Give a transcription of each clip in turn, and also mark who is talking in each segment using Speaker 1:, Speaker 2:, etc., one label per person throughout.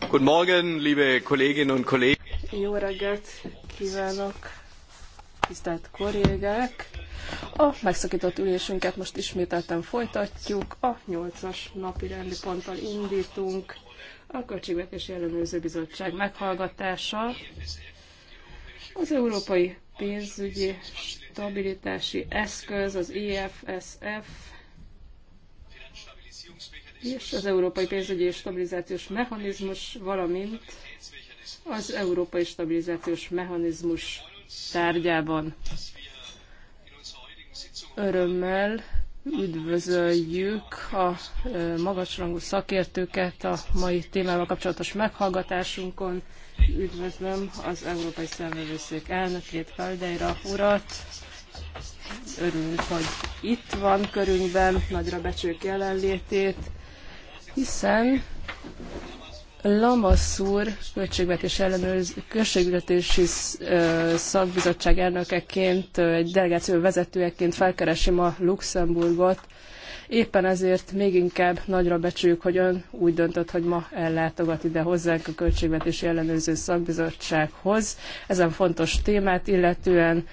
Speaker 1: Guten Morgen, liebe Kolleginnen und Kollegen.
Speaker 2: Jó reggelt kívánok, tisztelt kollégák! A megszakított ülésünket most ismételten folytatjuk. A 8-as napi rendi ponttal indítunk. A Költségvetési Ellenőrző Bizottság meghallgatása az európai pénzügyi stabilitási eszköz, az EFSF, és az Európai Pénzügyi és Stabilizációs Mechanizmus, valamint az Európai Stabilizációs Mechanizmus tárgyában. Örömmel üdvözöljük a magasrangú szakértőket a mai témával kapcsolatos meghallgatásunkon. Üdvözlöm az Európai Szemvevőszék elnökét, Feldeira urat. Örülünk, hogy itt van körünkben, nagyra becsők jelenlétét, hiszen Lamasszúr költségvetés ellenőrz, költségvetési szakbizottság elnökeként, egy delegáció vezetőjeként felkeresi ma Luxemburgot, Éppen ezért még inkább nagyra becsüljük, hogy ön úgy döntött, hogy ma ellátogat ide hozzánk a Költségvetési Ellenőrző Szakbizottsághoz ezen fontos témát, illetően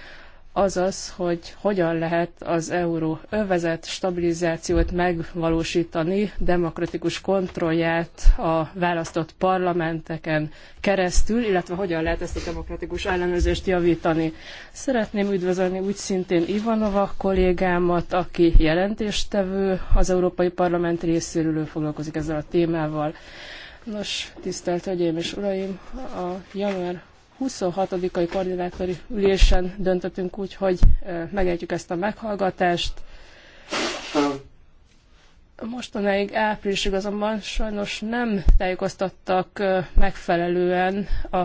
Speaker 2: azaz, hogy hogyan lehet az euró övezet stabilizációt megvalósítani, demokratikus kontrollját a választott parlamenteken keresztül, illetve hogyan lehet ezt a demokratikus ellenőrzést javítani. Szeretném üdvözölni úgy szintén Ivanova kollégámat, aki jelentéstevő az Európai Parlament részéről, ő foglalkozik ezzel a témával. Nos, tisztelt Hölgyeim és Uraim, a január 26-ai koordinátori ülésen döntöttünk úgy, hogy megejtjük ezt a meghallgatást. Mostanáig áprilisig azonban sajnos nem tájékoztattak megfelelően a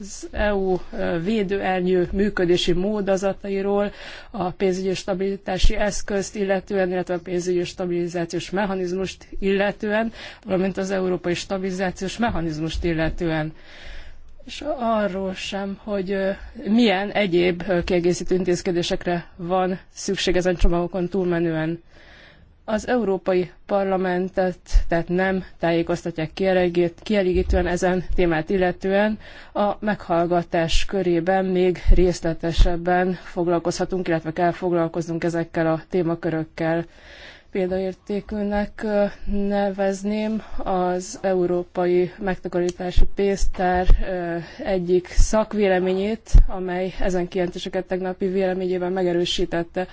Speaker 2: az EU védőernyő működési módozatairól, a pénzügyi stabilitási eszközt illetően, illetve a pénzügyi stabilizációs mechanizmust illetően, valamint az európai stabilizációs mechanizmust illetően és arról sem, hogy milyen egyéb kiegészítő intézkedésekre van szükség ezen csomagokon túlmenően. Az Európai Parlamentet tehát nem tájékoztatják kielégítően ezen témát illetően. A meghallgatás körében még részletesebben foglalkozhatunk, illetve kell foglalkoznunk ezekkel a témakörökkel példaértékűnek nevezném az európai megtakarítási pénztár egyik szakvéleményét, amely ezen kijelentéseket tegnapi véleményével megerősítette.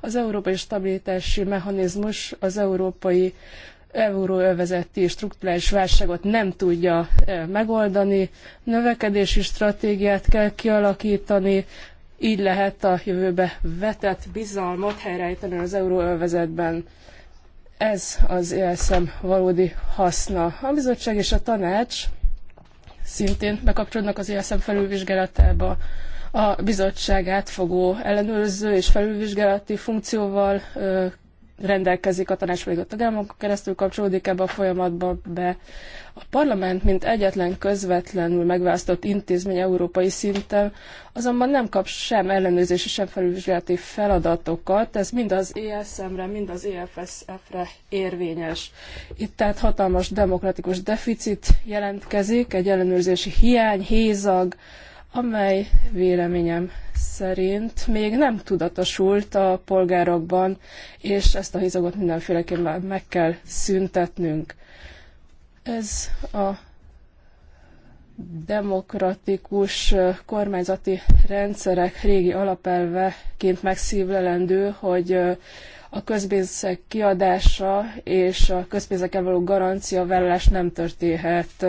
Speaker 2: Az európai stabilitási mechanizmus az európai euróövezeti strukturális válságot nem tudja megoldani, növekedési stratégiát kell kialakítani, így lehet a jövőbe vetett bizalmat helyreállítani az euróövezetben. Ez az ESM valódi haszna. A bizottság és a tanács szintén bekapcsolódnak az ESM felülvizsgálatába. A bizottság átfogó ellenőrző és felülvizsgálati funkcióval rendelkezik a tanács a tagállamok keresztül kapcsolódik ebbe a folyamatba be. A parlament, mint egyetlen közvetlenül megválasztott intézmény európai szinten, azonban nem kap sem ellenőrzési, sem felülvizsgálati feladatokat, ez mind az ESM-re, mind az EFSF-re érvényes. Itt tehát hatalmas demokratikus deficit jelentkezik, egy ellenőrzési hiány, hézag, amely véleményem szerint még nem tudatosult a polgárokban, és ezt a hizagot mindenféleképpen meg kell szüntetnünk. Ez a demokratikus kormányzati rendszerek régi alapelveként megszívlelendő, hogy a közpénzek kiadása és a közpénzekkel való garancia vállalás nem történhet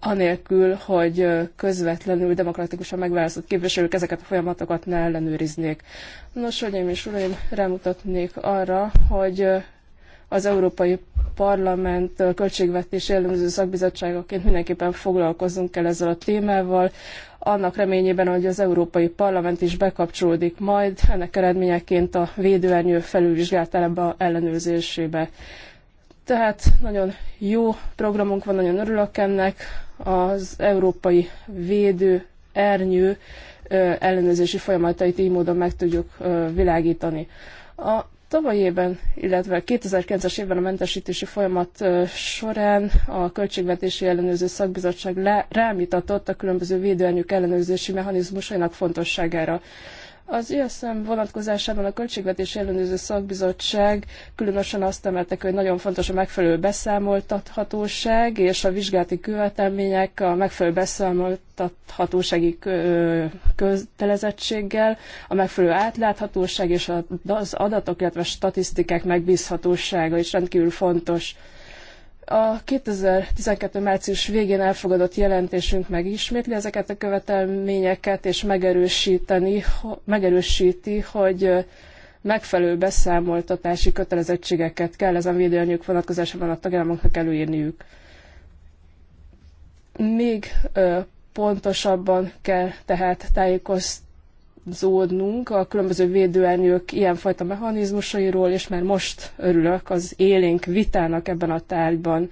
Speaker 2: anélkül, hogy közvetlenül demokratikusan megválasztott képviselők ezeket a folyamatokat ne ellenőriznék. Nos, hölgyeim és uraim, rámutatnék arra, hogy az Európai Parlament költségvetés ellenőrző szakbizottságaként mindenképpen foglalkozunk kell ezzel a témával, annak reményében, hogy az Európai Parlament is bekapcsolódik majd ennek eredményeként a védőernyő felülvizsgálatába ellenőrzésébe. Tehát nagyon jó programunk van, nagyon örülök ennek az európai védő ernyő ellenőrzési folyamatait így módon meg tudjuk világítani. A tavaly évben, illetve 2009-es évben a mentesítési folyamat során a Költségvetési Ellenőrző Szakbizottság rámutatott a különböző védőernyők ellenőrzési mechanizmusainak fontosságára. Az ISM vonatkozásában a Költségvetés Ellenőrző Szakbizottság különösen azt emeltek, hogy nagyon fontos a megfelelő beszámoltathatóság és a vizsgálati követelmények a megfelelő beszámoltathatósági kötelezettséggel, a megfelelő átláthatóság és az adatok, illetve statisztikák megbízhatósága is rendkívül fontos. A 2012. március végén elfogadott jelentésünk megismétli ezeket a követelményeket, és megerősíteni, megerősíti, hogy megfelelő beszámoltatási kötelezettségeket kell ezen védőanyjuk vonatkozásában a tagállamoknak előírniük. Még pontosabban kell tehát tájékoztatni tájékozódnunk a különböző védőernyők ilyenfajta mechanizmusairól, és már most örülök az élénk vitának ebben a tárgyban.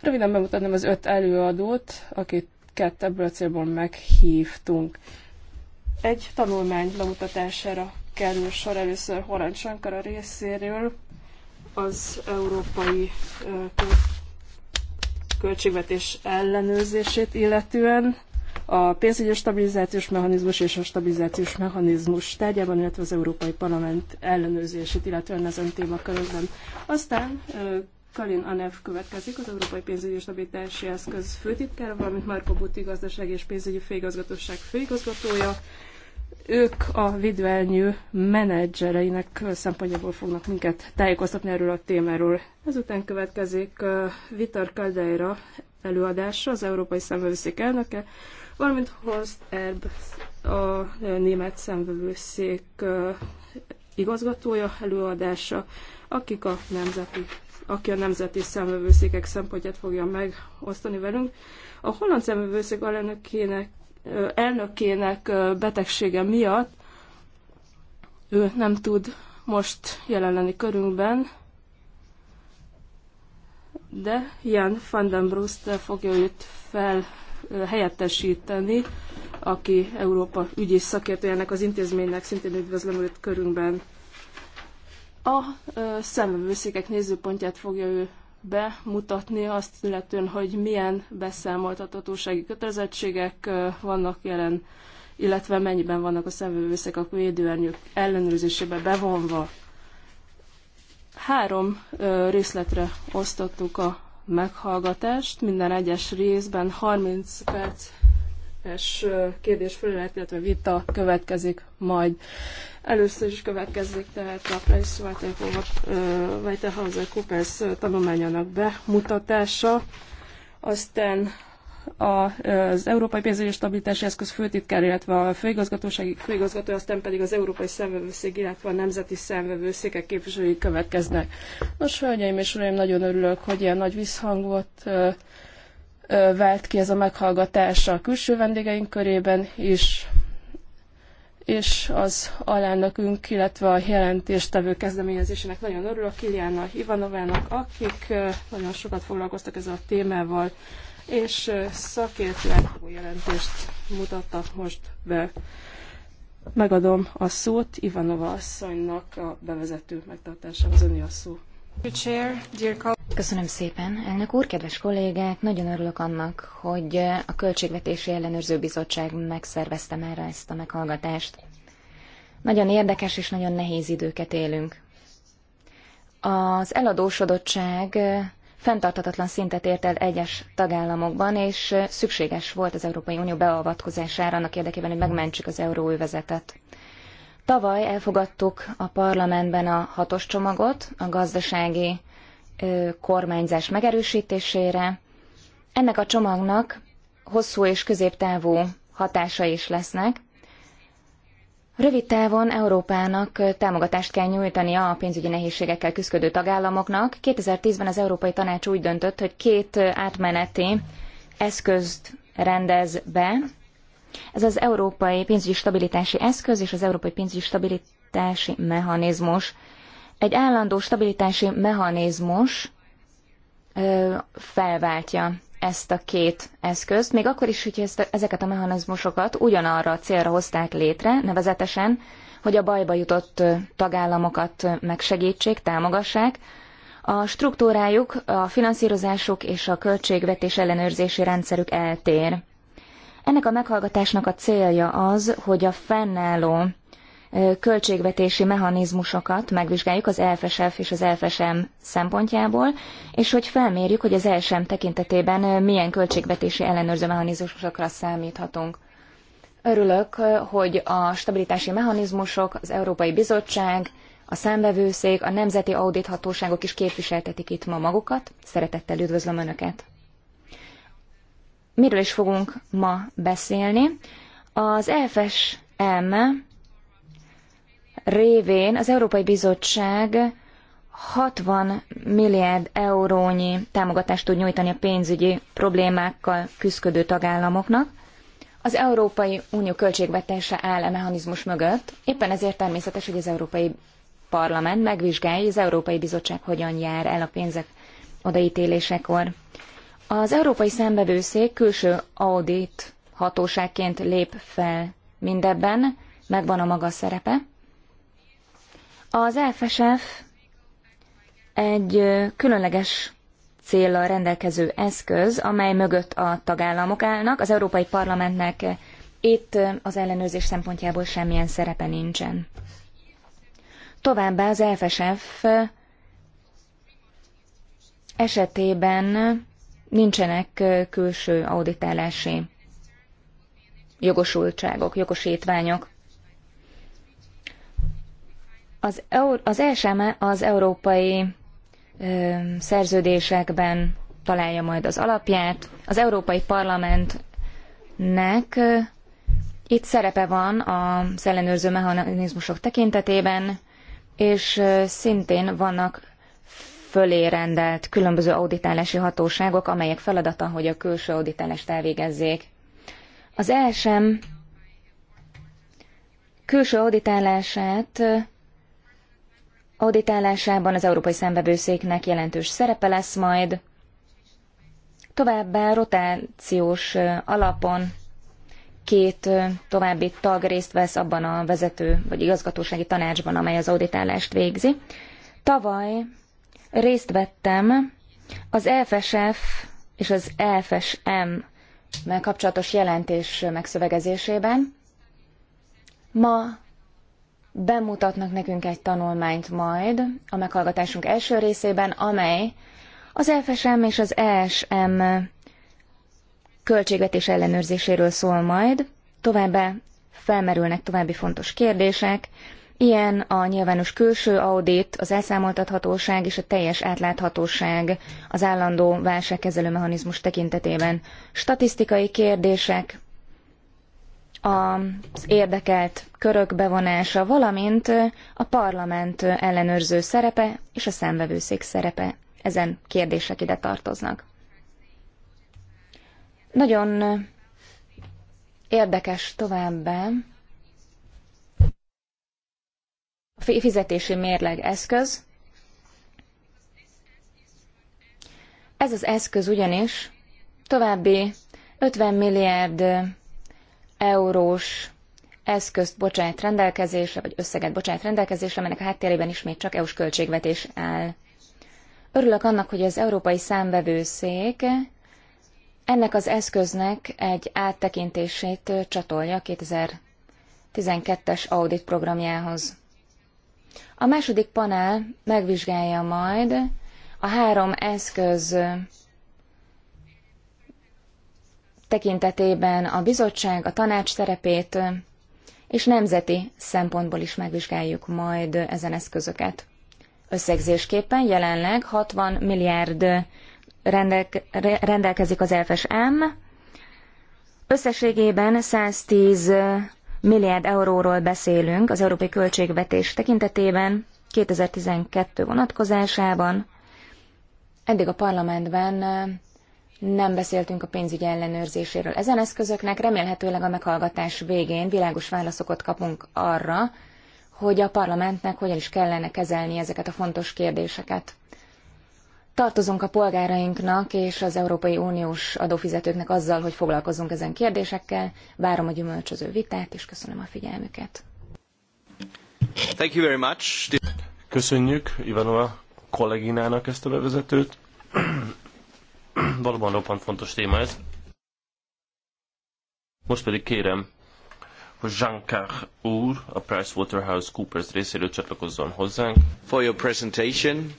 Speaker 2: Röviden bemutatnám az öt előadót, akiket ebből a célból meghívtunk. Egy tanulmány bemutatására kerül sor először Horan Sankara részéről, az európai költségvetés ellenőrzését illetően, a pénzügyi stabilizációs mechanizmus és a stabilizációs mechanizmus tárgyában, illetve az Európai Parlament ellenőrzését, illetően ezen témakörökben. Aztán Kalin Anev következik, az Európai Pénzügyi Stabilitási Eszköz főtitkára, valamint Marko Buti gazdaság és pénzügyi főigazgatóság főigazgatója. Ők a védőelnyő menedzsereinek szempontjából fognak minket tájékoztatni erről a témáról. Ezután következik Vitar Kaldeira előadása, az Európai Szemvevőszék elnöke, valamint Horst Erb, a német szemvevőszék igazgatója előadása, akik a nemzeti, aki a nemzeti szemvevőszékek szempontját fogja megosztani velünk. A holland szemvevőszék alelnökének elnökének betegsége miatt ő nem tud most jelen lenni körünkben, de Jan van den Brust fogja őt fel helyettesíteni, aki Európa ügyi szakértőjének az intézménynek, szintén üdvözlöm őt körünkben. A szemvevőszékek nézőpontját fogja ő bemutatni azt illetően, hogy milyen beszámoltatatósági kötelezettségek vannak jelen, illetve mennyiben vannak a szemvevőszék a védőernyők ellenőrzésébe bevonva. Három részletre osztottuk a meghallgatást. Minden egyes részben 30 perces kérdésfelelet, illetve vita következik majd. Először is következik tehát a Price Waterhouse Coopers tanulmányának bemutatása, aztán az Európai Pénzügyi Stabilitási Eszköz főtitkár, illetve a főigazgatósági főigazgató, aztán pedig az Európai Szemvevőszék, illetve a Nemzeti Szemvevőszékek képviselői következnek. Nos, hölgyeim és uraim, nagyon örülök, hogy ilyen nagy visszhangot vált ki ez a meghallgatás a külső vendégeink körében is, és az alelnökünk, illetve a jelentéstevő kezdeményezésének nagyon örülök, Kiliana Ivanovának, akik nagyon sokat foglalkoztak ezzel a témával és szakértő jelentést mutattak most be.
Speaker 1: Megadom a szót Ivanova
Speaker 2: asszonynak a bevezető megtartásához. Öni a szó.
Speaker 1: Köszönöm szépen, elnök úr, kedves kollégák! Nagyon örülök annak, hogy a Költségvetési Ellenőrző Bizottság megszervezte már ezt a meghallgatást. Nagyon érdekes és nagyon nehéz időket élünk. Az eladósodottság fenntarthatatlan szintet ért el egyes tagállamokban, és szükséges volt az Európai Unió beavatkozására annak érdekében, hogy megmentsük az euróövezetet. Tavaly elfogadtuk a parlamentben a hatos csomagot a gazdasági kormányzás megerősítésére. Ennek a csomagnak hosszú és középtávú hatásai is lesznek, Rövid távon Európának támogatást kell nyújtani a pénzügyi nehézségekkel küzdő tagállamoknak. 2010-ben az Európai Tanács úgy döntött, hogy két átmeneti eszközt rendez be. Ez az Európai Pénzügyi Stabilitási Eszköz és az Európai Pénzügyi Stabilitási Mechanizmus. Egy állandó stabilitási mechanizmus felváltja ezt a két eszközt, még akkor is, hogy ezt, ezeket a mechanizmusokat ugyanarra a célra hozták létre, nevezetesen, hogy a bajba jutott tagállamokat megsegítsék, támogassák. A struktúrájuk, a finanszírozásuk és a költségvetés ellenőrzési rendszerük eltér. Ennek a meghallgatásnak a célja az, hogy a fennálló költségvetési mechanizmusokat megvizsgáljuk az EFSF és az EFSM szempontjából, és hogy felmérjük, hogy az ESM tekintetében milyen költségvetési ellenőrző mechanizmusokra számíthatunk. Örülök, hogy a stabilitási mechanizmusok, az Európai Bizottság, a számbevőszék, a nemzeti audithatóságok is képviseltetik itt ma magukat. Szeretettel üdvözlöm Önöket! Miről is fogunk ma beszélni? Az EFSM révén az Európai Bizottság 60 milliárd eurónyi támogatást tud nyújtani a pénzügyi problémákkal küzdködő tagállamoknak. Az Európai Unió költségvetése áll a e mechanizmus mögött, éppen ezért természetes, hogy az Európai Parlament megvizsgálja, hogy az Európai Bizottság hogyan jár el a pénzek odaítélésekor. Az Európai Szembevőszék külső audit hatóságként lép fel mindebben, megvan a maga szerepe, az FSF egy különleges célra rendelkező eszköz, amely mögött a tagállamok állnak. Az Európai Parlamentnek itt az ellenőrzés szempontjából semmilyen szerepe nincsen. Továbbá az FSF esetében nincsenek külső auditálási jogosultságok, jogosítványok. Az, az ESME e az európai ö, szerződésekben találja majd az alapját. Az Európai Parlamentnek ö, itt szerepe van az ellenőrző mechanizmusok tekintetében, és ö, szintén vannak fölé rendelt különböző auditálási hatóságok, amelyek feladata, hogy a külső auditálást elvégezzék. Az ESM külső auditálását auditálásában az Európai Szembebőszéknek jelentős szerepe lesz majd, továbbá rotációs alapon két további tag részt vesz abban a vezető vagy igazgatósági tanácsban, amely az auditálást végzi. Tavaly részt vettem az EFSF és az EFSM kapcsolatos jelentés megszövegezésében. Ma bemutatnak nekünk egy tanulmányt majd a meghallgatásunk első részében, amely az FSM és az ESM költségvetés ellenőrzéséről szól majd, továbbá felmerülnek további fontos kérdések, ilyen a nyilvános külső audit, az elszámoltathatóság és a teljes átláthatóság az állandó válságkezelő mechanizmus tekintetében, statisztikai kérdések, az érdekelt körök bevonása, valamint a parlament ellenőrző szerepe és a számvevőszék szerepe. Ezen kérdések ide tartoznak. Nagyon érdekes továbbá a fizetési mérleg eszköz. Ez az eszköz ugyanis további 50 milliárd eurós eszközt bocsát rendelkezésre, vagy összeget bocsát rendelkezésre, amelynek a háttérében ismét csak EU-s költségvetés áll. Örülök annak, hogy az Európai Számvevőszék ennek az eszköznek egy áttekintését csatolja 2012-es audit programjához. A második panel megvizsgálja majd a három eszköz tekintetében a bizottság, a tanács szerepét, és nemzeti szempontból is megvizsgáljuk majd ezen eszközöket. Összegzésképpen jelenleg 60 milliárd rendelkezik az FSM, összességében 110 milliárd euróról beszélünk az európai költségvetés tekintetében 2012 vonatkozásában. Eddig a parlamentben nem beszéltünk a pénzügyi ellenőrzéséről. Ezen eszközöknek remélhetőleg a meghallgatás végén világos válaszokat kapunk arra, hogy a parlamentnek hogyan is kellene kezelni ezeket a fontos kérdéseket. Tartozunk a polgárainknak és az Európai Uniós adófizetőknek azzal, hogy foglalkozunk ezen kérdésekkel. Várom a gyümölcsöző vitát, és köszönöm a figyelmüket.
Speaker 3: Thank you very much. Köszönjük Ivanova kolléginának ezt a bevezetőt. Valóban roppant fontos téma ez. Most pedig kérem, hogy jean úr a PricewaterhouseCoopers részéről csatlakozzon hozzánk. For your presentation.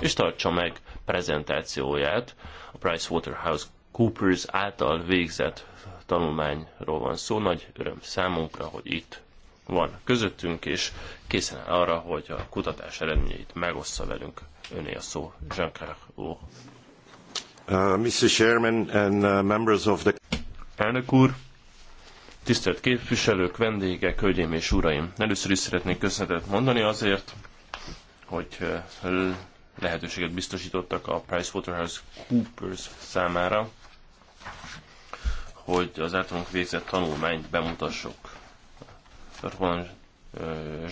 Speaker 3: És tartsa meg prezentációját a PricewaterhouseCoopers által végzett tanulmányról van szó. Nagy öröm számunkra, hogy itt van közöttünk, és készen áll arra, hogy a kutatás eredményeit megossza velünk. Öné a szó, Jean-Claude Uh, Mr. Chairman and uh, members of the... Elnök úr, tisztelt képviselők, vendégek, hölgyeim és uraim! Először is szeretnék köszönetet mondani azért, hogy uh, lehetőséget biztosítottak a PricewaterhouseCoopers számára, hogy az általunk végzett tanulmányt bemutassuk. Roland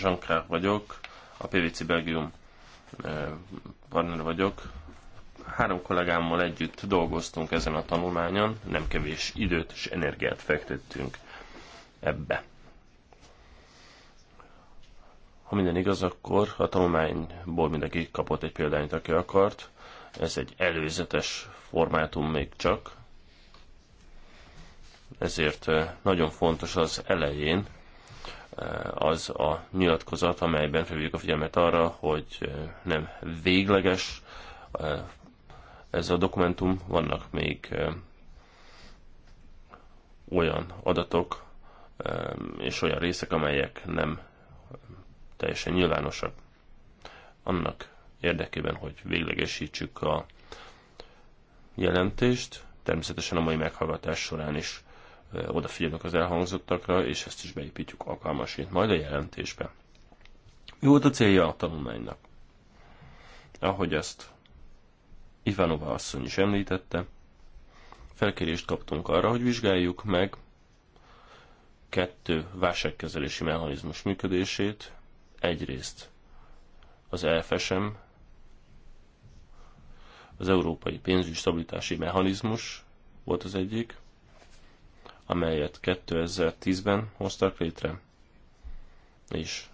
Speaker 3: Jean-Claire vagyok, a PVC Belgium partner vagyok, Három kollégámmal együtt dolgoztunk ezen a tanulmányon, nem kevés időt és energiát fektettünk ebbe. Ha minden igaz, akkor a tanulmányból mindenki kapott egy példányt, aki akart. Ez egy előzetes formátum még csak, ezért eh, nagyon fontos az elején eh, az a nyilatkozat, amelyben felhívjuk a figyelmet arra, hogy eh, nem végleges ez a dokumentum, vannak még olyan adatok és olyan részek, amelyek nem teljesen nyilvánosak. Annak érdekében, hogy véglegesítsük a jelentést, természetesen a mai meghallgatás során is odafigyelünk az elhangzottakra, és ezt is beépítjük alkalmasint majd a jelentésbe. Mi volt a célja a tanulmánynak? Ahogy ezt Ivanova asszony is említette, felkérést kaptunk arra, hogy vizsgáljuk meg kettő válságkezelési mechanizmus működését. Egyrészt az EFSM, az Európai Pénzügyi Stabilitási Mechanizmus volt az egyik, amelyet 2010-ben hoztak létre, és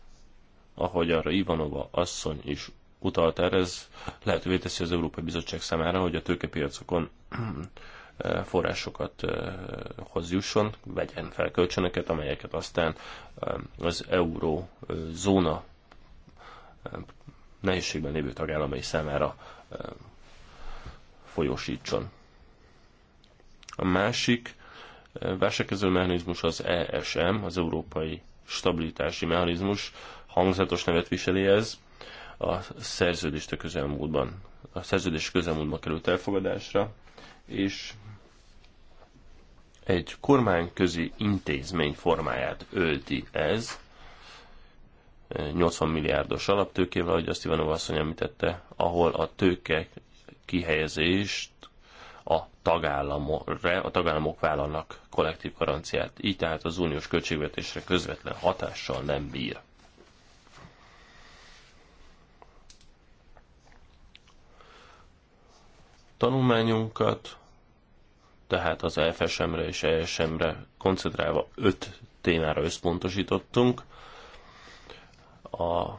Speaker 3: ahogy arra Ivanova asszony is utalt erre, ez lehetővé teszi az Európai Bizottság számára, hogy a tőkepiacokon eh, forrásokat eh, hozjusson, vegyen fel kölcsönöket, amelyeket aztán eh, az zóna nehézségben lévő tagállamai számára folyósítson. A másik válságkezelő mechanizmus az ESM, az Európai Stabilitási Mechanizmus, hangzatos nevet viseli ez, a szerződést a közelmúltban, a szerződés közelmúltban került elfogadásra, és egy kormányközi intézmény formáját ölti ez, 80 milliárdos alaptőkével, ahogy azt Ivanova asszony említette, ahol a tőke kihelyezést a tagállamokra, a tagállamok vállalnak kollektív garanciát. Így tehát az uniós költségvetésre közvetlen hatással nem bír. tanulmányunkat, tehát az efsm re és ESM-re koncentrálva öt témára összpontosítottunk. A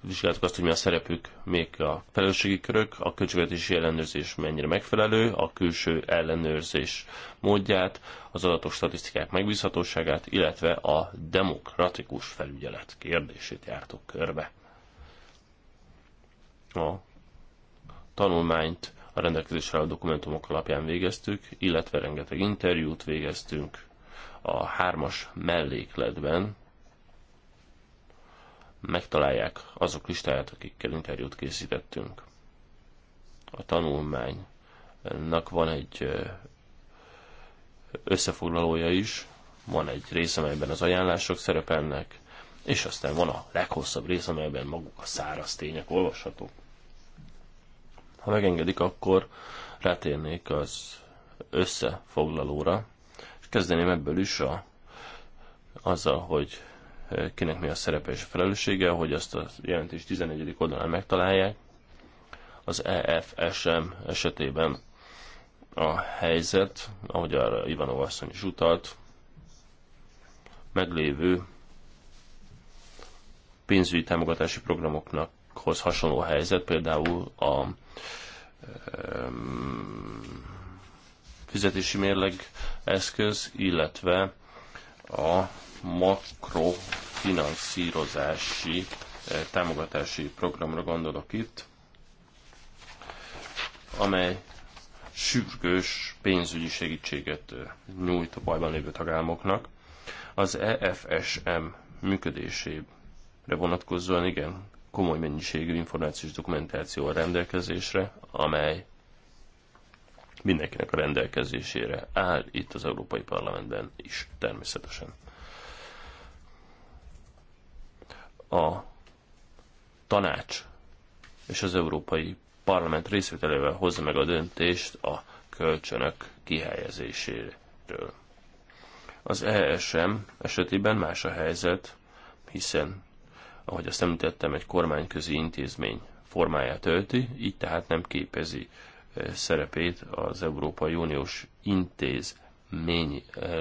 Speaker 3: vizsgáltuk azt, hogy mi a szerepük, még a felelősségi körök, a költségvetési ellenőrzés mennyire megfelelő, a külső ellenőrzés módját, az adatok statisztikák megbízhatóságát, illetve a demokratikus felügyelet kérdését jártuk körbe. A tanulmányt a rendelkezésre álló dokumentumok alapján végeztük, illetve rengeteg interjút végeztünk a hármas mellékletben. Megtalálják azok listáját, akikkel interjút készítettünk. A tanulmánynak van egy összefoglalója is, van egy rész, amelyben az ajánlások szerepelnek, és aztán van a leghosszabb rész, amelyben maguk a száraz tények olvashatók. Ha megengedik, akkor rátérnék az összefoglalóra, és kezdeném ebből is a, azzal, hogy eh, kinek mi a szerepe és a felelőssége, hogy azt a jelentés 14. oldalán megtalálják. Az EFSM esetében a helyzet, ahogy arra Ivano asszony is utalt, meglévő pénzügyi támogatási programoknak Irakhoz hasonló helyzet, például a fizetési mérleg eszköz, illetve a makrofinanszírozási eh, támogatási programra gondolok itt, amely sürgős pénzügyi segítséget eh, nyújt a bajban lévő tagállamoknak. Az EFSM működésére vonatkozóan igen komoly mennyiségű információs dokumentáció a rendelkezésre, amely mindenkinek a rendelkezésére áll itt az Európai Parlamentben is természetesen. A tanács és az Európai Parlament részvételével hozza meg a döntést a kölcsönök kihelyezéséről. Az ESM esetében más a helyzet, hiszen ahogy azt említettem, egy kormányközi intézmény formáját ölti, így tehát nem képezi szerepét az Európai Uniós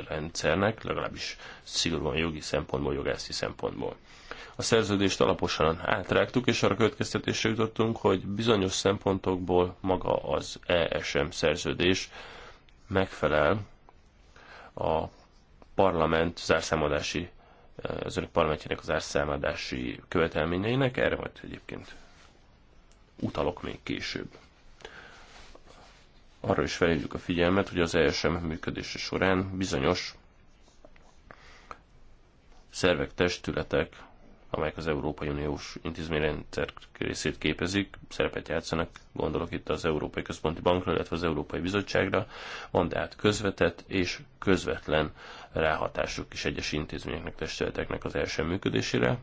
Speaker 3: rendszernek, legalábbis szigorúan jogi szempontból, jogászi szempontból. A szerződést alaposan átrágtuk, és arra következtetésre jutottunk, hogy bizonyos szempontokból maga az ESM szerződés megfelel a parlament zárszámadási az önök parlamentjének az árszámadási követelményeinek, erre majd egyébként utalok még később. Arra is felhívjuk a figyelmet, hogy az ESM működése során bizonyos szervek, testületek amelyek az Európai Uniós intézményrendszer részét képezik, szerepet játszanak, gondolok itt az Európai Központi Bankra, illetve az Európai Bizottságra, van hát közvetett és közvetlen ráhatásuk is egyes intézményeknek, testületeknek az első működésére.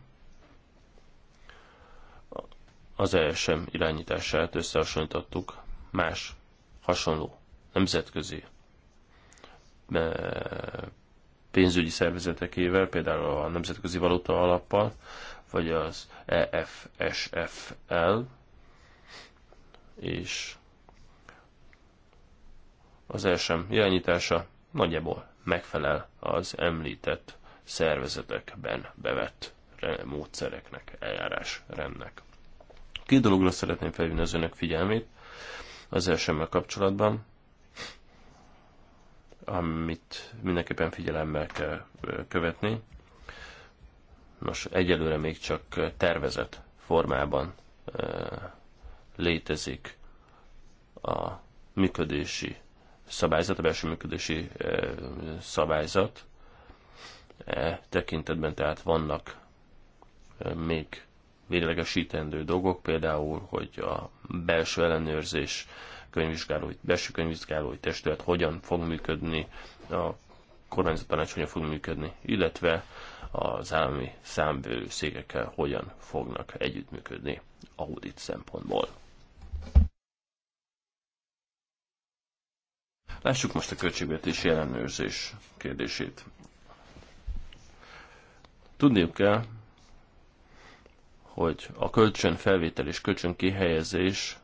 Speaker 3: Az ESM irányítását összehasonlítottuk más hasonló nemzetközi eh, pénzügyi szervezetekével, például a Nemzetközi Valuta Alappal, vagy az EFSFL, és az ESM irányítása nagyjából megfelel az említett szervezetekben bevett módszereknek, eljárásrendnek. Két dologra szeretném felhívni az önök figyelmét az esm mel kapcsolatban amit mindenképpen figyelemmel kell követni. Nos, egyelőre még csak tervezett formában létezik a működési szabályzat, a belső működési szabályzat. E tekintetben tehát vannak még véglegesítendő dolgok, például, hogy a belső ellenőrzés könyvvizsgálói, belső könyvvizsgálói testület hogyan fog működni, a kormányzat tanács hogyan fog működni, illetve az állami számbőszégekkel hogyan fognak együttműködni audit szempontból. Lássuk most a költségvetési ellenőrzés kérdését. Tudniuk kell, hogy a kölcsön felvétel és kölcsön kihelyezés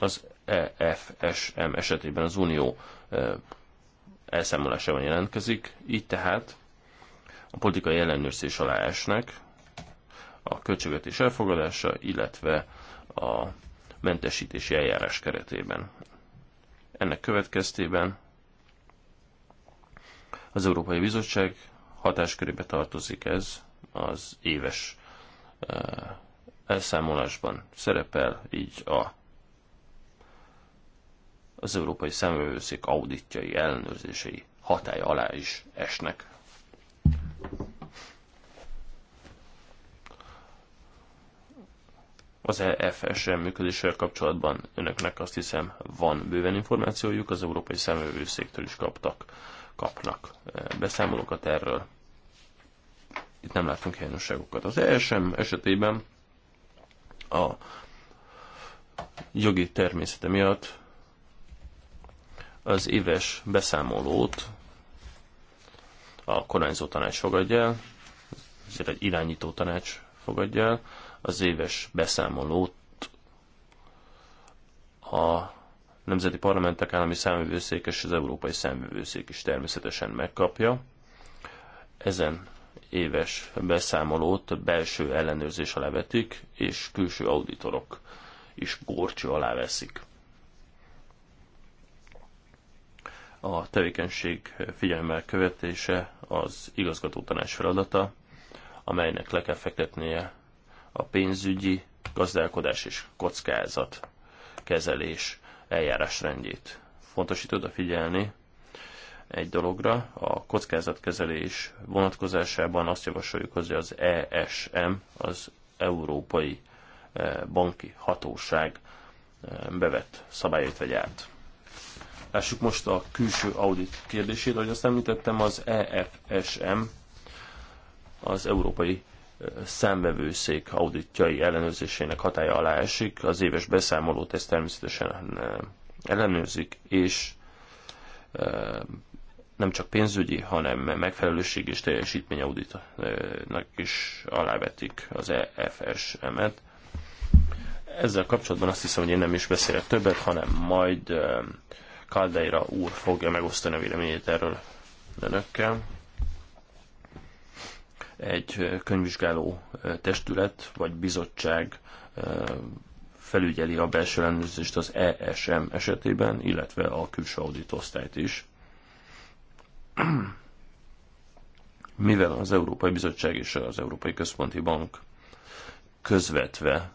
Speaker 3: Az EFSM esetében az Unió e, elszámolásában jelentkezik, így tehát a politikai ellenőrzés alá esnek a költségvetés elfogadása, illetve a mentesítési eljárás keretében. Ennek következtében az Európai Bizottság hatáskörébe tartozik ez az éves e, elszámolásban szerepel, így a az Európai szemvevőszék auditjai, ellenőrzései hatája alá is esnek. Az EFSM működéssel kapcsolatban önöknek azt hiszem van bőven információjuk, az Európai Szemvevőszéktől is kaptak, kapnak e, beszámolókat erről. Itt nem látunk hiányosságokat. Az ESM esetében a jogi természete miatt az éves beszámolót a kormányzó tanács fogadja el, ezért egy irányító tanács fogadja el, az éves beszámolót a nemzeti parlamentek állami számvevőszék és az európai számvevőszék is természetesen megkapja. Ezen éves beszámolót belső ellenőrzés alá vetik, és külső auditorok is górcső alá veszik. a tevékenység figyelemmel követése az igazgató tanács feladata, amelynek le kell fektetnie a pénzügyi, gazdálkodás és kockázat kezelés eljárásrendjét. Fontos itt figyelni egy dologra, a kockázatkezelés vonatkozásában azt javasoljuk, hogy az ESM, az Európai eh, Banki Hatóság eh, bevett szabályait vegy át. Lássuk most a külső audit kérdését, ahogy azt említettem, az EFSM, az Európai Számvevőszék auditjai ellenőrzésének hatája alá esik. Az éves beszámolót ezt természetesen ellenőrzik, és nem csak pénzügyi, hanem megfelelőség és teljesítmény auditnak is alávetik az EFSM-et. Ezzel kapcsolatban azt hiszem, hogy én nem is beszélek többet, hanem majd Caldeira úr fogja megosztani a véleményét erről önökkel. Egy könyvvizsgáló testület vagy bizottság felügyeli a belső ellenőrzést az ESM esetében, illetve a külső auditosztályt is. Mivel az Európai Bizottság és az Európai Központi Bank közvetve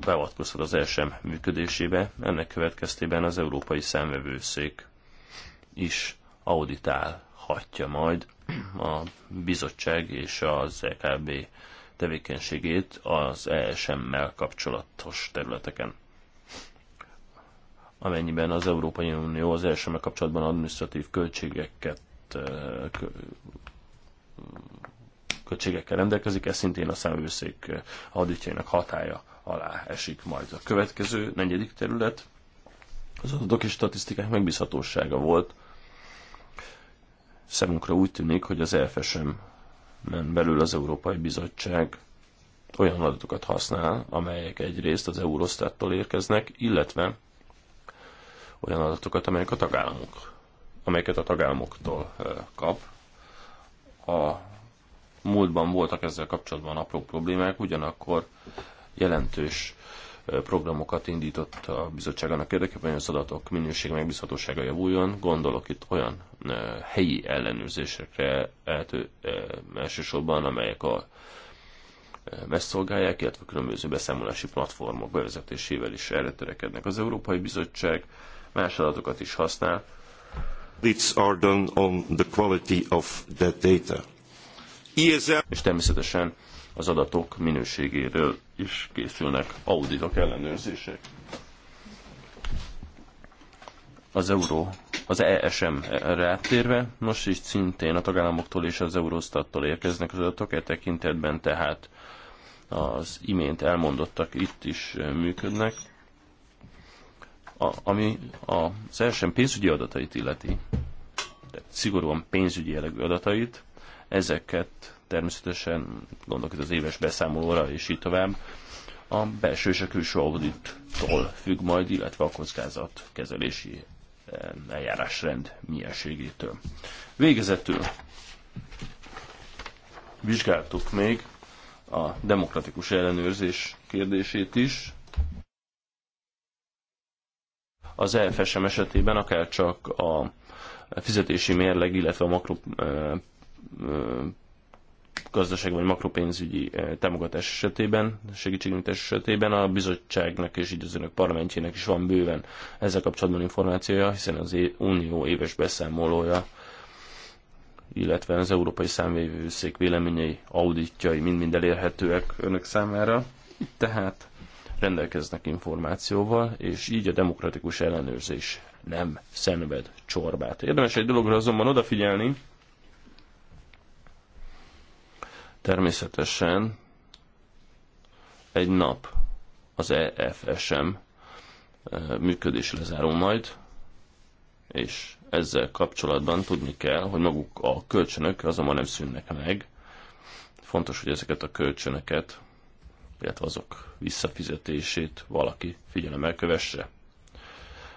Speaker 3: beavatkozhat az ESM működésébe, ennek következtében az Európai Számvevőszék is auditálhatja majd a bizottság és az EKB tevékenységét az ESM-mel kapcsolatos területeken. Amennyiben az Európai Unió az ESM-mel kapcsolatban administratív költségeket költségekkel rendelkezik, ez szintén a számvőszék auditjainak hatája alá esik majd. A következő, negyedik terület, az adatok és statisztikák megbízhatósága volt. Szemünkre úgy tűnik, hogy az elfesem men belül az Európai Bizottság olyan adatokat használ, amelyek egyrészt az Eurostattól érkeznek, illetve olyan adatokat, amelyek a tagállamok, amelyeket a tagállamoktól kap. A múltban voltak ezzel kapcsolatban apró problémák, ugyanakkor jelentős programokat indított a bizottság annak érdekében, hogy az adatok minőség megbízhatósága javuljon. Gondolok itt olyan helyi ellenőrzésekre eltő, elsősorban, amelyek a ezt szolgálják, illetve különböző beszámolási platformok bevezetésével is erre törekednek. Az Európai Bizottság más adatokat is használ. It's are done on the quality of that data. ESM... És természetesen az adatok minőségéről is készülnek auditok, ellenőrzések. Az euró, az ESM-re áttérve, most is szintén a tagállamoktól és az Eurostattól érkeznek az adatok, e tekintetben tehát az imént elmondottak itt is működnek. A, ami az ESM pénzügyi adatait illeti, de szigorúan pénzügyi jellegű adatait, ezeket természetesen gondolok az éves beszámolóra és így tovább, a belső és a külső audittól függ majd, illetve a kezelési eh, eljárásrend mienségétől. Végezetül vizsgáltuk még a demokratikus ellenőrzés kérdését is. Az EFSM esetében akár csak a fizetési mérleg, illetve a makro eh, eh, gazdaság vagy makropénzügyi eh, támogatás esetében, segítségnyújtás esetében a bizottságnak és így az önök parlamentjének is van bőven ezzel kapcsolatban információja, hiszen az Unió éves beszámolója, illetve az Európai Számvévőszék véleményei, auditjai mind-mind elérhetőek önök számára. Itt tehát rendelkeznek információval, és így a demokratikus ellenőrzés nem szenved csorbát. Érdemes egy dologra azonban odafigyelni, Természetesen egy nap az EFSM eh, működés lezárul majd, és ezzel kapcsolatban tudni kell, hogy maguk a kölcsönök azonban nem szűnnek meg. Fontos, hogy ezeket a kölcsönöket, illetve azok visszafizetését valaki figyelemmel kövesse.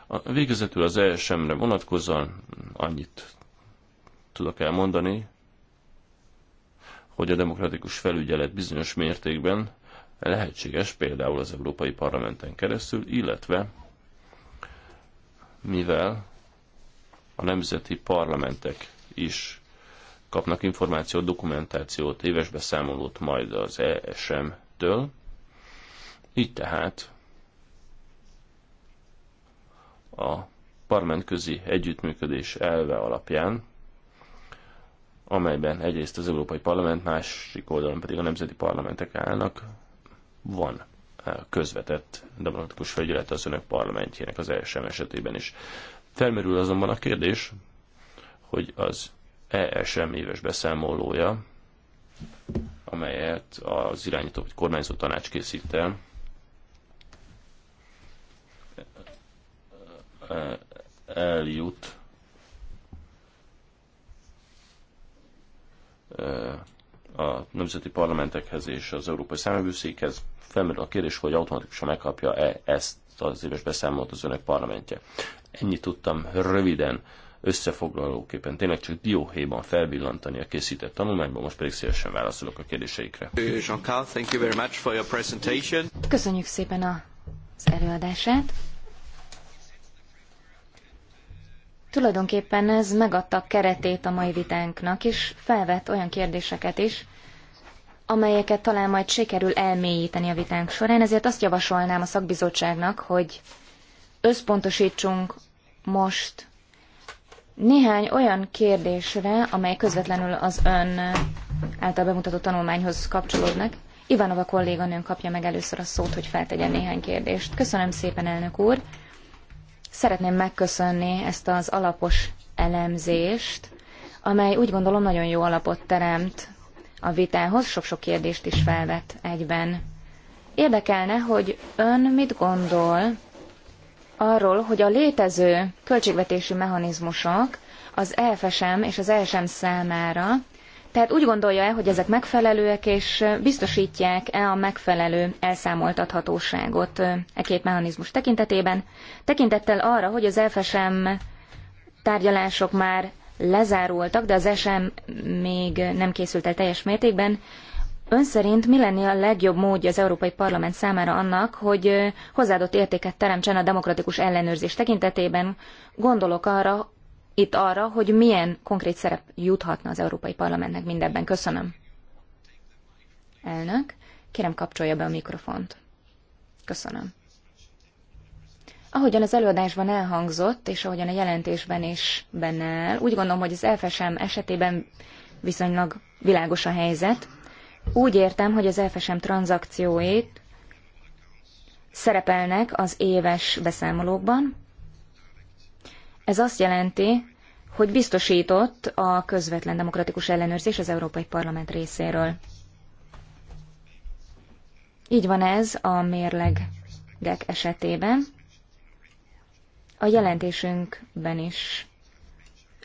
Speaker 3: A végezetül az ESM-re vonatkozóan annyit tudok elmondani, hogy a demokratikus felügyelet bizonyos mértékben lehetséges, például az Európai Parlamenten keresztül, illetve mivel a nemzeti parlamentek is kapnak információt, dokumentációt, éves beszámolót majd az ESM-től. Így tehát a parlamentközi együttműködés elve alapján amelyben egyrészt az Európai Parlament, másik oldalon pedig a nemzeti parlamentek állnak, van eh, közvetett demokratikus felügyelet az önök parlamentjének az ESM esetében is. Felmerül azonban a kérdés, hogy az ESM éves beszámolója, amelyet az irányító vagy kormányzó tanács készít el, eh, eh, eljut a nemzeti parlamentekhez és az Európai Számövőszékhez. Felmerül a kérdés, hogy automatikusan megkapja-e ezt az éves beszámolót az önök parlamentje. Ennyit tudtam röviden összefoglalóképpen tényleg csak dióhéjban felvillantani a készített tanulmányban, most pedig szívesen válaszolok a kérdéseikre.
Speaker 1: Köszönjük szépen az előadását. Tulajdonképpen ez megadta a keretét a mai vitánknak, és felvett olyan kérdéseket is, amelyeket talán majd sikerül elmélyíteni a vitánk során, ezért azt javasolnám a szakbizottságnak, hogy összpontosítsunk most néhány olyan kérdésre, amely közvetlenül az ön által bemutatott tanulmányhoz kapcsolódnak. Ivanova kolléganőn kapja meg először a szót, hogy feltegyen néhány kérdést. Köszönöm szépen, elnök úr! Szeretném megköszönni ezt az alapos elemzést, amely úgy gondolom nagyon jó alapot teremt a vitához, sok-sok kérdést is felvet egyben. Érdekelne, hogy ön mit gondol arról, hogy a létező költségvetési mechanizmusok az EFSM és az ESM számára tehát úgy gondolja-e, hogy ezek megfelelőek, és biztosítják-e a megfelelő elszámoltathatóságot e két mechanizmus tekintetében, tekintettel arra, hogy az FSM tárgyalások már lezárultak, de az SM még nem készült el teljes mértékben. Ön szerint mi lenne a legjobb módja az Európai Parlament számára annak, hogy hozzáadott értéket teremtsen a demokratikus ellenőrzés tekintetében? Gondolok arra, itt arra, hogy milyen konkrét szerep juthatna az Európai Parlamentnek mindebben. Köszönöm. Elnök, kérem kapcsolja be a mikrofont. Köszönöm. Ahogyan az előadásban elhangzott, és ahogyan a jelentésben is benne áll, úgy gondolom, hogy az FSM esetében viszonylag világos a helyzet. Úgy értem, hogy az FSM tranzakcióit szerepelnek az éves beszámolókban, ez azt jelenti, hogy biztosított a közvetlen demokratikus ellenőrzés az Európai Parlament részéről. Így van ez a mérlegek esetében. A jelentésünkben is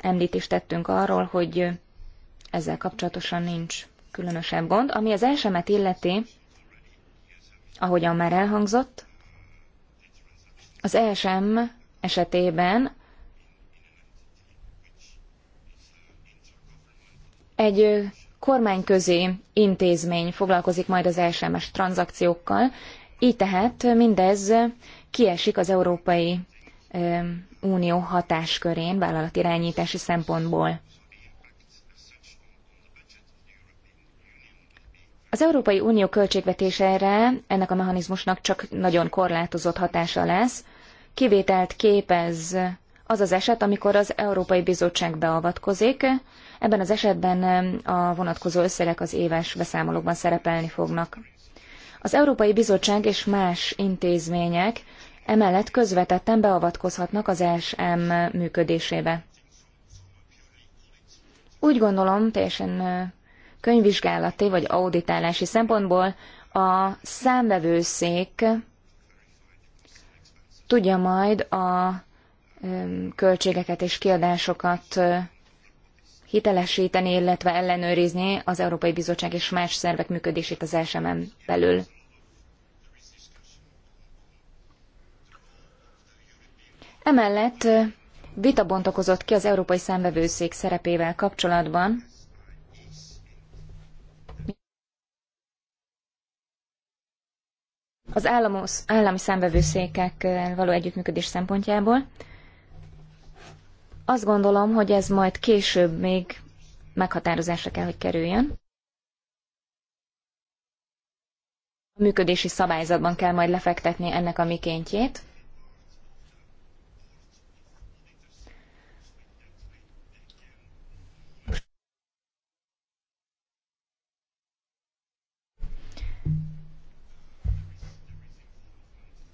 Speaker 1: említést tettünk arról, hogy ezzel kapcsolatosan nincs különösebb gond. Ami az elsemet illeti, ahogyan már elhangzott, az ESM esetében Egy kormányközi intézmény foglalkozik majd az SMS e tranzakciókkal, így tehát mindez kiesik az Európai Unió hatáskörén vállalatirányítási szempontból. Az Európai Unió költségvetésére ennek a mechanizmusnak csak nagyon korlátozott hatása lesz. Kivételt képez az az eset, amikor az Európai Bizottság beavatkozik, Ebben az esetben a vonatkozó összegek az éves beszámolókban szerepelni fognak. Az Európai Bizottság és más intézmények emellett közvetetten beavatkozhatnak az ESM működésébe. Úgy gondolom, teljesen könyvvizsgálati vagy auditálási szempontból a számvevőszék tudja majd a költségeket és kiadásokat hitelesíteni, illetve ellenőrizni az Európai Bizottság és más szervek működését az SMM belül. Emellett vita bontakozott ki az Európai Számvevőszék szerepével kapcsolatban, az államos, állami számvevőszékekkel való együttműködés szempontjából. Azt gondolom, hogy ez majd később még meghatározásra kell, hogy kerüljön. A működési szabályzatban kell majd lefektetni ennek a mikéntjét.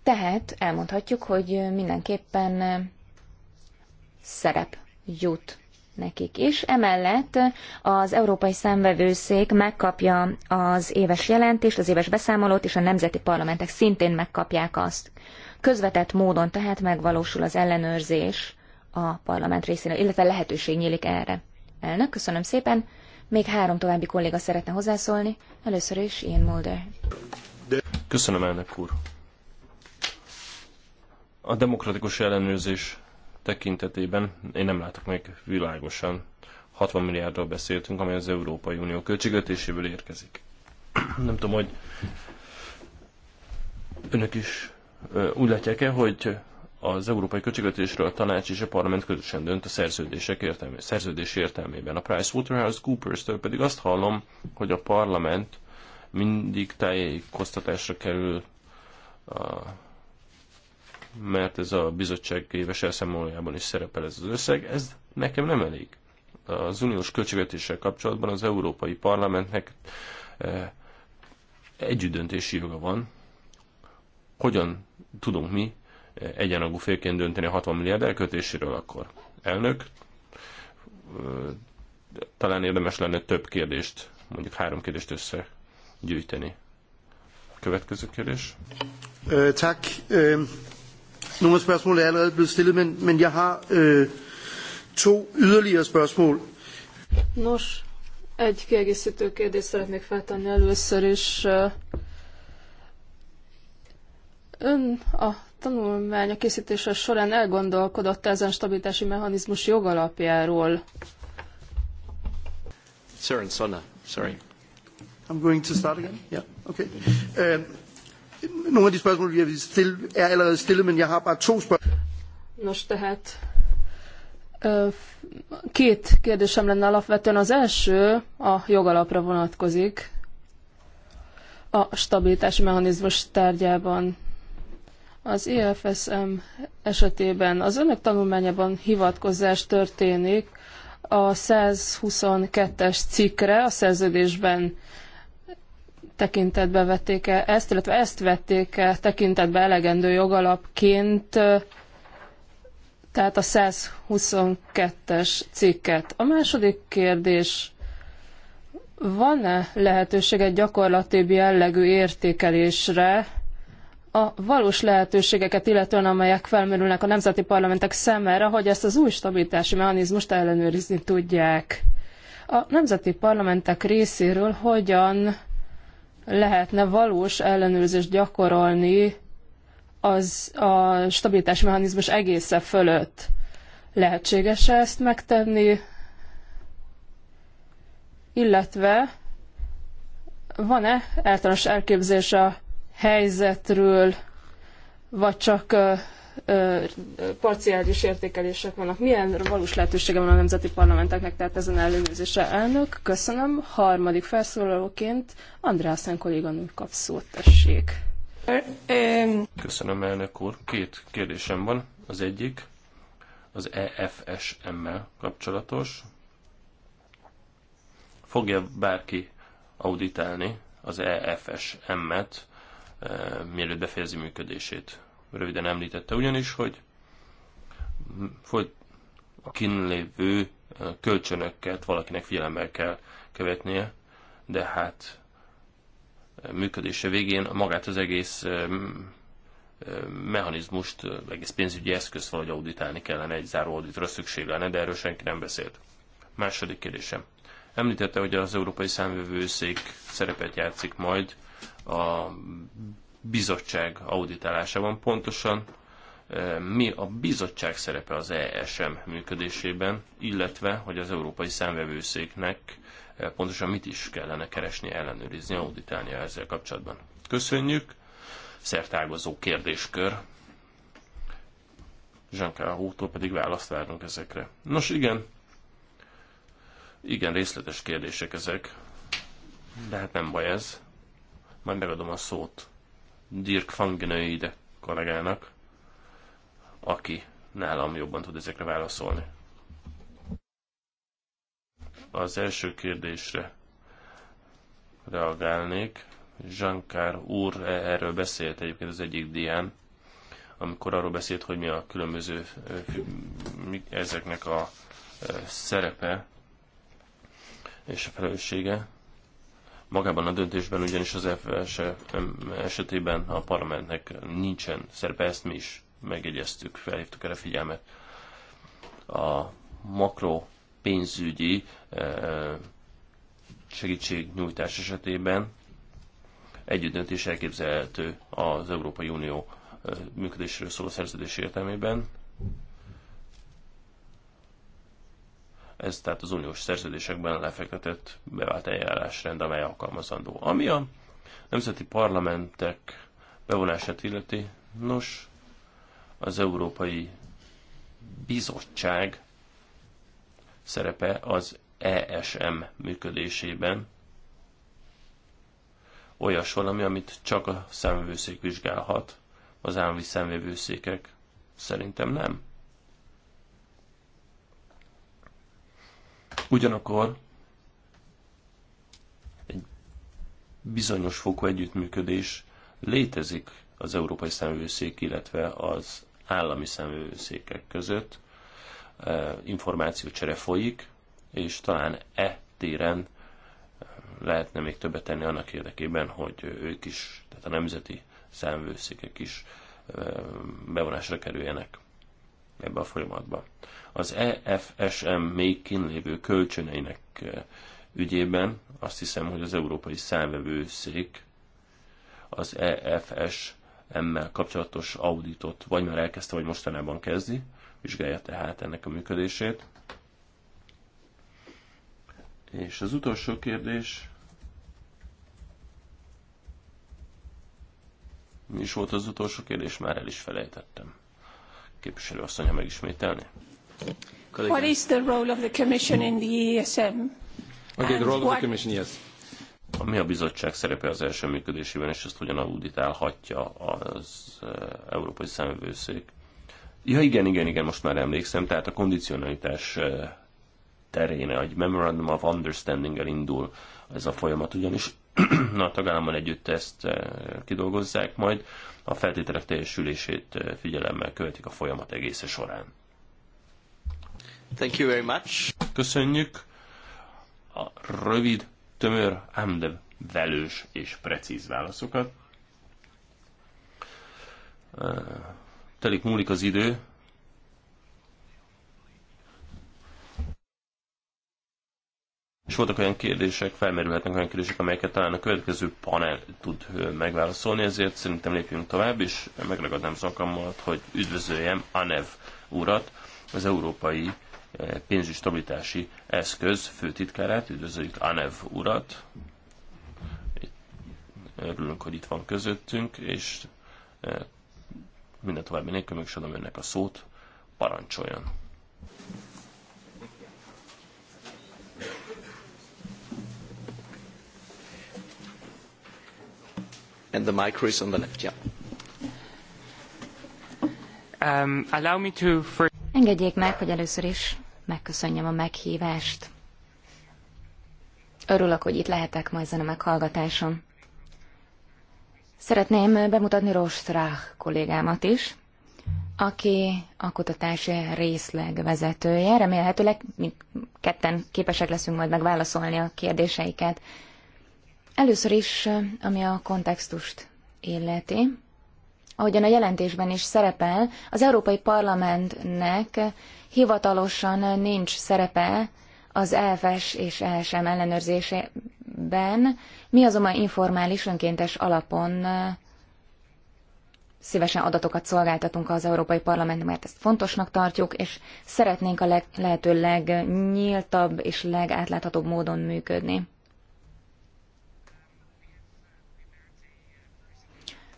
Speaker 1: Tehát elmondhatjuk, hogy mindenképpen szerep jut nekik is. Emellett az Európai Szemvevőszék megkapja az éves jelentést, az éves beszámolót, és a nemzeti parlamentek szintén megkapják azt. Közvetett módon tehát megvalósul az ellenőrzés a parlament részéről, illetve lehetőség nyílik erre. Elnök, köszönöm szépen. Még három további kolléga szeretne hozzászólni. Először is Ian Mulder.
Speaker 3: Köszönöm, elnök úr. A demokratikus ellenőrzés tekintetében én nem látok még világosan. 60 milliárdról beszéltünk, amely az Európai Unió költségvetéséből érkezik. nem tudom, hogy önök is úgy látják-e, hogy az európai költségvetésről a tanács és a parlament közösen dönt a szerződések értelmé, szerződés értelmében. A PricewaterhouseCoopers-től pedig azt hallom, hogy a parlament mindig tájékoztatásra kerül a mert ez a bizottság éves elszámolójában is szerepel ez az összeg, ez nekem nem elég. Az uniós költségvetéssel kapcsolatban az Európai Parlamentnek eh, együttdöntési joga van, hogyan tudunk mi eh, egyenlagú félként dönteni a 60 milliárd elkötéséről akkor. Elnök, eh, talán érdemes lenne több kérdést, mondjuk három kérdést összegyűjteni. Következő kérdés.
Speaker 1: Tak. Nogle af spørgsmålene er allerede blevet stillet, men, men jeg har øh, to yderligere spørgsmål.
Speaker 2: Nos, egy kiegészítő kérdést szeretnék feltenni először is. Ön a tanulmány a készítése során elgondolkodott ezen stabilitási mechanizmus jogalapjáról. Sir and Sonna, sorry.
Speaker 3: I'm going to start again? Yeah, okay. Um, Nogle af de spørgsmål, vi er allerede stillet, men jeg har bare to spørgsmål.
Speaker 2: Nos, tehát két kérdésem lenne alapvetően. Az első a jogalapra vonatkozik a stabilitási mechanizmus tárgyában. Az EFSM esetében az önök tanulmányában hivatkozás történik a 122-es cikkre a szerződésben tekintetbe vették -e ezt, illetve ezt vették -e tekintetbe elegendő jogalapként, tehát a 122-es cikket. A második kérdés, van-e lehetőség egy gyakorlatibb jellegű értékelésre a valós lehetőségeket, illetően amelyek felmerülnek a nemzeti parlamentek szemére, hogy ezt az új stabilitási mechanizmust ellenőrizni tudják? A nemzeti parlamentek részéről hogyan lehetne valós ellenőrzést gyakorolni az a stabilitási mechanizmus egésze fölött. Lehetséges -e ezt megtenni? Illetve van-e általános elképzés a helyzetről, vagy csak parciális értékelések vannak. Milyen valós lehetősége van a nemzeti parlamenteknek, tehát ezen ellenőrzése elnök? Köszönöm. Harmadik felszólalóként Andrászen kolléganő kap szót, tessék.
Speaker 3: Köszönöm, elnök úr. Két kérdésem van. Az egyik az EFSM-mel kapcsolatos. Fogja bárki auditálni az EFSM-et, eh, mielőtt befejezi működését? röviden említette ugyanis, hogy a kínlévő kölcsönöket valakinek figyelemmel kell követnie, de hát működése végén magát az egész mechanizmust, egész pénzügyi eszközt valahogy auditálni kellene, egy záró auditra szükség lenne, de erről senki nem beszélt. Második kérdésem. Említette, hogy az Európai Számvevőszék szerepet játszik majd a bizottság auditálásában pontosan e, mi a bizottság szerepe az ESM működésében, illetve hogy az Európai Számvevőszéknek e, pontosan mit is kellene keresni, ellenőrizni, auditálnia ezzel kapcsolatban. Köszönjük! Szertágozó kérdéskör. Jean Hótól pedig választ várunk ezekre. Nos igen, igen részletes kérdések ezek, de hát nem baj ez. Majd megadom a szót Dirk ide, kollégának, aki nálam jobban tud ezekre válaszolni. Az első kérdésre reagálnék. Jankár úr e- erről beszélt egyébként az egyik dián, amikor arról beszélt, hogy mi a különböző ezeknek a szerepe és a felelőssége. Magában a döntésben ugyanis az FS esetében a parlamentnek nincsen szerepe, ezt mi is megjegyeztük, felhívtuk erre figyelmet. A makro pénzügyi eh, segítségnyújtás esetében döntés elképzelhető az Európai Unió eh, működésről szóló szerződés értelmében. Ez tehát az uniós szerződésekben lefektetett bevált eljárásrend, amely alkalmazandó. Ami a nemzeti parlamentek bevonását illeti, nos, az Európai Bizottság szerepe az ESM működésében olyas valami, amit csak a számvevőszék vizsgálhat, az állami számvevőszékek szerintem nem. Ugyanakkor egy bizonyos fokú együttműködés létezik az Európai Szemvőszék, illetve az állami szemvőszékek között. E, információcsere folyik, és talán e téren e, lehetne még többet tenni annak érdekében, hogy ők is, tehát a nemzeti szemvőszékek is e, bevonásra kerüljenek ebbe a folyamatba. Az EFSM még kínlévő kölcsöneinek eh, ügyében azt hiszem, hogy az Európai Számvevőszék az EFSM-mel kapcsolatos auditot vagy már elkezdte, vagy mostanában kezdi, vizsgálja tehát ennek a működését. És az utolsó kérdés Mi is volt az utolsó kérdés? Már el is felejtettem. Képviselő asszony, ha megismételni? What
Speaker 2: is the role of the Commission in the ESM?
Speaker 3: Okay, the role of the Commission, yes. a bizottság szerepe az első működésében, és ezt hogyan auditálhatja az eh, Európai Számvőszék? Ja, igen, igen, igen, most már emlékszem. Tehát a kondicionalitás eh, terén egy Memorandum of Understanding-el indul ez a folyamat, ugyanis a tagállammal együtt ezt eh, kidolgozzák, majd a feltételek teljesülését figyelemmel követik a folyamat egész során.
Speaker 1: Thank you very much.
Speaker 3: Köszönjük. A rövid, tömör, ám de velős és precíz válaszokat. Telik múlik az idő, És voltak olyan kérdések, felmerülhetnek olyan kérdések, amelyeket talán a következő panel tud megválaszolni, ezért szerintem lépjünk tovább, és megragadnám az alkalmat, hogy üdvözöljem Anev urat, az Európai pénzügyi stabilitási eszköz főtitkárát, üdvözöljük Anev urat. Örülünk, hogy itt van közöttünk, és e, minden további nélkül még adom önnek a szót, parancsoljon. And the micro is on the left, yeah.
Speaker 2: Um, allow me to first...
Speaker 1: Engedjék meg, hogy először is megköszönjem a meghívást. Örülök, hogy itt lehetek ma ezen a meghallgatáson. Szeretném bemutatni Rostrach kollégámat is, aki a kutatási részleg vezetője. Remélhetőleg mi ketten képesek leszünk majd megválaszolni a kérdéseiket. Először is, ami a kontextust illeti, ahogyan a jelentésben is szerepel, az Európai Parlamentnek hivatalosan nincs szerepe az EFS és ESM ellenőrzésében, mi azonban informális, önkéntes alapon szívesen adatokat szolgáltatunk az Európai Parlamentnek, mert ezt fontosnak tartjuk, és szeretnénk a leg, lehető legnyíltabb és legátláthatóbb módon működni.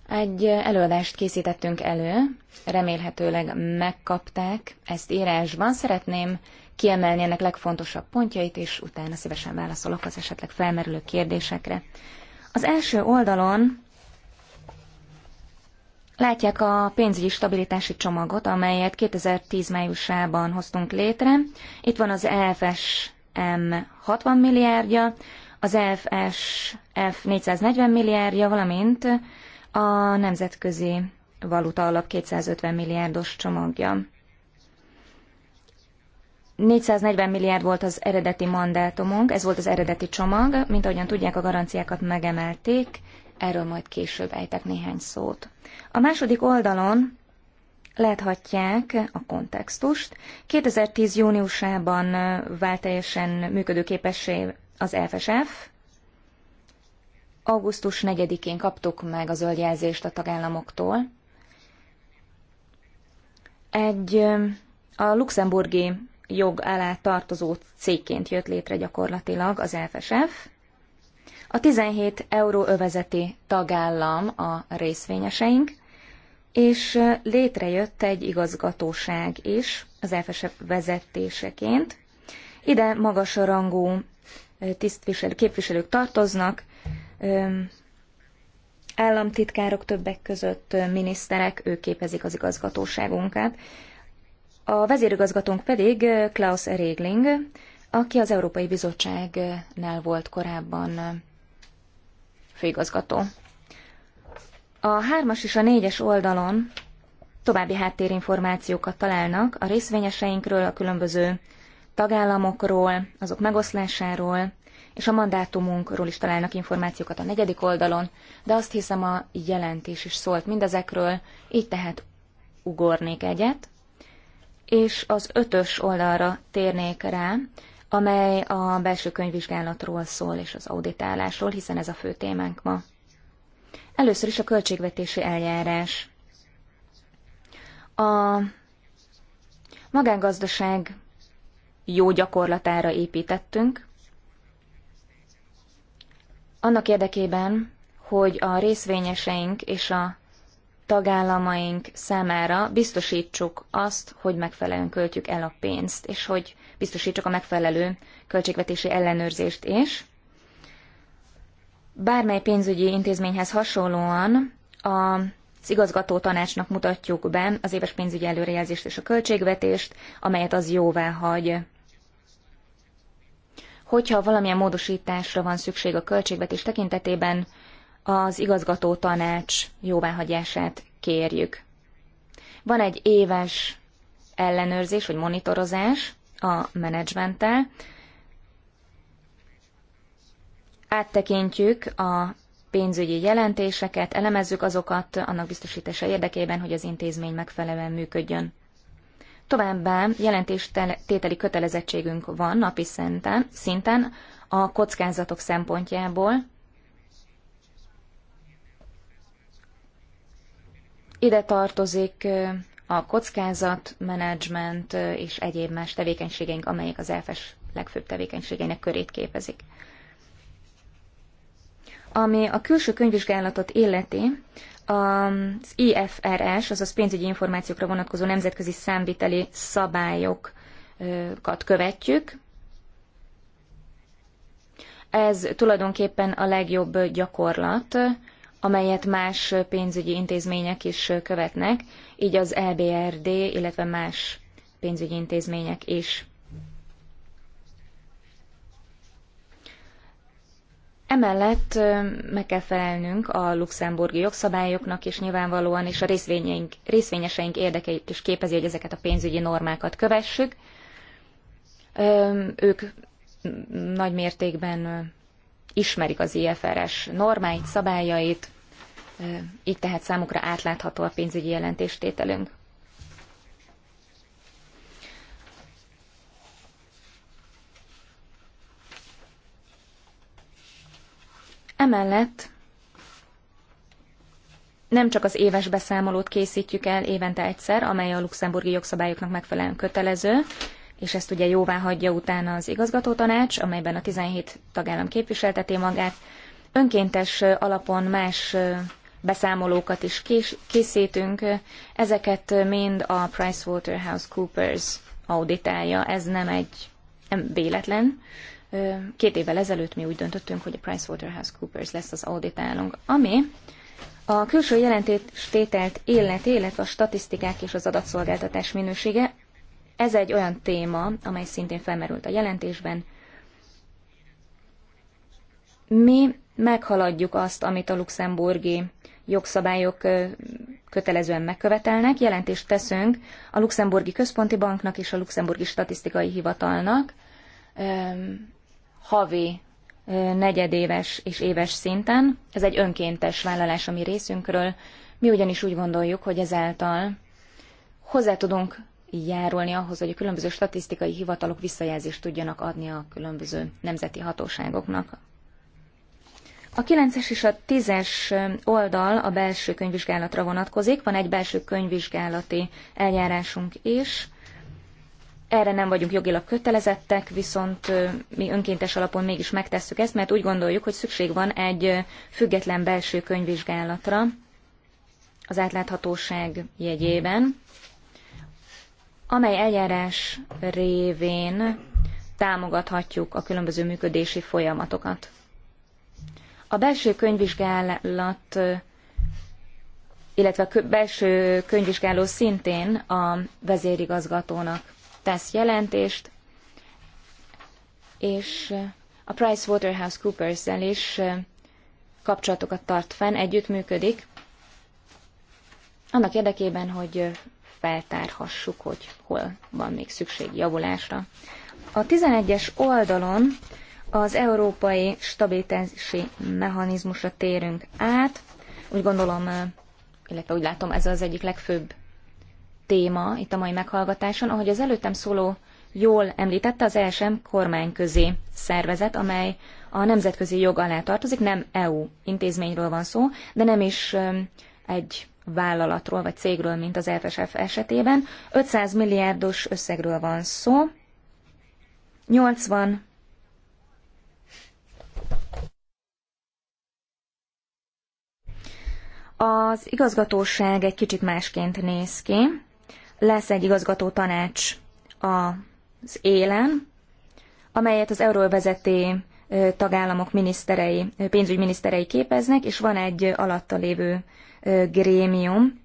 Speaker 1: Egy előadást készítettünk elő, remélhetőleg megkapták ezt írásban. Szeretném kiemelni ennek legfontosabb pontjait, és utána szívesen válaszolok az esetleg felmerülő kérdésekre. Az első oldalon látják a pénzügyi stabilitási csomagot, amelyet 2010 májusában hoztunk létre. Itt van az EFSM 60 milliárdja, az EFSF 440 milliárdja, valamint a nemzetközi valuta alap 250 milliárdos csomagja. 440 milliárd volt az eredeti mandátumunk, ez volt az eredeti csomag, mint ahogyan tudják, a garanciákat megemelték, erről majd később ejtek néhány szót. A második oldalon láthatják a kontextust. 2010. júniusában vált teljesen működőképessé az FSF, Augusztus 4-én kaptuk meg a zöld jelzést a tagállamoktól. Egy a luxemburgi jog alá tartozó cégként jött létre gyakorlatilag az FSF. A 17 övezeti tagállam a részvényeseink, és létrejött egy igazgatóság is az FSF vezetéseként. Ide magas tisztviselő, képviselők tartoznak, államtitkárok többek között miniszterek, ők képezik az igazgatóságunkat. A vezérigazgatónk pedig Klaus Regling, aki az Európai Bizottságnál volt korábban főigazgató. A hármas és a négyes oldalon további háttérinformációkat találnak a részvényeseinkről, a különböző tagállamokról, azok megoszlásáról, és a mandátumunkról is találnak információkat a negyedik oldalon, de azt hiszem a jelentés is szólt mindezekről, így tehát ugornék egyet, és az ötös oldalra térnék rá, amely a belső könyvvizsgálatról szól és az auditálásról, hiszen ez a fő témánk ma. Először is a költségvetési eljárás. A magángazdaság jó gyakorlatára építettünk, annak érdekében, hogy a részvényeseink és a tagállamaink számára biztosítsuk azt, hogy megfelelően költjük el a pénzt, és hogy biztosítsuk a megfelelő költségvetési ellenőrzést is. Bármely pénzügyi intézményhez hasonlóan a az igazgató tanácsnak mutatjuk be az éves pénzügyi előrejelzést és a költségvetést, amelyet az jóvá hagy hogyha valamilyen módosításra van szükség a költségvetés tekintetében, az igazgató tanács jóváhagyását kérjük. Van egy éves ellenőrzés vagy monitorozás a menedzsmenttel. Áttekintjük a pénzügyi jelentéseket, elemezzük azokat annak biztosítása érdekében, hogy az intézmény megfelelően működjön. Továbbá jelentéstételi kötelezettségünk van napi szinten, szinten a kockázatok szempontjából. Ide tartozik a kockázat, menedzsment és egyéb más tevékenységeink, amelyek az elfes legfőbb tevékenységeinek körét képezik. Ami a külső könyvvizsgálatot illeti, az IFRS, azaz pénzügyi információkra vonatkozó nemzetközi számviteli szabályokat követjük. Ez tulajdonképpen a legjobb gyakorlat, amelyet más pénzügyi intézmények is követnek, így az EBRD, illetve más pénzügyi intézmények is. Emellett meg kell felelnünk a luxemburgi jogszabályoknak, és nyilvánvalóan és a részvényeink, részvényeseink érdekeit is képezi, hogy ezeket a pénzügyi normákat kövessük. Ők nagy mértékben ismerik az IFRS normáit, szabályait, így tehát számukra átlátható a pénzügyi jelentéstételünk. Emellett nem csak az éves beszámolót készítjük el évente egyszer, amely a luxemburgi jogszabályoknak megfelelően kötelező, és ezt ugye jóvá hagyja utána az igazgatótanács, amelyben a 17 tagállam képviselteti magát. Önkéntes alapon más beszámolókat is készítünk, ezeket mind a PricewaterhouseCoopers auditálja, ez nem egy nem véletlen, Két évvel ezelőtt mi úgy döntöttünk, hogy a PricewaterhouseCoopers lesz az auditálunk, ami a külső jelentéstételt élet, illetve a statisztikák és az adatszolgáltatás minősége, ez egy olyan téma, amely szintén felmerült a jelentésben. Mi meghaladjuk azt, amit a luxemburgi jogszabályok kötelezően megkövetelnek, jelentést teszünk a luxemburgi központi banknak és a luxemburgi statisztikai hivatalnak, havi, negyedéves és éves szinten. Ez egy önkéntes vállalás a mi részünkről. Mi ugyanis úgy gondoljuk, hogy ezáltal hozzá tudunk járulni ahhoz, hogy a különböző statisztikai hivatalok visszajelzést tudjanak adni a különböző nemzeti hatóságoknak. A 9-es és a 10-es oldal a belső könyvvizsgálatra vonatkozik, van egy belső könyvvizsgálati eljárásunk is, erre nem vagyunk jogilag kötelezettek, viszont mi önkéntes alapon mégis megtesszük ezt, mert úgy gondoljuk, hogy szükség van egy független belső könyvvizsgálatra az átláthatóság jegyében, amely eljárás révén támogathatjuk a különböző működési folyamatokat. A belső könyvvizsgálat, illetve a belső könyvvizsgáló szintén a vezérigazgatónak tesz jelentést, és a PricewaterhouseCoopers-zel is kapcsolatokat tart fenn, együttműködik, annak érdekében, hogy feltárhassuk, hogy hol van még szükség javulásra. A 11-es oldalon az európai stabilitási mechanizmusra térünk át. Úgy gondolom, illetve úgy látom, ez az egyik legfőbb téma itt a mai meghallgatáson. Ahogy az előttem szóló jól említette, az ESM kormányközi szervezet, amely a nemzetközi jog alá tartozik, nem EU intézményről van szó, de nem is egy vállalatról vagy cégről, mint az FSF esetében. 500 milliárdos összegről van szó, 80 Az igazgatóság egy kicsit másként néz ki lesz egy igazgató tanács az élen, amelyet az vezető tagállamok miniszterei, pénzügyminiszterei képeznek, és van egy alatta lévő grémium,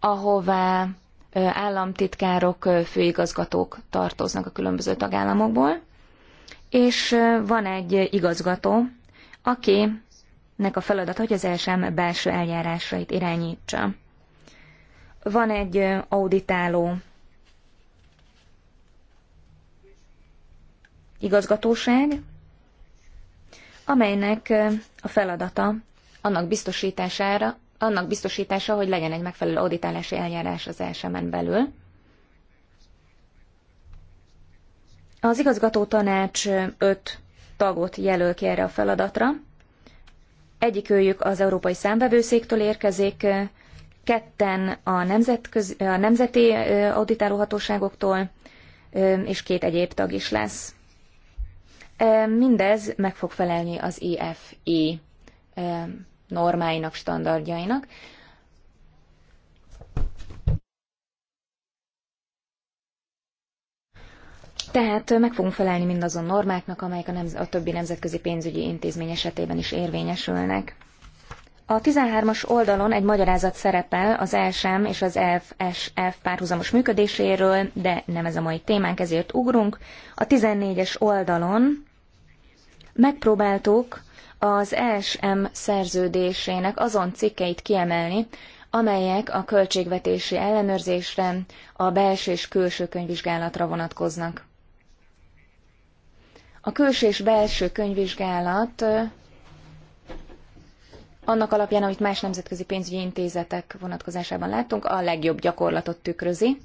Speaker 1: ahová államtitkárok, főigazgatók tartoznak a különböző tagállamokból, és van egy igazgató, akinek a feladata, hogy az ESM belső eljárásait irányítsa. Van egy auditáló igazgatóság, amelynek a feladata annak biztosítására, annak biztosítása, hogy legyen egy megfelelő auditálási eljárás az elsőmen belül. Az igazgató tanács öt tagot jelöl ki erre a feladatra. Egyikőjük az Európai Számbevőszéktől érkezik, ketten a, nemzetközi, a nemzeti auditálóhatóságoktól, és két egyéb tag is lesz. Mindez meg fog felelni az EFI e, normáinak, standardjainak. Tehát meg fogunk felelni mindazon normáknak, amelyek a, nemz- a többi nemzetközi pénzügyi intézmény esetében is érvényesülnek. A 13-as oldalon egy magyarázat szerepel az ESM és az FSF párhuzamos működéséről, de nem ez a mai témánk, ezért ugrunk. A 14-es oldalon megpróbáltuk az ESM szerződésének azon cikkeit kiemelni, amelyek a költségvetési ellenőrzésre, a belső és külső könyvvizsgálatra vonatkoznak. A külső és belső könyvvizsgálat annak alapján, amit más nemzetközi pénzügyi intézetek vonatkozásában láttunk, a legjobb gyakorlatot tükrözi.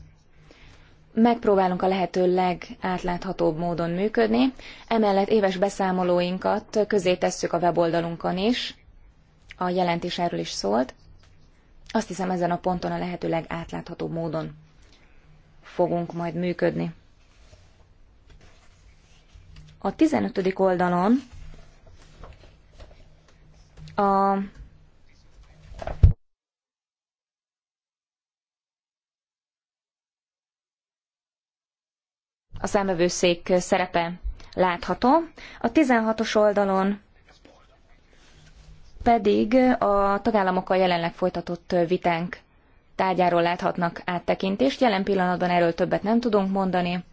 Speaker 1: Megpróbálunk a lehető legátláthatóbb módon működni, emellett éves beszámolóinkat közé tesszük a weboldalunkon is, a jelentés erről is szólt. Azt hiszem ezen a ponton a lehető legátláthatóbb módon fogunk majd működni. A 15. oldalon a a számövőszék szerepe látható. A 16-os oldalon pedig a tagállamokkal jelenleg folytatott vitánk tárgyáról láthatnak áttekintést. Jelen pillanatban erről többet nem tudunk mondani.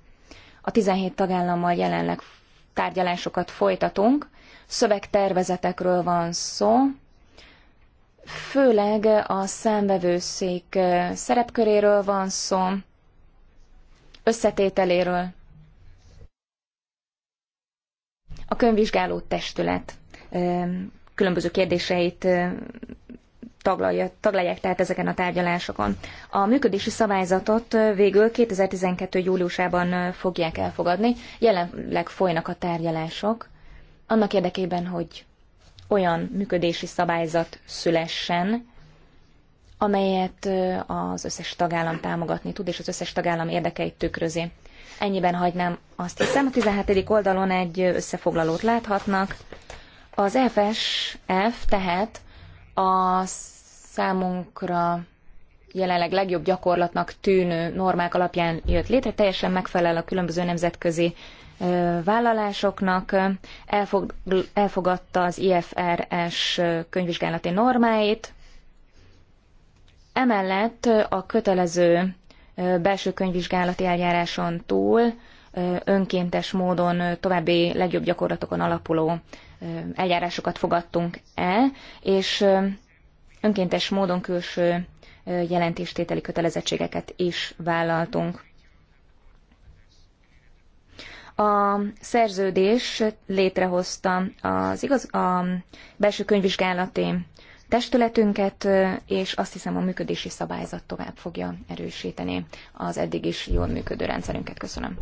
Speaker 1: A 17 tagállammal jelenleg tárgyalásokat folytatunk, szövegtervezetekről van szó, főleg a számvevőszék szerepköréről van szó, összetételéről. A könyvvizsgáló testület különböző kérdéseit taglalja, taglalják tehát ezeken a tárgyalásokon. A működési szabályzatot végül 2012. júliusában fogják elfogadni, jelenleg folynak a tárgyalások annak érdekében, hogy olyan működési szabályzat szülessen, amelyet az összes tagállam támogatni tud, és az összes tagállam érdekeit tükrözi. Ennyiben hagynám azt hiszem, a 17. oldalon egy összefoglalót láthatnak. Az FSF tehát a számunkra jelenleg legjobb gyakorlatnak tűnő normák alapján jött létre, teljesen megfelel a különböző nemzetközi vállalásoknak, elfog, elfogadta az IFRS könyvvizsgálati normáit, emellett a kötelező belső könyvvizsgálati eljáráson túl önkéntes módon további legjobb gyakorlatokon alapuló eljárásokat fogadtunk el, és önkéntes módon külső jelentéstételi kötelezettségeket is vállaltunk. A szerződés létrehozta az igaz, a belső könyvvizsgálati testületünket, és azt hiszem a működési szabályzat tovább fogja erősíteni az eddig is jól működő rendszerünket. Köszönöm.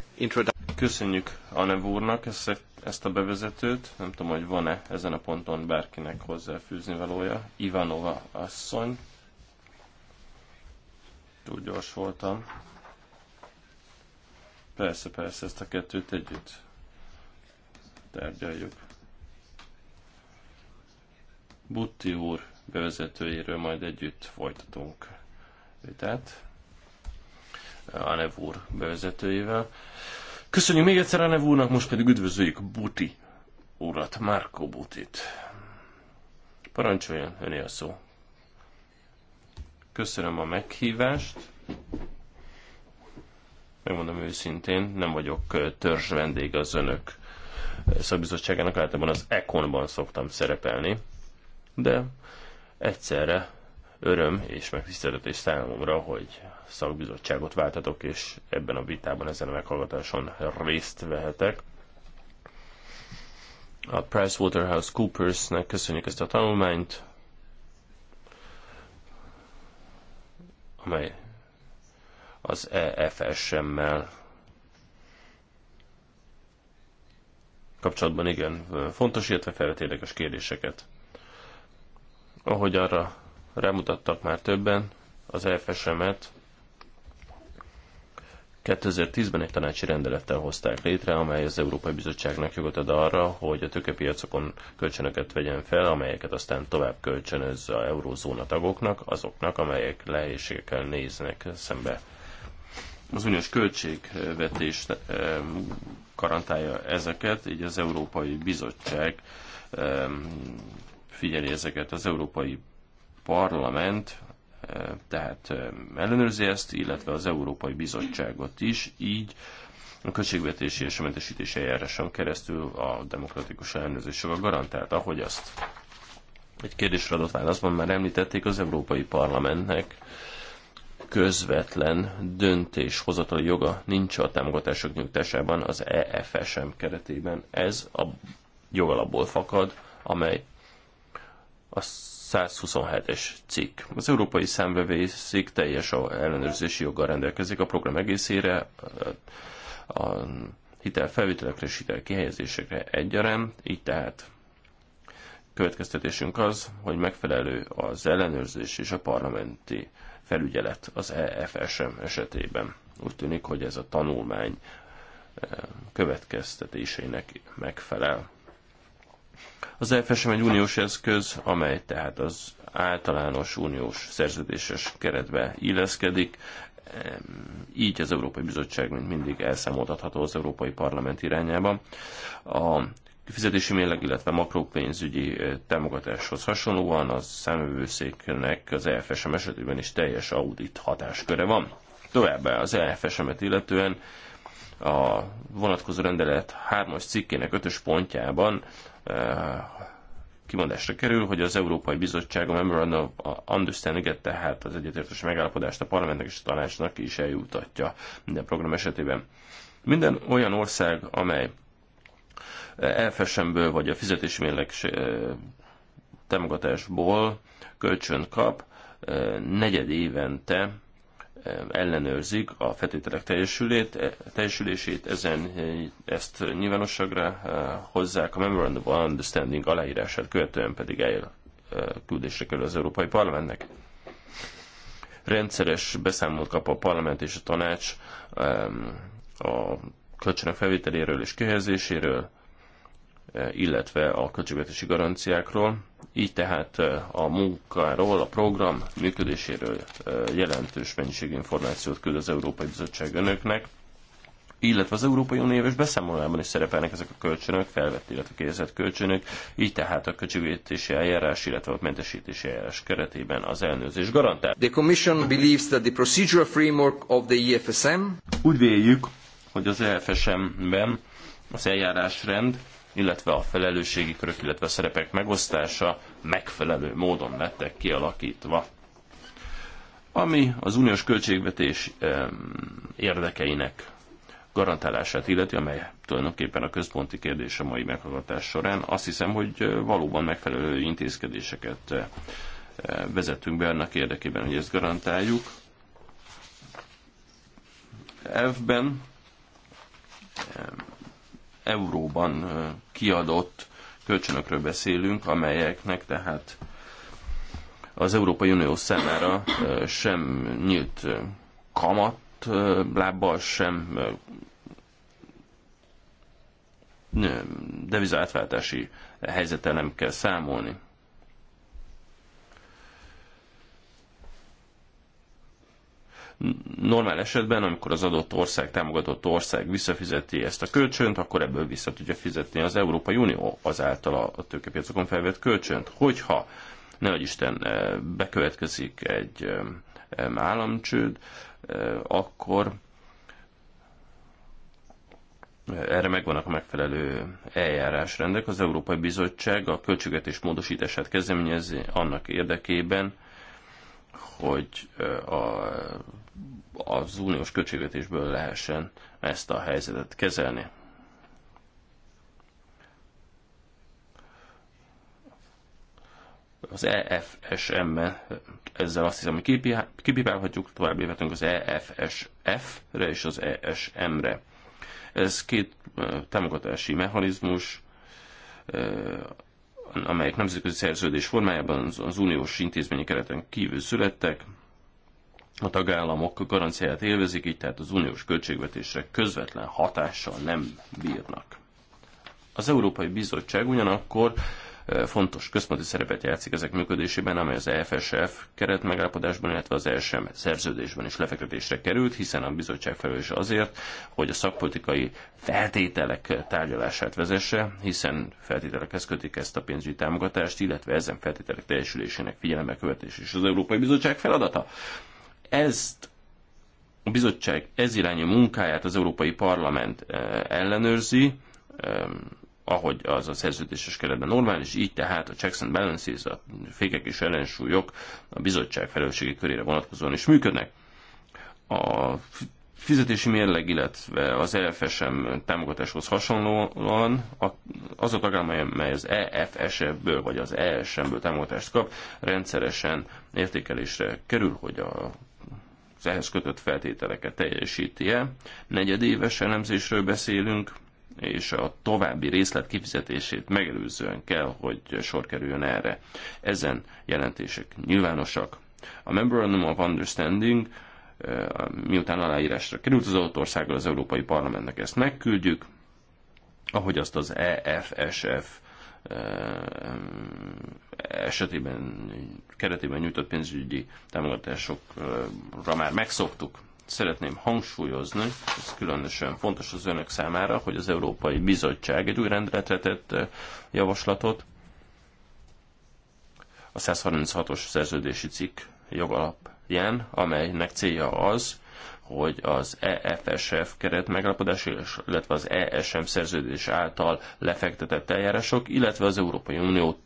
Speaker 3: Köszönjük a úrnak ezt, ezt a bevezetőt. Nem tudom, hogy van-e ezen a ponton bárkinek hozzáfűzni valója. Ivanova asszony. Túl gyors voltam. Persze, persze, ezt a kettőt együtt tárgyaljuk. Butti úr bevezetőjéről majd együtt folytatunk vitát. Anev úr bevezetőjével. Köszönjük még egyszer Anev úrnak, most pedig üdvözöljük Buti urat, Márko Butit. Parancsoljon, öné a szó. Köszönöm a meghívást megmondom őszintén, nem vagyok törzs vendég az önök szakbizottságának, általában az Econ-ban szoktam szerepelni, de egyszerre öröm és megtiszteltetés számomra, hogy szakbizottságot váltatok, és ebben a vitában, ezen a meghallgatáson részt vehetek. A PricewaterhouseCoopersnek köszönjük ezt a tanulmányt, amely az EFSM-mel kapcsolatban igen fontos, illetve felvet érdekes kérdéseket. Ahogy arra rámutattak már többen, az EFSM-et 2010-ben egy tanácsi rendelettel hozták létre, amely az Európai Bizottságnak jogot ad arra, hogy a tőkepiacokon kölcsönöket vegyen fel, amelyeket aztán tovább kölcsönözze a eurózóna tagoknak, azoknak, amelyek lehézségekkel néznek szembe. Az uniós költségvetés eh, garantálja ezeket, így az Európai Bizottság eh, figyeli ezeket. Az Európai Parlament eh, tehát ellenőrzi ezt, illetve az Európai Bizottságot is, így a költségvetési és a mentesítési eljáráson keresztül a demokratikus ellenőrzés joga garantált, ahogy azt egy kérdésre adott válaszban már említették, az Európai Parlamentnek közvetlen döntéshozatali joga nincs a támogatások nyújtásában az EFSM keretében. Ez a jogalapból fakad, amely a 127-es cikk. Az Európai Számvevészék teljes ellenőrzési joggal rendelkezik a program egészére, a hitelfelvételekre és hitel kihelyezésekre egyaránt, így tehát következtetésünk az, hogy megfelelő az ellenőrzés és a parlamenti felügyelet az EFSM esetében. Úgy tűnik, hogy ez a tanulmány eh, következtetéseinek megfelel. Az EFSM egy uniós eszköz, amely tehát az általános uniós szerződéses keretbe illeszkedik, így az Európai Bizottság, mint mindig, elszámoltatható az Európai Parlament irányába. A kifizetési mérleg, illetve makrópénzügyi támogatáshoz hasonlóan a számövőszéknek az EFSM esetében is teljes audit hatásköre van. Továbbá az EFSM-et illetően a vonatkozó rendelet 3-as cikkének 5-ös pontjában kimondásra kerül, hogy az Európai Bizottság a Memorandum of understanding tehát az egyetértés megállapodást a parlamentnek és a tanácsnak is eljutatja minden program esetében. Minden olyan ország, amely elfesemből vagy a fizetési mérleg eh, támogatásból kölcsön kap, eh, negyed évente eh, ellenőrzik a feltételek teljesülését, ezen ezt nyilvánosságra hozzák, a Memorandum of Understanding aláírását követően pedig elküldésre kerül az Európai Parlamentnek. Rendszeres beszámolót kap a parlament és a tanács a kölcsönök felvételéről és kihelyezéséről, illetve a költségvetési garanciákról. Így tehát a munkáról, a program működéséről jelentős mennyiségű információt küld az Európai Bizottság önöknek, illetve az Európai Unió éves beszámolában is szerepelnek ezek a kölcsönök, felvett, illetve kérdezett kölcsönök, így tehát a költségvetési eljárás, illetve a mentesítési eljárás keretében az elnőzés garantál. The Commission believes that the procedural framework of the EFSM Úgy véljük, hogy az EFSM-ben az eljárásrend illetve a felelősségi körök, illetve a szerepek megosztása megfelelő módon lettek kialakítva. Ami az uniós költségvetés érdekeinek garantálását illeti, amely tulajdonképpen a központi kérdés a mai meghallgatás során, azt hiszem, hogy valóban megfelelő intézkedéseket vezetünk be annak érdekében, hogy ezt garantáljuk. Elfben euróban kiadott kölcsönökről beszélünk, amelyeknek tehát az Európai Unió számára sem nyílt kamat lábbal, sem devizaátváltási helyzettel nem kell számolni. Normál esetben, amikor az adott ország, támogatott ország visszafizeti ezt a kölcsönt, akkor ebből vissza tudja fizetni az Európai Unió azáltal a tőkepiacokon felvett kölcsönt. Hogyha, nehogy Isten, eh, bekövetkezik egy eh, államcsőd, eh, akkor erre megvannak a megfelelő eljárásrendek. Az Európai Bizottság a költségvetés módosítását kezdeményezi annak érdekében, hogy a, az uniós költségvetésből lehessen ezt a helyzetet kezelni. Az EFSM-ben ezzel azt hiszem, hogy kipipálhatjuk, tovább évetünk az EFSF-re és az ESM-re. Ez két támogatási mechanizmus, amelyek nemzetközi szerződés formájában az uniós intézményi kereten kívül születtek, a tagállamok garanciáját élvezik, így tehát az uniós költségvetésre közvetlen hatással nem bírnak. Az Európai Bizottság ugyanakkor fontos központi szerepet játszik ezek működésében, amely az EFSF keret megállapodásban, illetve az ESM szerződésben is lefektetésre került, hiszen a bizottság felelős azért, hogy a szakpolitikai feltételek tárgyalását vezesse, hiszen feltételekhez kötik ezt a pénzügyi támogatást, illetve ezen feltételek teljesülésének figyelembe követés is az Európai Bizottság feladata. Ezt a bizottság ez irányú munkáját az Európai Parlament ellenőrzi, ahogy az a szerződéses keretben normális, így tehát a checks and balances, a fékek és ellensúlyok a bizottság felelősségi körére vonatkozóan is működnek. A fizetési mérleg, illetve az EFSM támogatáshoz hasonlóan az a tagállam, mely az efsm ből vagy az ESM-ből támogatást kap, rendszeresen értékelésre kerül, hogy a az ehhez kötött feltételeket teljesíti-e. Negyedéves elemzésről beszélünk, és a további részlet kifizetését megelőzően kell, hogy sor kerüljön erre. Ezen jelentések nyilvánosak. A Memorandum of Understanding eh, miután aláírásra került az adott országgal, az Európai Parlamentnek ezt megküldjük, ahogy azt az EFSF eh, esetében keretében nyújtott pénzügyi támogatásokra már megszoktuk szeretném hangsúlyozni, ez különösen fontos az önök számára, hogy az Európai Bizottság egy új rendeletre tett eh, javaslatot, a 136-os szerződési cikk jogalapján, amelynek célja az, hogy az EFSF keret megállapodás, illetve az ESM szerződés által lefektetett eljárások, illetve az Európai Unió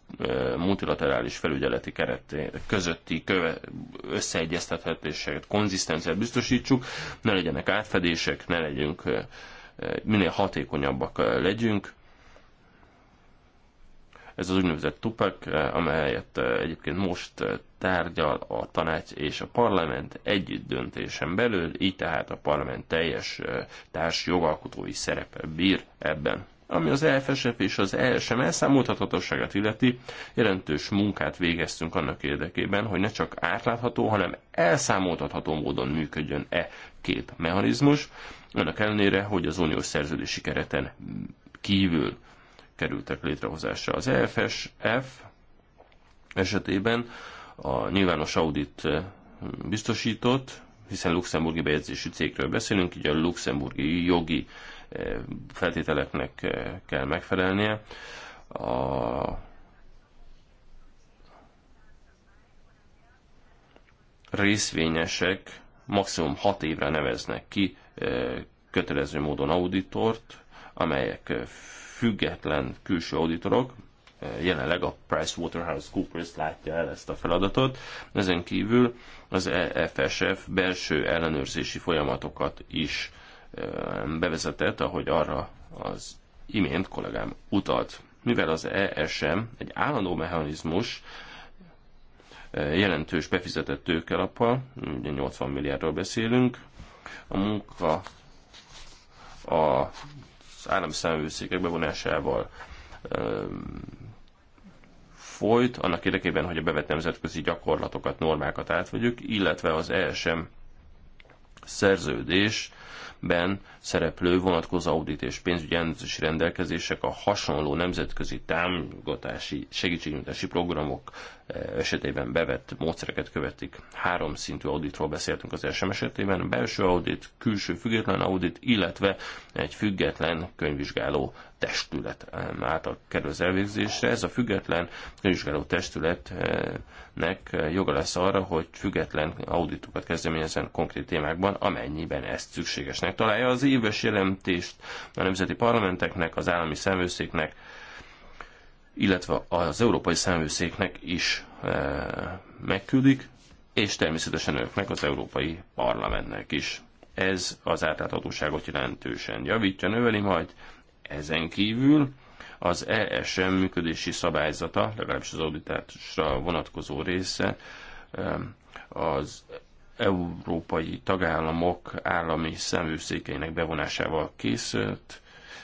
Speaker 3: multilaterális felügyeleti keret közötti köve, összeegyeztethetéseket, konzisztenciát biztosítsuk, ne legyenek átfedések, ne legyünk minél hatékonyabbak legyünk, ez az úgynevezett TUPEK, eh, amelyet eh, egyébként most eh, tárgyal a tanács és a parlament együtt döntésen belül, így tehát a parlament teljes társ jogalkotói szerepe bír ebben ami az EFSF és az ESM elszámoltathatóságát illeti, jelentős munkát végeztünk annak érdekében, hogy ne csak átlátható, hanem elszámoltatható módon működjön e két mechanizmus, annak ellenére, hogy az uniós szerződési kereten kívül kerültek létrehozásra. Az EFSF esetében a nyilvános audit eh, biztosított, hiszen luxemburgi bejegyzésű cégről beszélünk, így a luxemburgi jogi eh, feltételeknek eh, kell megfelelnie. A részvényesek maximum 6 évre neveznek ki kötelező módon auditort, amelyek független külső auditorok, eh, jelenleg a PricewaterhouseCoopers látja el ezt a feladatot, ezen kívül az EFSF belső ellenőrzési folyamatokat is eh, bevezetett, ahogy arra az imént kollégám utalt. Mivel az ESM egy állandó mechanizmus, eh, jelentős befizetett tőkelappal, ugye 80 milliárdról beszélünk, a munka a állami számvőszékek bevonásával folyt, annak érdekében, hogy a bevett nemzetközi gyakorlatokat, normákat átvegyük, illetve az ESM szerződésben szereplő vonatkozó audit és pénzügyi ellenőrzési rendelkezések a hasonló nemzetközi támogatási segítségnyújtási programok eh, esetében bevett módszereket követik. Három szintű auditról beszéltünk az első esetében, belső audit, külső független audit, illetve egy független könyvvizsgáló testület eh, által kerül az elvégzésre. Ez a független könyvvizsgáló testületnek eh, joga lesz arra, hogy független auditokat kezdeményezzen konkrét témákban, amennyiben ezt szükségesnek találja az éves jelentést a nemzeti parlamenteknek, az állami szemőszéknek, illetve az európai szemőszéknek is e, megküldik, és természetesen önöknek, az Európai Parlamentnek is. Ez az átláthatóságot jelentősen javítja, növeli majd. Ezen kívül az ESM működési szabályzata, legalábbis az auditásra vonatkozó része, e, az európai tagállamok állami számvőszékeinek bevonásával készült,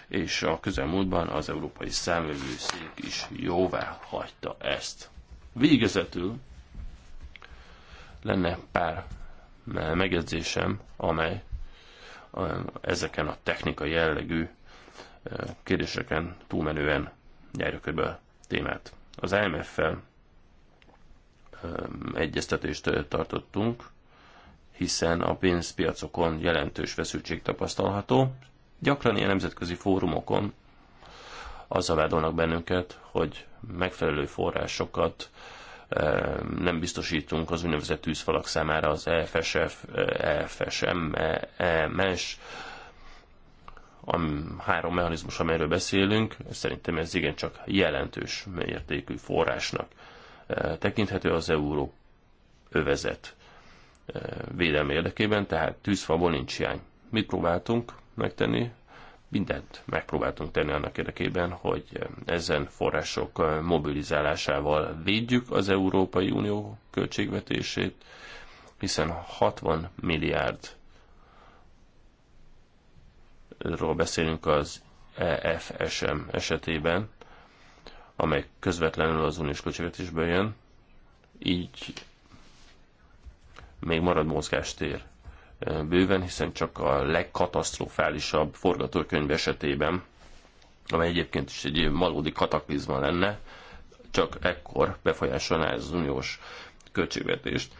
Speaker 3: és a közelmúltban az európai számvevőszék is jóvá hagyta ezt. Végezetül lenne pár megjegyzésem, amely ezeken a technikai jellegű kérdéseken túlmenően nyerjük a témát. Az IMF-fel egyeztetést tartottunk, hiszen a pénzpiacokon jelentős feszültség tapasztalható. Gyakran ilyen nemzetközi fórumokon azzal vádolnak bennünket, hogy megfelelő forrásokat eh, nem biztosítunk az úgynevezett tűzfalak számára az EFSF, EFSM, eh, e EMS, e a három mechanizmus, amelyről beszélünk, szerintem ez igencsak jelentős mértékű forrásnak eh, tekinthető az euró övezet védelme érdekében, tehát tűzfából nincs hiány. Mit próbáltunk megtenni? Mindent megpróbáltunk tenni annak érdekében, hogy ezen források mobilizálásával védjük az Európai Unió költségvetését, hiszen 60 milliárd ról beszélünk az EFSM esetében, amely közvetlenül az uniós költségvetésből jön, így még marad mozgástér bőven, hiszen csak a legkatasztrofálisabb forgatókönyv esetében, amely egyébként is egy valódi kataklizma lenne, csak ekkor befolyásolná az uniós költségvetést.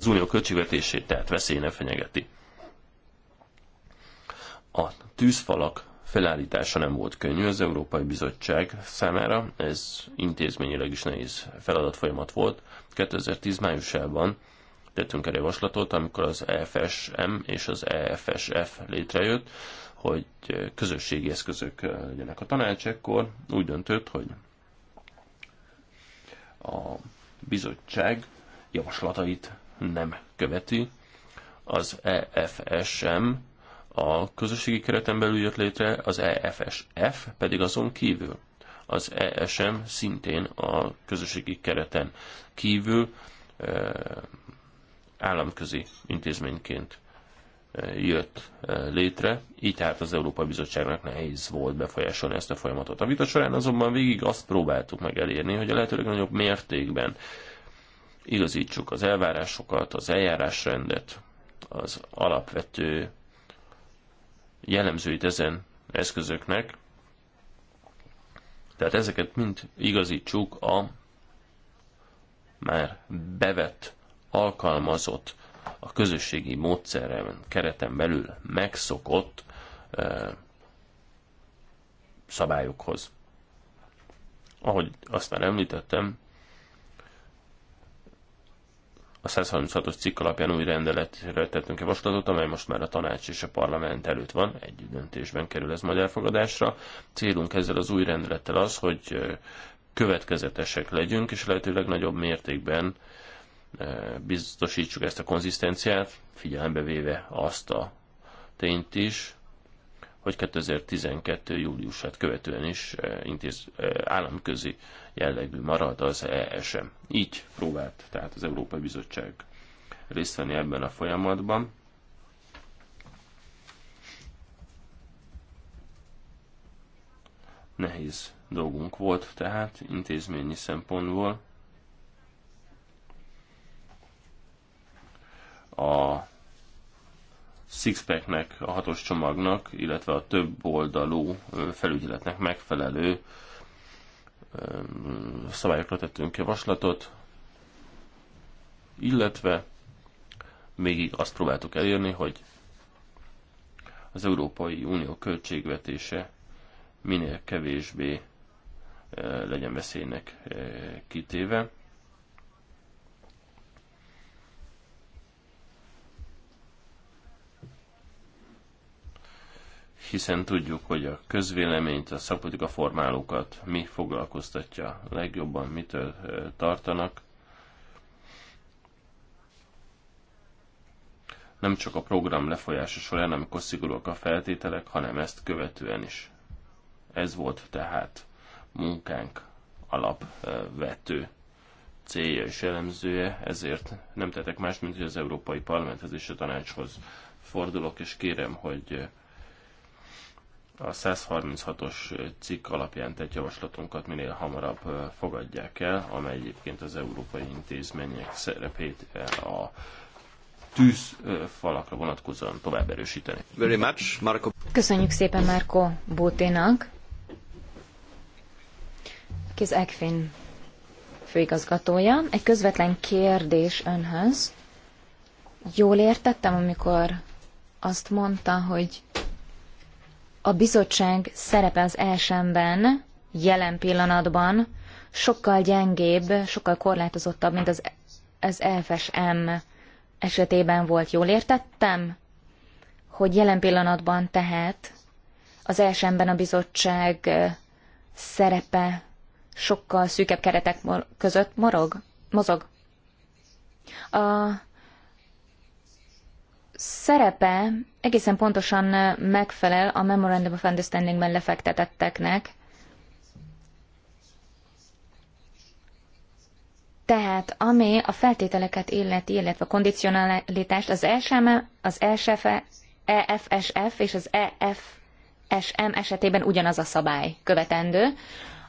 Speaker 3: Az unió költségvetését tehát veszély ne fenyegeti. A tűzfalak felállítása nem volt könnyű az Európai Bizottság számára, ez intézményileg is nehéz feladatfolyamat volt. 2010 májusában tettünk el javaslatot, amikor az EFSM és az EFSF létrejött, hogy közösségi eszközök legyenek. A tanács ekkor úgy döntött, hogy a bizottság javaslatait nem követi, az EFSM a közösségi kereten belül jött létre, az EFSF pedig azon kívül. Az ESM szintén a közösségi kereten kívül e, államközi intézményként e, jött e, létre, így tehát az Európai Bizottságnak nehéz volt befolyásolni ezt a folyamatot. A vita során azonban végig azt próbáltuk meg elérni, hogy a lehető legnagyobb mértékben igazítsuk az elvárásokat, az eljárásrendet, az alapvető jellemzőit ezen eszközöknek, tehát ezeket mind igazítsuk a már bevett, alkalmazott, a közösségi módszeren kereten belül megszokott szabályokhoz. Ahogy azt már említettem, a 136-os cikk alapján új rendeletre tettünk javaslatot, amely most már a tanács és a parlament előtt van, egy döntésben kerül ez majd elfogadásra. Célunk ezzel az új rendelettel az, hogy következetesek legyünk, és lehetőleg nagyobb mértékben biztosítsuk ezt a konzisztenciát, figyelembe véve azt a tényt is, hogy 2012. júliusát követően is eh, intéz, eh, államközi jellegű marad az ESM. Így próbált tehát az Európai Bizottság részt venni ebben a folyamatban. Nehéz dolgunk volt tehát intézményi szempontból. A Sixpacknek, a hatos csomagnak, illetve a több oldalú felügyeletnek megfelelő szabályokra tettünk javaslatot, illetve mégig azt próbáltuk elérni, hogy az Európai Unió költségvetése minél kevésbé legyen veszélynek kitéve. hiszen tudjuk, hogy a közvéleményt, a szakpolitika formálókat mi foglalkoztatja legjobban, mitől tartanak. Nem csak a program lefolyása során, amikor szigorúak a feltételek, hanem ezt követően is. Ez volt tehát munkánk alapvető célja és elemzője, ezért nem tettek más, mint hogy az Európai Parlamenthez és a tanácshoz fordulok, és kérem, hogy a 136-os cikk alapján tett javaslatunkat minél hamarabb fogadják el, amely egyébként az európai intézmények szerepét a tűzfalakra vonatkozóan tovább erősíteni. Very much, Marco.
Speaker 1: Köszönjük szépen Márko Bóténak, Kis Ekfin főigazgatója. Egy közvetlen kérdés önhöz. Jól értettem, amikor azt mondta, hogy a bizottság szerepe az elsőben, jelen pillanatban sokkal gyengébb, sokkal korlátozottabb, mint az, az FSM esetében volt. Jól értettem? Hogy jelen pillanatban tehát az elsőben a bizottság szerepe sokkal szűkebb keretek között morog, mozog. A szerepe egészen pontosan megfelel a Memorandum of Understandingben lefektetetteknek, Tehát, ami a feltételeket illeti, illetve a kondicionalitást, az ESM, az ESF, EFSF és az EFSM esetében ugyanaz a szabály követendő.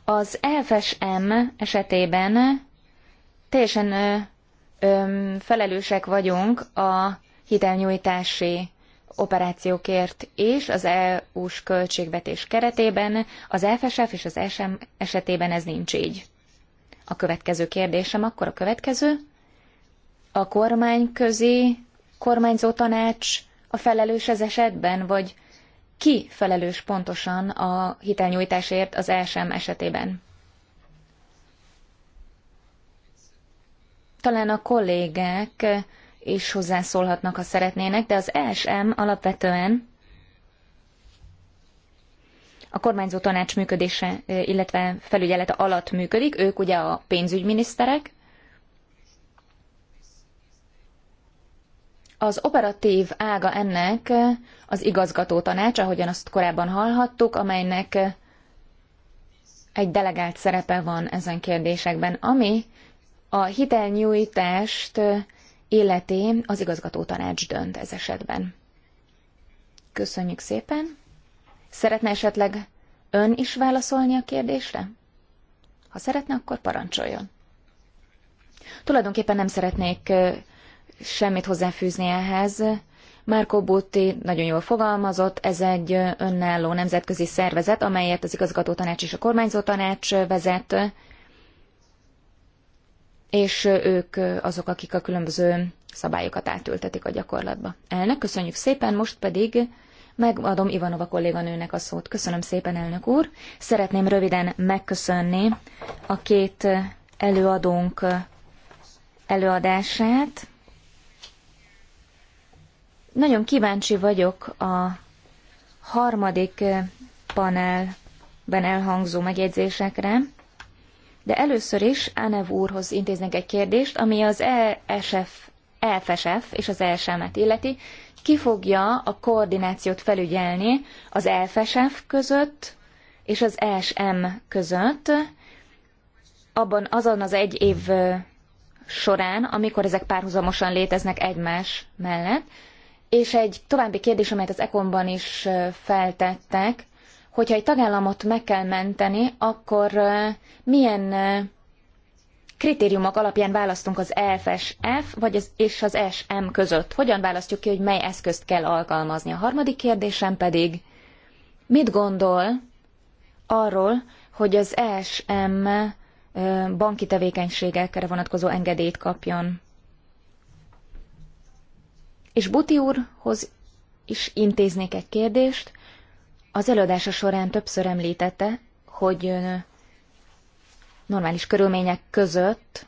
Speaker 1: Az EFSM esetében teljesen ö, ö, felelősek vagyunk a hitelnyújtási operációkért és az EU-s költségvetés keretében, az FSF és az SM esetében ez nincs így. A következő kérdésem akkor a következő. A kormányközi kormányzó tanács a felelős ez esetben, vagy ki felelős pontosan a hitelnyújtásért az ESM esetében? Talán a kollégek és hozzászólhatnak, ha szeretnének, de az ESM alapvetően a kormányzó tanács működése, illetve felügyelete alatt működik. Ők ugye a pénzügyminiszterek. Az operatív ága ennek az igazgató tanács, ahogyan azt korábban hallhattuk, amelynek egy delegált szerepe van ezen kérdésekben, ami a hitelnyújtást életé az igazgató tanács dönt ez esetben. Köszönjük szépen! Szeretne esetleg ön is válaszolni a kérdésre? Ha szeretne, akkor parancsoljon. Tulajdonképpen nem szeretnék semmit hozzáfűzni ehhez. Márko Butti nagyon jól fogalmazott, ez egy önálló nemzetközi szervezet, amelyet az igazgató tanács és a kormányzó tanács vezet, és ők azok, akik a különböző szabályokat átültetik a gyakorlatba. Elnök, köszönjük szépen, most pedig megadom Ivanova kolléganőnek a szót. Köszönöm szépen, elnök úr. Szeretném röviden megköszönni a két előadónk előadását. Nagyon kíváncsi vagyok a harmadik panelben elhangzó megjegyzésekre. De először is Ánev úrhoz intéznek egy kérdést, ami az ESF, EFSF és az ESM-et illeti. Ki fogja a koordinációt felügyelni az EFSF között és az ESM között, abban azon az egy év során, amikor ezek párhuzamosan léteznek egymás mellett. És egy további kérdés, amelyet az Ekonban is feltettek, hogyha egy tagállamot meg kell menteni, akkor milyen kritériumok alapján választunk az EFSF vagy az, és az SM között? Hogyan választjuk ki, hogy mely eszközt kell alkalmazni? A harmadik kérdésem pedig, mit gondol arról, hogy az SM banki tevékenységekre vonatkozó engedélyt kapjon? És Buti úrhoz is intéznék egy kérdést. Az előadása során többször említette, hogy normális körülmények között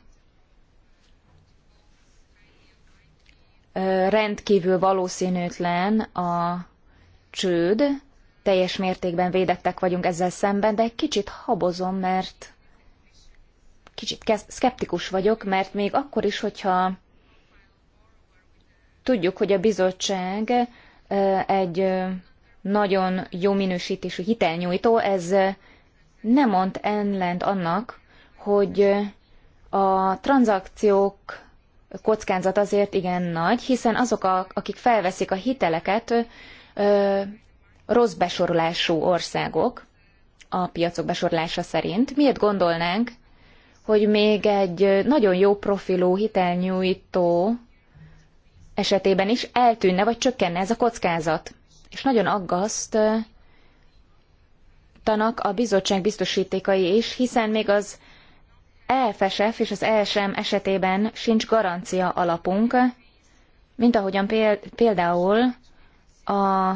Speaker 1: rendkívül valószínűtlen a csőd, teljes mértékben védettek vagyunk ezzel szemben, de egy kicsit habozom, mert kicsit szkeptikus vagyok, mert még akkor is, hogyha tudjuk, hogy a bizottság egy nagyon jó minősítésű hitelnyújtó, ez nem mond ellent annak, hogy a tranzakciók kockázat azért igen nagy, hiszen azok, a, akik felveszik a hiteleket, ö, rossz besorolású országok a piacok besorlása szerint. Miért gondolnánk, hogy még egy nagyon jó profilú hitelnyújtó esetében is eltűnne vagy csökkenne ez a kockázat? és nagyon aggaszt tanak a bizottság biztosítékai is, hiszen még az EFSF és az ESM esetében sincs garancia alapunk, mint ahogyan például a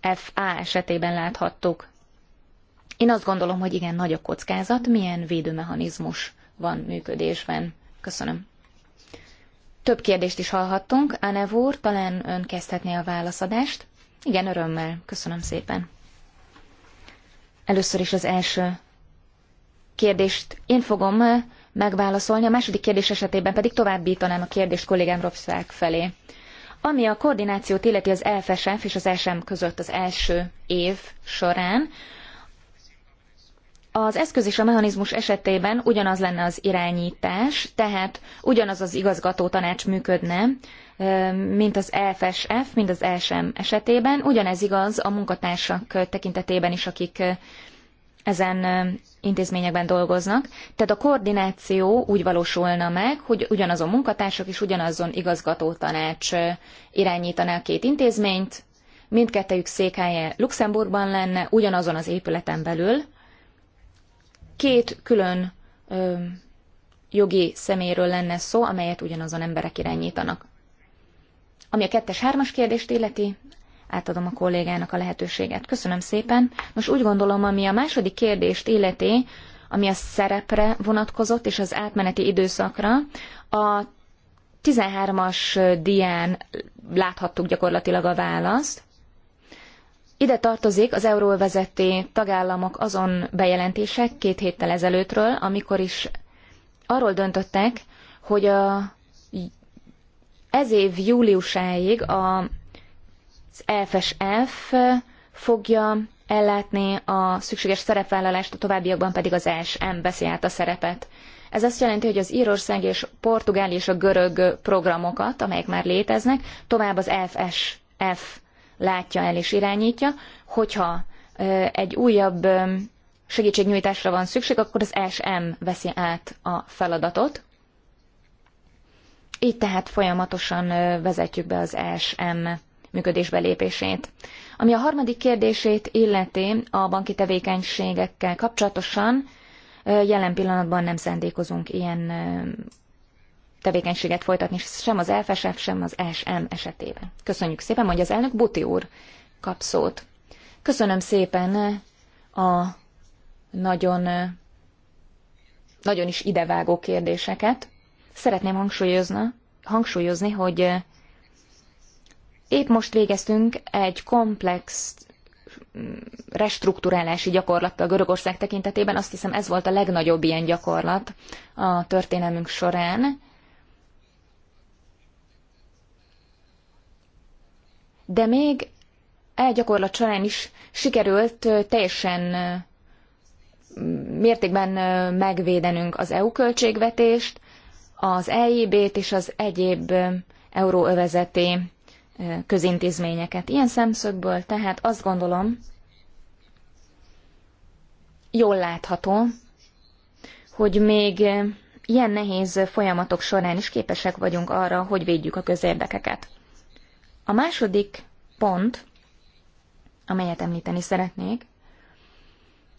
Speaker 1: MFA esetében láthattuk. Én azt gondolom, hogy igen, nagy a kockázat, milyen védőmechanizmus van működésben. Köszönöm. Több kérdést is hallhattunk. Ánev úr, talán ön kezdhetné a válaszadást? Igen, örömmel. Köszönöm szépen. Először is az első kérdést én fogom eh, megválaszolni, a második kérdés esetében pedig továbbítanám a kérdést kollégám Robszák felé. Ami a koordinációt illeti az FSF és az SM között az első év során, az eszköz és a mechanizmus esetében ugyanaz lenne az irányítás, tehát ugyanaz az igazgató tanács működne, mint az EFSF, mint az ESM esetében. Ugyanez igaz a munkatársak tekintetében is, akik ezen intézményekben dolgoznak. Tehát a koordináció úgy valósulna meg, hogy ugyanazon munkatársak és ugyanazon igazgató tanács irányítaná a két intézményt, mindkettejük székhelye Luxemburgban lenne, ugyanazon az épületen belül, két külön ö, jogi szeméről lenne szó, amelyet ugyanazon emberek irányítanak. Ami a kettes-hármas kérdést illeti, átadom a kollégának a lehetőséget. Köszönöm szépen. Most úgy gondolom, ami a második kérdést illeti, ami a szerepre vonatkozott, és az átmeneti időszakra, a 13-as dián láthattuk gyakorlatilag a választ. Ide tartozik az euróvezeti tagállamok azon bejelentések két héttel ezelőttről, amikor is arról döntöttek, hogy a, ez év júliusáig a, az FSF fogja ellátni a szükséges szerepvállalást, a továbbiakban pedig az ESM veszi át a szerepet. Ez azt jelenti, hogy az Írország és Portugál és a görög programokat, amelyek már léteznek, tovább az FSF látja el és irányítja. Hogyha egy újabb segítségnyújtásra van szükség, akkor az SM veszi át a feladatot. Így tehát folyamatosan vezetjük be az SM működésbe lépését. Ami a harmadik kérdését illeti a banki tevékenységekkel kapcsolatosan, jelen pillanatban nem szándékozunk ilyen tevékenységet folytatni, sem az elfesek, sem az SM esetében. Köszönjük szépen, mondja az elnök, Buti úr kap szót. Köszönöm szépen a nagyon, nagyon is idevágó kérdéseket. Szeretném hangsúlyozni, hangsúlyozni, hogy épp most végeztünk egy komplex restruktúrálási gyakorlattal Görögország tekintetében. Azt hiszem ez volt a legnagyobb ilyen gyakorlat a történelmünk során. de még e gyakorlat során is sikerült teljesen mértékben megvédenünk az EU költségvetést, az EIB-t és az egyéb euróövezeti közintézményeket. Ilyen szemszögből tehát azt gondolom, jól látható, hogy még ilyen nehéz folyamatok során is képesek vagyunk arra, hogy védjük a közérdekeket. A második pont, amelyet említeni szeretnék,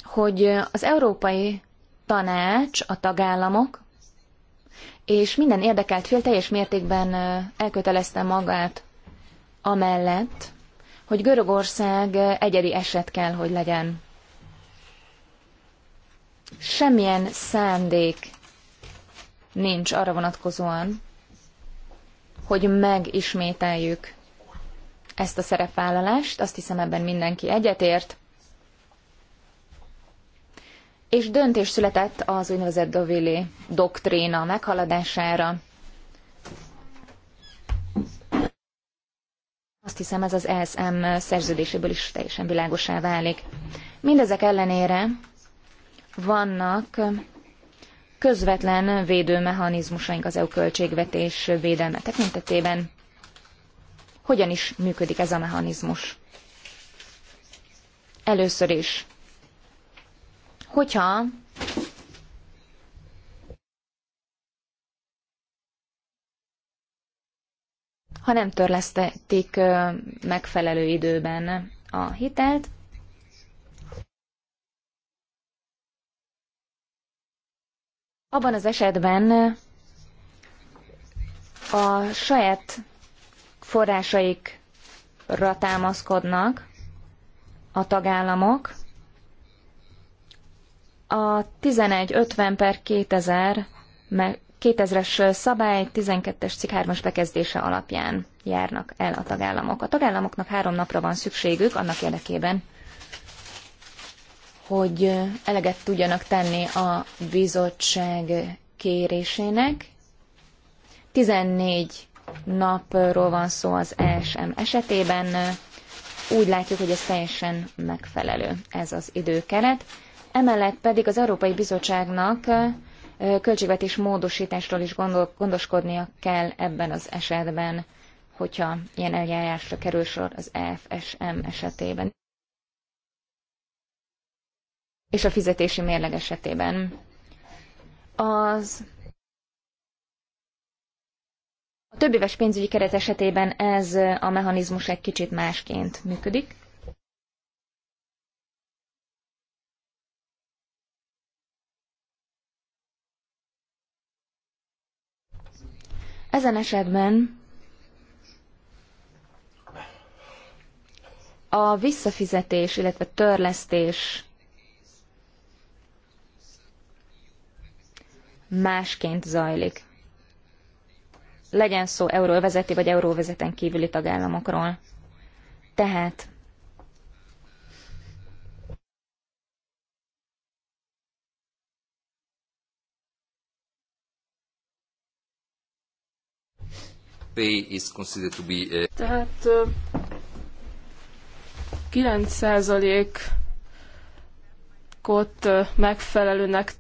Speaker 1: hogy az Európai Tanács, a tagállamok és minden érdekelt fél teljes mértékben elkötelezte magát amellett, hogy Görögország egyedi eset kell, hogy legyen. Semmilyen szándék nincs arra vonatkozóan, hogy megismételjük ezt a szerepvállalást, azt hiszem ebben mindenki egyetért. És döntés született az úgynevezett Dovili doktrína meghaladására. Azt hiszem ez az ESM szerződéséből is teljesen világosá válik. Mindezek ellenére vannak közvetlen védőmechanizmusaink az EU költségvetés védelme tekintetében. Hogyan is működik ez a mechanizmus? Először is, hogyha ha nem törlesztették megfelelő időben a hitelt, abban az esetben a saját forrásaikra támaszkodnak a tagállamok. A 1150 per 2000 2000-es szabály 12-es cikk 3-as bekezdése alapján járnak el a tagállamok. A tagállamoknak három napra van szükségük annak érdekében, hogy eleget tudjanak tenni a bizottság kérésének. 14 napról van szó az ESM esetében. Úgy látjuk, hogy ez teljesen megfelelő ez az időkeret. Emellett pedig az Európai Bizottságnak költségvetés módosításról is gondoskodnia kell ebben az esetben, hogyha ilyen eljárásra kerül sor az EFSM esetében. És a fizetési mérleg esetében. Az a többéves pénzügyi keret esetében ez a mechanizmus egy kicsit másként működik. Ezen esetben a visszafizetés, illetve törlesztés másként zajlik legyen szó euróvezeti vagy euróvezeten kívüli tagállamokról. Tehát
Speaker 3: Is considered to be uh,
Speaker 2: Tehát 9 ot megfelelőnek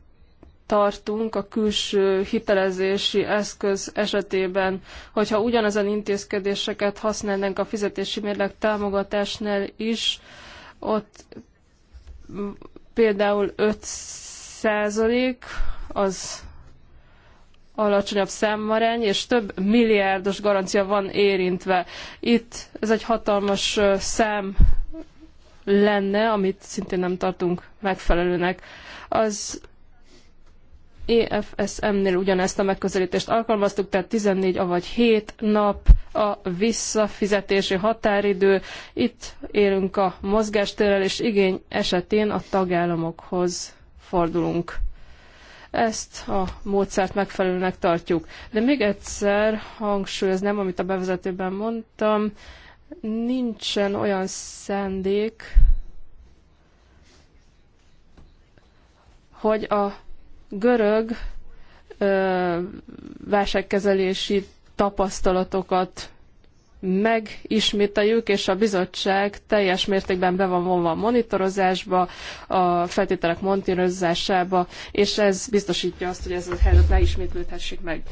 Speaker 2: tartunk a külső hitelezési eszköz esetében, hogyha ugyanezen intézkedéseket használnánk a fizetési mérleg támogatásnál is, ott például 5 az alacsonyabb számarány, és több milliárdos garancia van érintve. Itt ez egy hatalmas szám lenne, amit szintén nem tartunk megfelelőnek. Az EFSM-nél ugyanezt a megközelítést alkalmaztuk, tehát 14, avagy 7 nap a visszafizetési határidő. Itt élünk a mozgástérrel, és igény esetén a tagállamokhoz fordulunk. Ezt a módszert megfelelőnek tartjuk. De még egyszer hangsúlyoznám, amit a bevezetőben mondtam, nincsen olyan szendék, hogy a görög ö, válságkezelési tapasztalatokat megismételjük, és a bizottság teljes mértékben be van vonva a monitorozásba, a feltételek monitorozásába, és ez biztosítja azt, hogy ez a helyzet ne ismétlődhessék meg.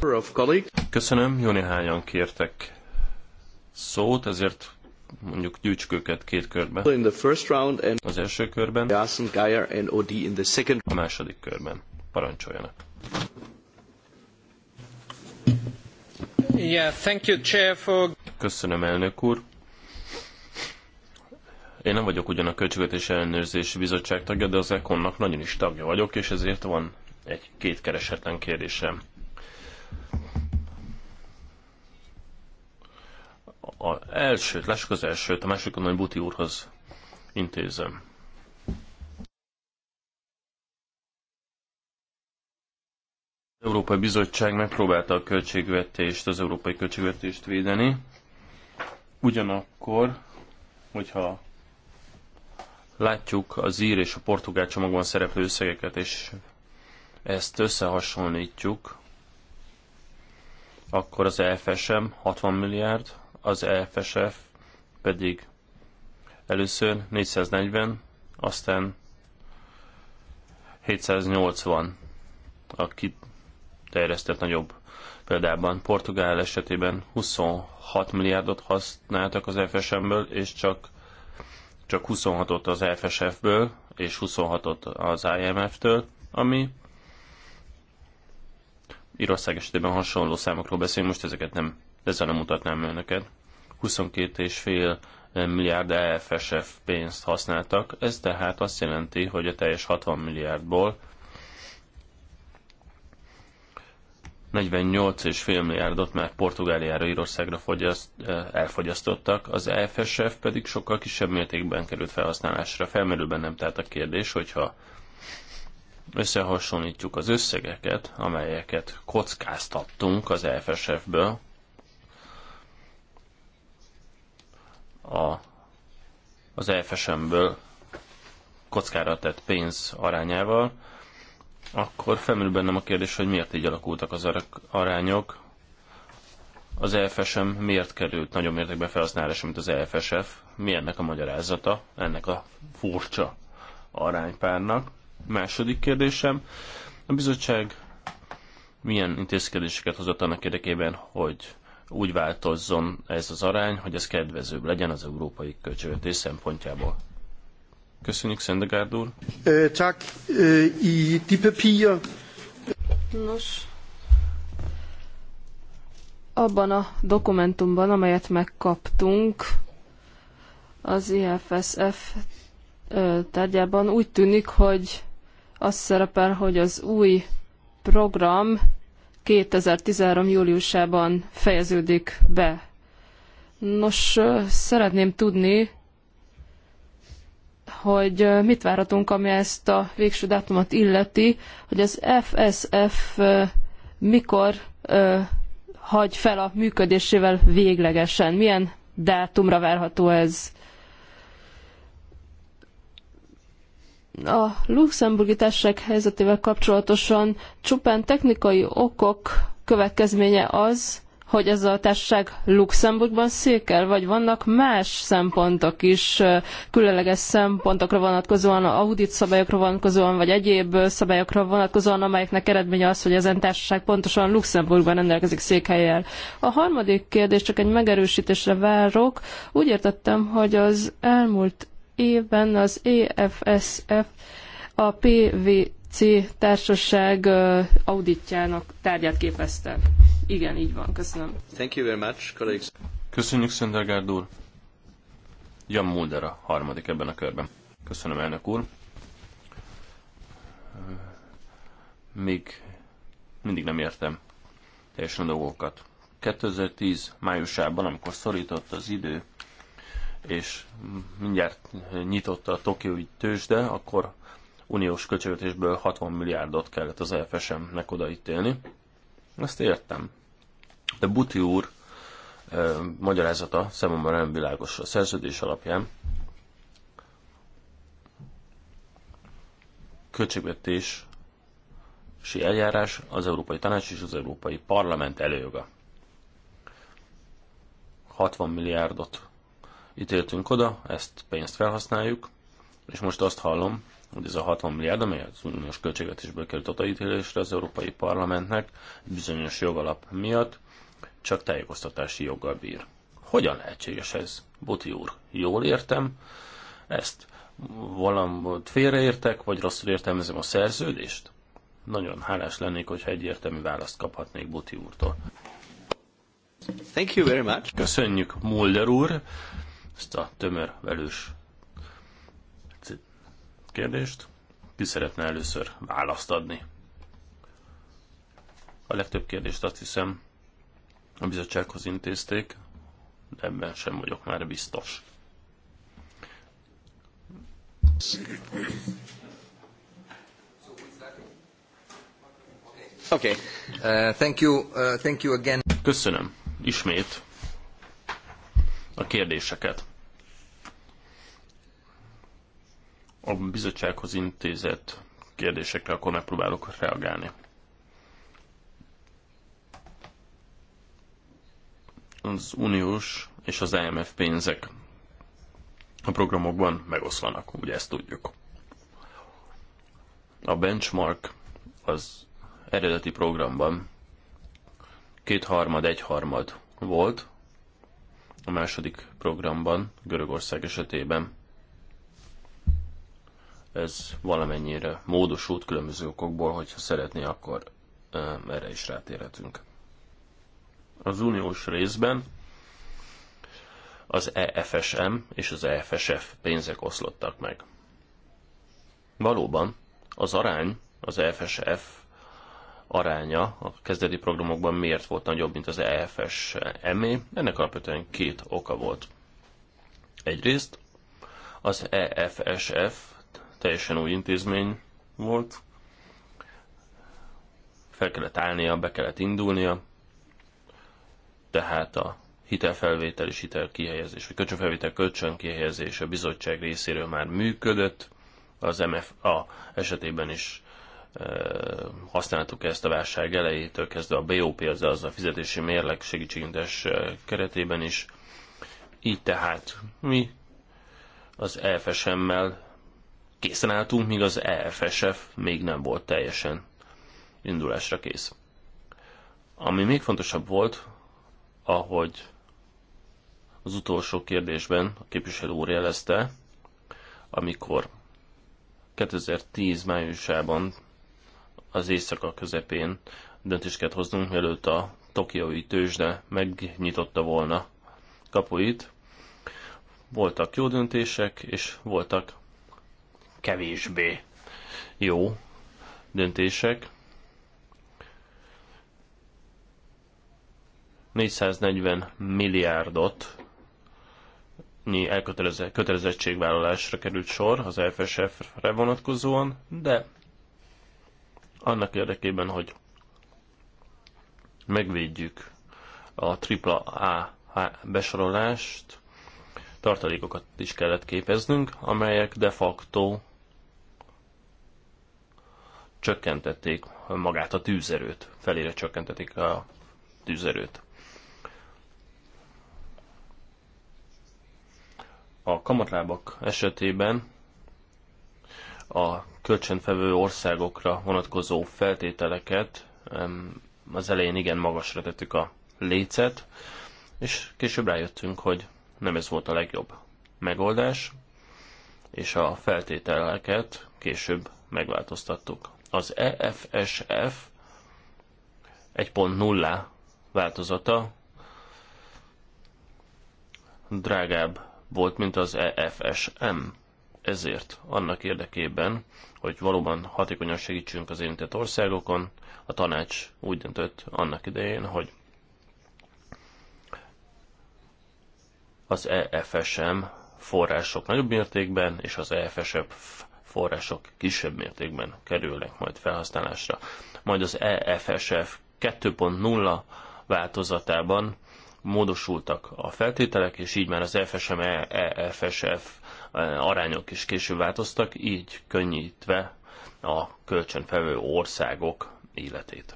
Speaker 3: Köszönöm, jó néhányan kértek szót, ezért mondjuk gyűjtsük őket két körben. In the first round and az első körben, Jason and OD in the second. a második körben. Parancsoljanak! Yeah, thank you, Chair, for... Köszönöm, elnök úr! Én nem vagyok ugyan a Költségvetés Ellenőrzési Bizottság tagja, de az Ekonnak nagyon is tagja vagyok, és ezért van egy-két keresetlen kérdésem. A elsőt, lássuk az elsőt, a másodikon nagy Buti úrhoz intézem. Az Európai Bizottság megpróbálta a költségvetést, az európai költségvetést védeni. Ugyanakkor, hogyha látjuk az ír és a portugál csomagban szereplő összegeket, és ezt összehasonlítjuk, akkor az EFSM 60 milliárd, az EFSF pedig először 440, aztán 780 a kit terjesztett nagyobb példában. Portugál esetében 26 milliárdot használtak az FSM-ből, és csak, csak 26-ot az FSF-ből, és 26-ot az IMF-től, ami Írország esetében hasonló számokról beszélünk, most ezeket nem, ezzel nem mutatnám önöket. 22,5 milliárd EFSF pénzt használtak, ez tehát azt jelenti, hogy a teljes 60 milliárdból 48,5 milliárdot már Portugáliára, Írországra fogyaszt, elfogyasztottak, az EFSF pedig sokkal kisebb mértékben került felhasználásra. Felmerül bennem tehát a kérdés, hogyha összehasonlítjuk az összegeket, amelyeket kockáztattunk az EFSF-ből, a, az EFSM-ből kockára tett pénz arányával, akkor felmerül bennem a kérdés, hogy miért így alakultak az arányok. Az EFSM miért került nagyobb mértékben felhasználásra, mint az EFSF? Mi ennek a magyarázata, ennek a furcsa aránypárnak? Második kérdésem, a bizottság milyen intézkedéseket hozott annak érdekében, hogy úgy változzon ez az arány, hogy ez kedvezőbb legyen az európai költségvetés szempontjából. Köszönjük, Szendegárd úr.
Speaker 1: Csak i de papír.
Speaker 2: Nos, abban a dokumentumban, amelyet megkaptunk, az IFSF tárgyában úgy tűnik, hogy az szerepel, hogy az új program 2013. júliusában fejeződik be. Nos, szeretném tudni, hogy mit várhatunk, ami ezt a végső dátumot illeti, hogy az FSF mikor hagy fel a működésével véglegesen. Milyen dátumra várható ez? A luxemburgi társaság helyzetével kapcsolatosan csupán technikai okok következménye az, hogy ez a társaság Luxemburgban székel, vagy vannak más szempontok is, különleges szempontokra vonatkozóan, audit szabályokra vonatkozóan, vagy egyéb szabályokra vonatkozóan, amelyeknek eredménye az, hogy ezen társaság pontosan Luxemburgban rendelkezik székhelyel. A harmadik kérdés csak egy megerősítésre várok. Úgy értettem, hogy az elmúlt évben az EFSF a PV Svájci Társaság auditjának tárgyát képezte. Igen, így van, köszönöm.
Speaker 3: Thank you very much, colleagues. Köszönjük, Szendergárd úr. Jan Mulder a harmadik ebben a körben. Köszönöm, elnök úr. Még mindig nem értem teljesen dolgokat. 2010 májusában, amikor szorított az idő, és mindjárt nyitotta a tokiói tőzsde, akkor uniós költségvetésből 60 milliárdot kellett az EFSM-nek odaítélni. Ezt értem. De Buti úr e, magyarázata számomra nem világos a szerződés alapján. Költségvetési eljárás az Európai Tanács és az Európai Parlament előjoga. 60 milliárdot ítéltünk oda, ezt pénzt felhasználjuk, és most azt hallom, hogy ez a 60 milliárd, amely az uniós költségvetésből került odaítélésre az Európai Parlamentnek bizonyos jogalap miatt csak tájékoztatási joggal bír. Hogyan lehetséges ez, Buti úr? Jól értem ezt? Valamit félreértek, vagy rosszul értelmezem a szerződést? Nagyon hálás lennék, hogyha egyértelmű választ kaphatnék Buti úrtól. Thank you very much. Köszönjük, Mulder úr, ezt a tömör velős kérdést. Ki szeretne először választ adni? A legtöbb kérdést azt hiszem a bizottsághoz intézték, de ebben sem vagyok már biztos. Okay. Uh, thank you, uh, thank you again. Köszönöm ismét a kérdéseket. a bizottsághoz intézett kérdésekre akkor megpróbálok reagálni. Az uniós és az IMF e pénzek a programokban megoszlanak, ugye ezt tudjuk. A benchmark az eredeti programban kétharmad, egyharmad volt, a második programban Görögország esetében ez valamennyire módosult különböző okokból, hogyha szeretné, akkor erre is rátérhetünk. Az uniós részben az EFSM és az EFSF pénzek oszlottak meg. Valóban az arány, az EFSF aránya a kezdeti programokban miért volt nagyobb, mint az EFSM-é? Ennek alapvetően két oka volt. Egyrészt az EFSF teljesen új intézmény volt. Fel kellett állnia, be kellett indulnia, tehát a hitelfelvétel és hitelkihelyezés, vagy kölcsönfelvétel kölcsönkihelyezés a bizottság részéről már működött, az MFA esetében is e, használtuk ezt a válság elejétől kezdve a BOP, az az a fizetési mérleg segítségintes e, keretében is. Így tehát mi az EFSM-mel készen álltunk, míg az EFSF még nem volt teljesen indulásra kész. Ami még fontosabb volt, ahogy az utolsó kérdésben a képviselő úr jelezte, amikor 2010 májusában az éjszaka közepén döntést kellett hoznunk, mielőtt a tokiói tőzsde megnyitotta volna kapuit. Voltak jó döntések, és voltak kevésbé jó döntések. 440 milliárdot kötelezettségvállalásra került sor az FSF-re vonatkozóan, de annak érdekében, hogy megvédjük a AAA besorolást, tartalékokat is kellett képeznünk, amelyek de facto csökkentették magát a tűzerőt, felére csökkentették a tűzerőt. A kamatlábak esetében a kölcsönfevő országokra vonatkozó feltételeket az elején igen magasra tettük a lécet, és később rájöttünk, hogy nem ez volt a legjobb megoldás, és a feltételeket később megváltoztattuk az EFSF 1.0 változata drágább volt, mint az EFSM. Ezért annak érdekében, hogy valóban hatékonyan segítsünk az érintett országokon, a tanács úgy döntött annak idején, hogy az EFSM források nagyobb mértékben, és az EFSF források kisebb mértékben kerülnek majd felhasználásra. Majd az EFSF 2.0 változatában módosultak a feltételek, és így már az e FSM, EFSF e, arányok is később változtak, így könnyítve a kölcsönfevő országok életét.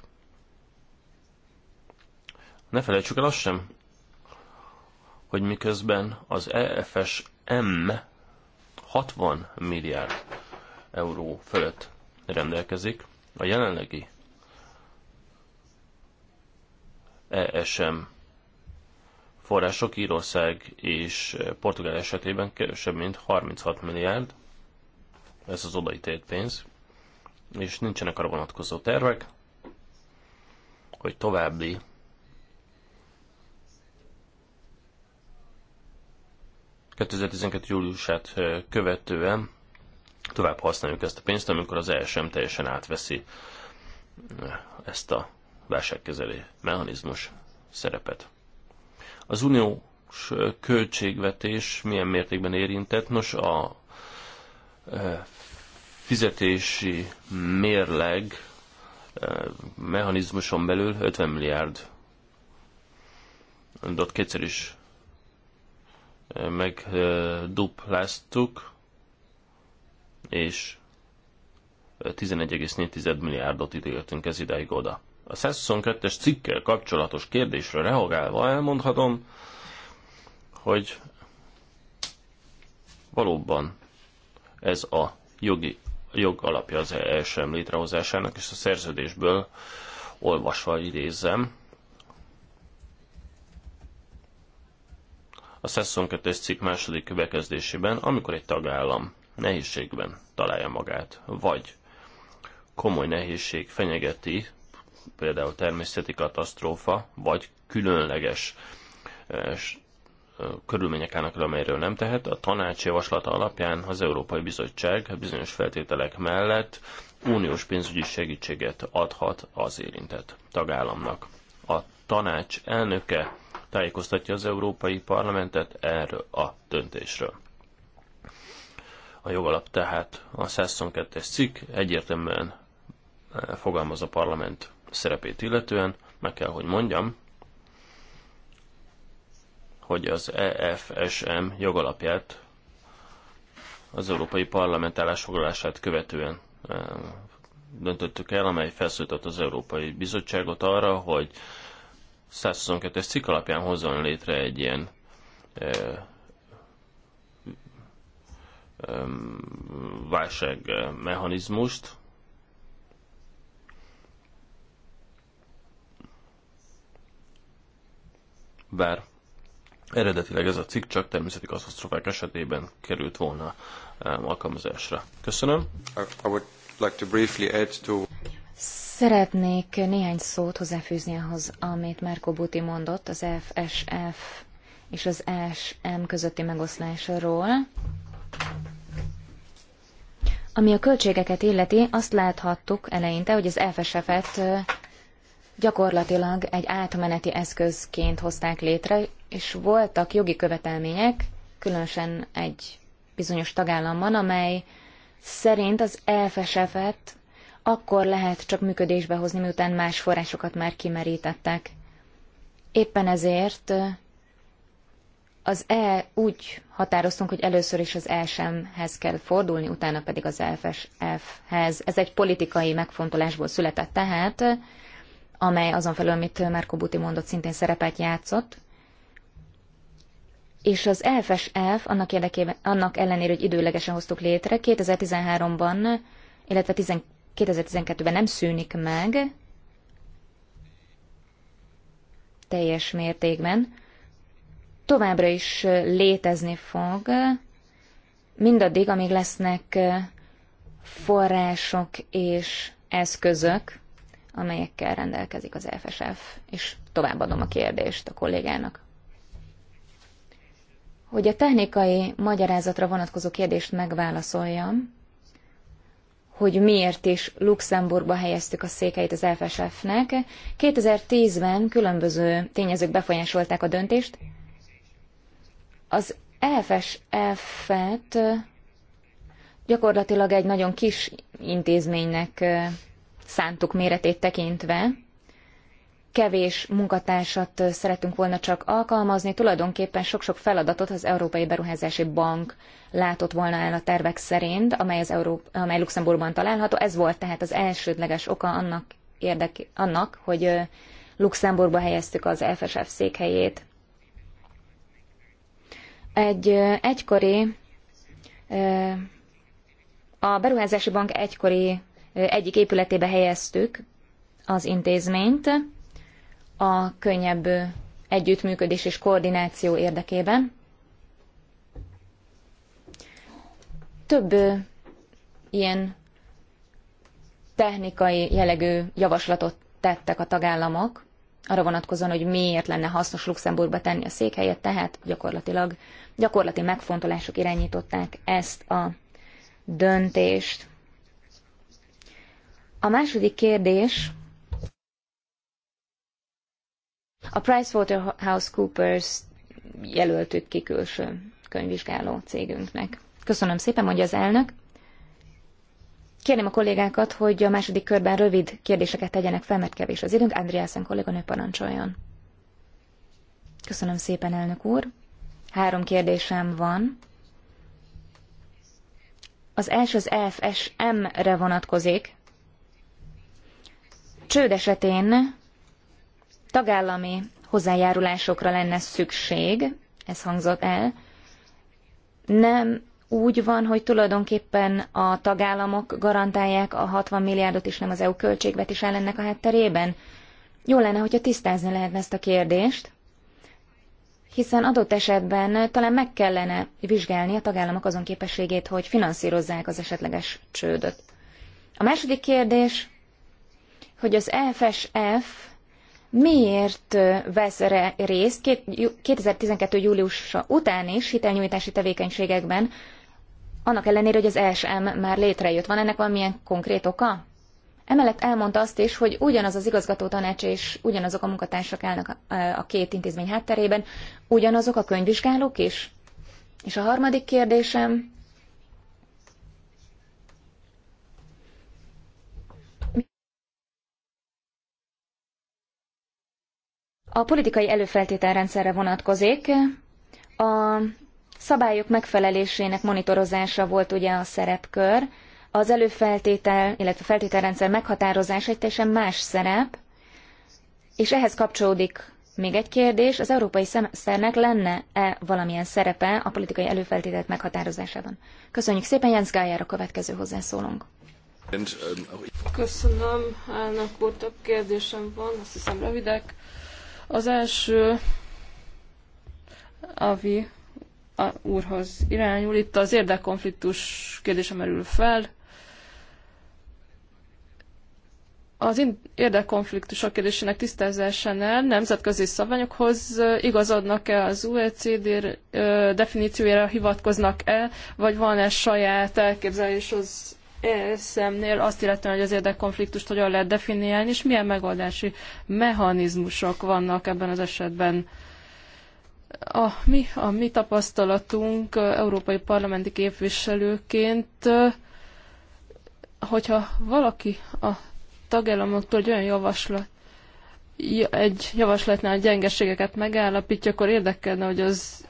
Speaker 3: Ne felejtsük el azt sem, hogy miközben az EFSM 60 milliárd euró fölött rendelkezik. A jelenlegi ESM források Írország és Portugál esetében kevesebb, mint 36 milliárd, ez az odaítélt pénz, és nincsenek arra vonatkozó tervek, hogy további ...2012. júliusát követően tovább használjuk ezt a pénzt, amikor az ESM teljesen átveszi eh, ezt a válságkezelő mechanizmus szerepet. Az uniós eh, költségvetés milyen mértékben érintett? Nos, a eh, fizetési mérleg mechanizmuson belül 50 milliárd dot kétszer is megdupláztuk és 11,4 milliárdot ítéltünk ez ideig oda. A 122-es cikkkel kapcsolatos kérdésre reagálva elmondhatom, hogy valóban ez a jogi jog alapja az ESM létrehozásának, és a szerződésből olvasva idézzem. A 122-es cikk második bekezdésében, amikor egy tagállam nehézségben találja magát, vagy komoly nehézség fenyegeti, például természeti katasztrófa, vagy különleges eh, eh, körülmények állnak el, amelyről nem tehet. A tanács javaslata alapján az Európai Bizottság bizonyos feltételek mellett uniós pénzügyi segítséget adhat az érintett tagállamnak. A tanács elnöke tájékoztatja az Európai Parlamentet erről a döntésről. A jogalap tehát a 122-es cikk egyértelműen eh, fogalmaz a parlament szerepét illetően. Meg kell, hogy mondjam, hogy az EFSM jogalapját az Európai Parlament állásfoglalását követően eh, döntöttük el, amely felszólított az Európai Bizottságot arra, hogy 122-es cikk alapján hozzon létre egy ilyen eh, válságmechanizmust. Bár eredetileg ez a cikk csak természeti katasztrofák esetében került volna alkalmazásra. Köszönöm. I would like to briefly add to...
Speaker 1: Szeretnék néhány szót hozzáfűzni ahhoz, amit Márko Buti mondott az FSF és az SM közötti megoszlásról. Ami a költségeket illeti, azt láthattuk eleinte, hogy az FSF-et gyakorlatilag egy átmeneti eszközként hozták létre, és voltak jogi követelmények, különösen egy bizonyos tagállamban, amely szerint az EFSF-et akkor lehet csak működésbe hozni, miután más forrásokat már kimerítettek. Éppen ezért az E úgy határoztunk, hogy először is az ESM-hez kell fordulni, utána pedig az f hez Ez egy politikai megfontolásból született tehát, amely azon felül, amit Márko Buti mondott, szintén szerepet játszott. És az FSF annak, érdekében, annak ellenére, hogy időlegesen hoztuk létre, 2013-ban, illetve 2012-ben nem szűnik meg teljes mértékben, továbbra is létezni fog, mindaddig, amíg lesznek források és eszközök, amelyekkel rendelkezik az FSF, és továbbadom a kérdést a kollégának. Hogy a technikai magyarázatra vonatkozó kérdést megválaszoljam, hogy miért is Luxemburgba helyeztük a székeit az FSF-nek. 2010-ben különböző tényezők befolyásolták a döntést, az EFSF-et gyakorlatilag egy nagyon kis intézménynek szántuk méretét tekintve. Kevés munkatársat szeretünk volna csak alkalmazni, tulajdonképpen sok-sok feladatot az Európai Beruházási Bank látott volna el a tervek szerint, amely, az euró, amely Luxemburgban található. Ez volt tehát az elsődleges oka annak, érdek- annak hogy Luxemburgba helyeztük az FSF székhelyét. Egy egykori, a Beruházási Bank egykori egyik épületébe helyeztük az intézményt a könnyebb együttműködés és koordináció érdekében. Több ilyen technikai jellegű javaslatot tettek a tagállamok, arra vonatkozóan, hogy miért lenne hasznos Luxemburgba tenni a székhelyet, tehát gyakorlatilag gyakorlati megfontolások irányították ezt a döntést. A második kérdés a PricewaterhouseCoopers jelöltük ki külső könyvvizsgáló cégünknek. Köszönöm szépen, mondja az elnök. Kérném a kollégákat, hogy a második körben rövid kérdéseket tegyenek fel, mert kevés az időnk. Andreasen kolléganő parancsoljon. Köszönöm szépen, elnök úr. Három kérdésem van. Az első az FSM-re vonatkozik. Csőd esetén tagállami hozzájárulásokra lenne szükség, ez hangzott el. Nem úgy van, hogy tulajdonképpen a tagállamok garantálják a 60 milliárdot, és nem az EU költségvetés ellennek a hátterében? Jó lenne, hogyha tisztázni lehetne ezt a kérdést hiszen adott esetben talán meg kellene vizsgálni a tagállamok azon képességét, hogy finanszírozzák az esetleges csődöt. A második kérdés, hogy az FSF miért vesz részt 2012. júliusa után is hitelnyújtási tevékenységekben, annak ellenére, hogy az ESM már létrejött. Van ennek valamilyen konkrét oka? Emellett elmondta azt is, hogy ugyanaz az igazgató tanács és ugyanazok a munkatársak állnak a két intézmény hátterében, ugyanazok a könyvvizsgálók is. És a harmadik kérdésem, a politikai előfeltételrendszerre vonatkozik. A szabályok megfelelésének monitorozása volt ugye a szerepkör, az előfeltétel, illetve feltételrendszer meghatározása egy teljesen más szerep, és ehhez kapcsolódik még egy kérdés, az európai szemeszternek lenne-e valamilyen szerepe a politikai előfeltételt meghatározásában? Köszönjük szépen, Jens Gájár a következő hozzászólónk.
Speaker 2: Köszönöm, elnök úr, több kérdésem van, azt hiszem rövidek. Az első, Avi úrhoz irányul, itt az érdekkonfliktus kérdése merül fel, az érdekkonfliktusok kérdésének tisztázásánál nemzetközi szabványokhoz igazodnak-e az OECD definíciójára hivatkoznak-e, vagy van-e saját elképzelés az ESM-nél azt illetően, hogy az érdekkonfliktust hogyan lehet definiálni, és milyen megoldási mechanizmusok vannak ebben az esetben. A mi, a mi tapasztalatunk európai parlamenti képviselőként, hogyha valaki a tagállamoktól egy olyan javaslat, egy javaslatnál gyengeségeket megállapítja, akkor érdekelne, hogy az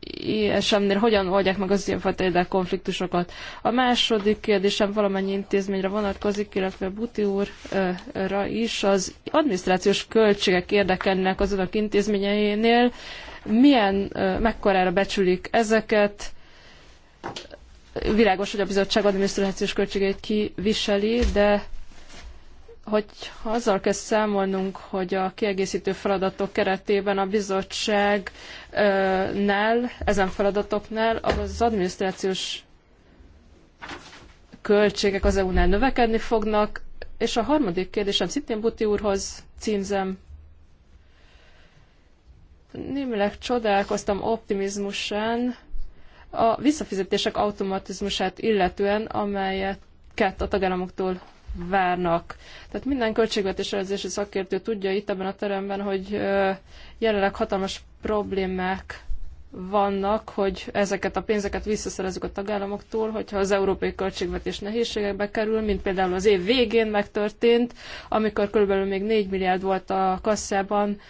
Speaker 2: ISM-nél hogyan oldják meg az ilyenfajta konfliktusokat. A második kérdésem valamennyi intézményre vonatkozik, illetve Buti úrra is. Az adminisztrációs költségek érdekelnek az önök intézményeinél. Milyen, mekkorára becsülik ezeket? Világos, hogy a bizottság adminisztrációs költségeit kiviseli, de hogy azzal kell számolnunk, hogy a kiegészítő feladatok keretében a bizottságnál, ezen feladatoknál az adminisztrációs költségek az EU-nál növekedni fognak, és a harmadik kérdésem szintén Buti úrhoz címzem. Némileg csodálkoztam optimizmusán a visszafizetések automatizmusát illetően, amelyet a tagállamoktól várnak. Tehát minden költségvetés elemzési szakértő tudja itt ebben a teremben, hogy jelenleg hatalmas problémák vannak, hogy ezeket a pénzeket visszaszerezzük a tagállamoktól, hogyha az európai költségvetés nehézségekbe kerül, mint például az év végén megtörtént, amikor körülbelül még 4 milliárd volt a kasszában,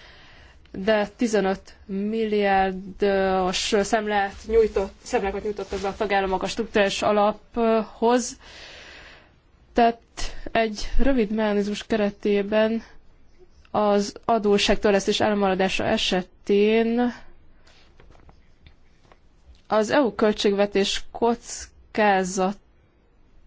Speaker 2: de 15 milliárdos szemlát nyújtott, szemlákat nyújtottak be a tagállamok a struktúrás alaphoz, Tett egy rövid mechanizmus keretében az adósságtörlesztés elmaradása esetén az EU költségvetés kockázat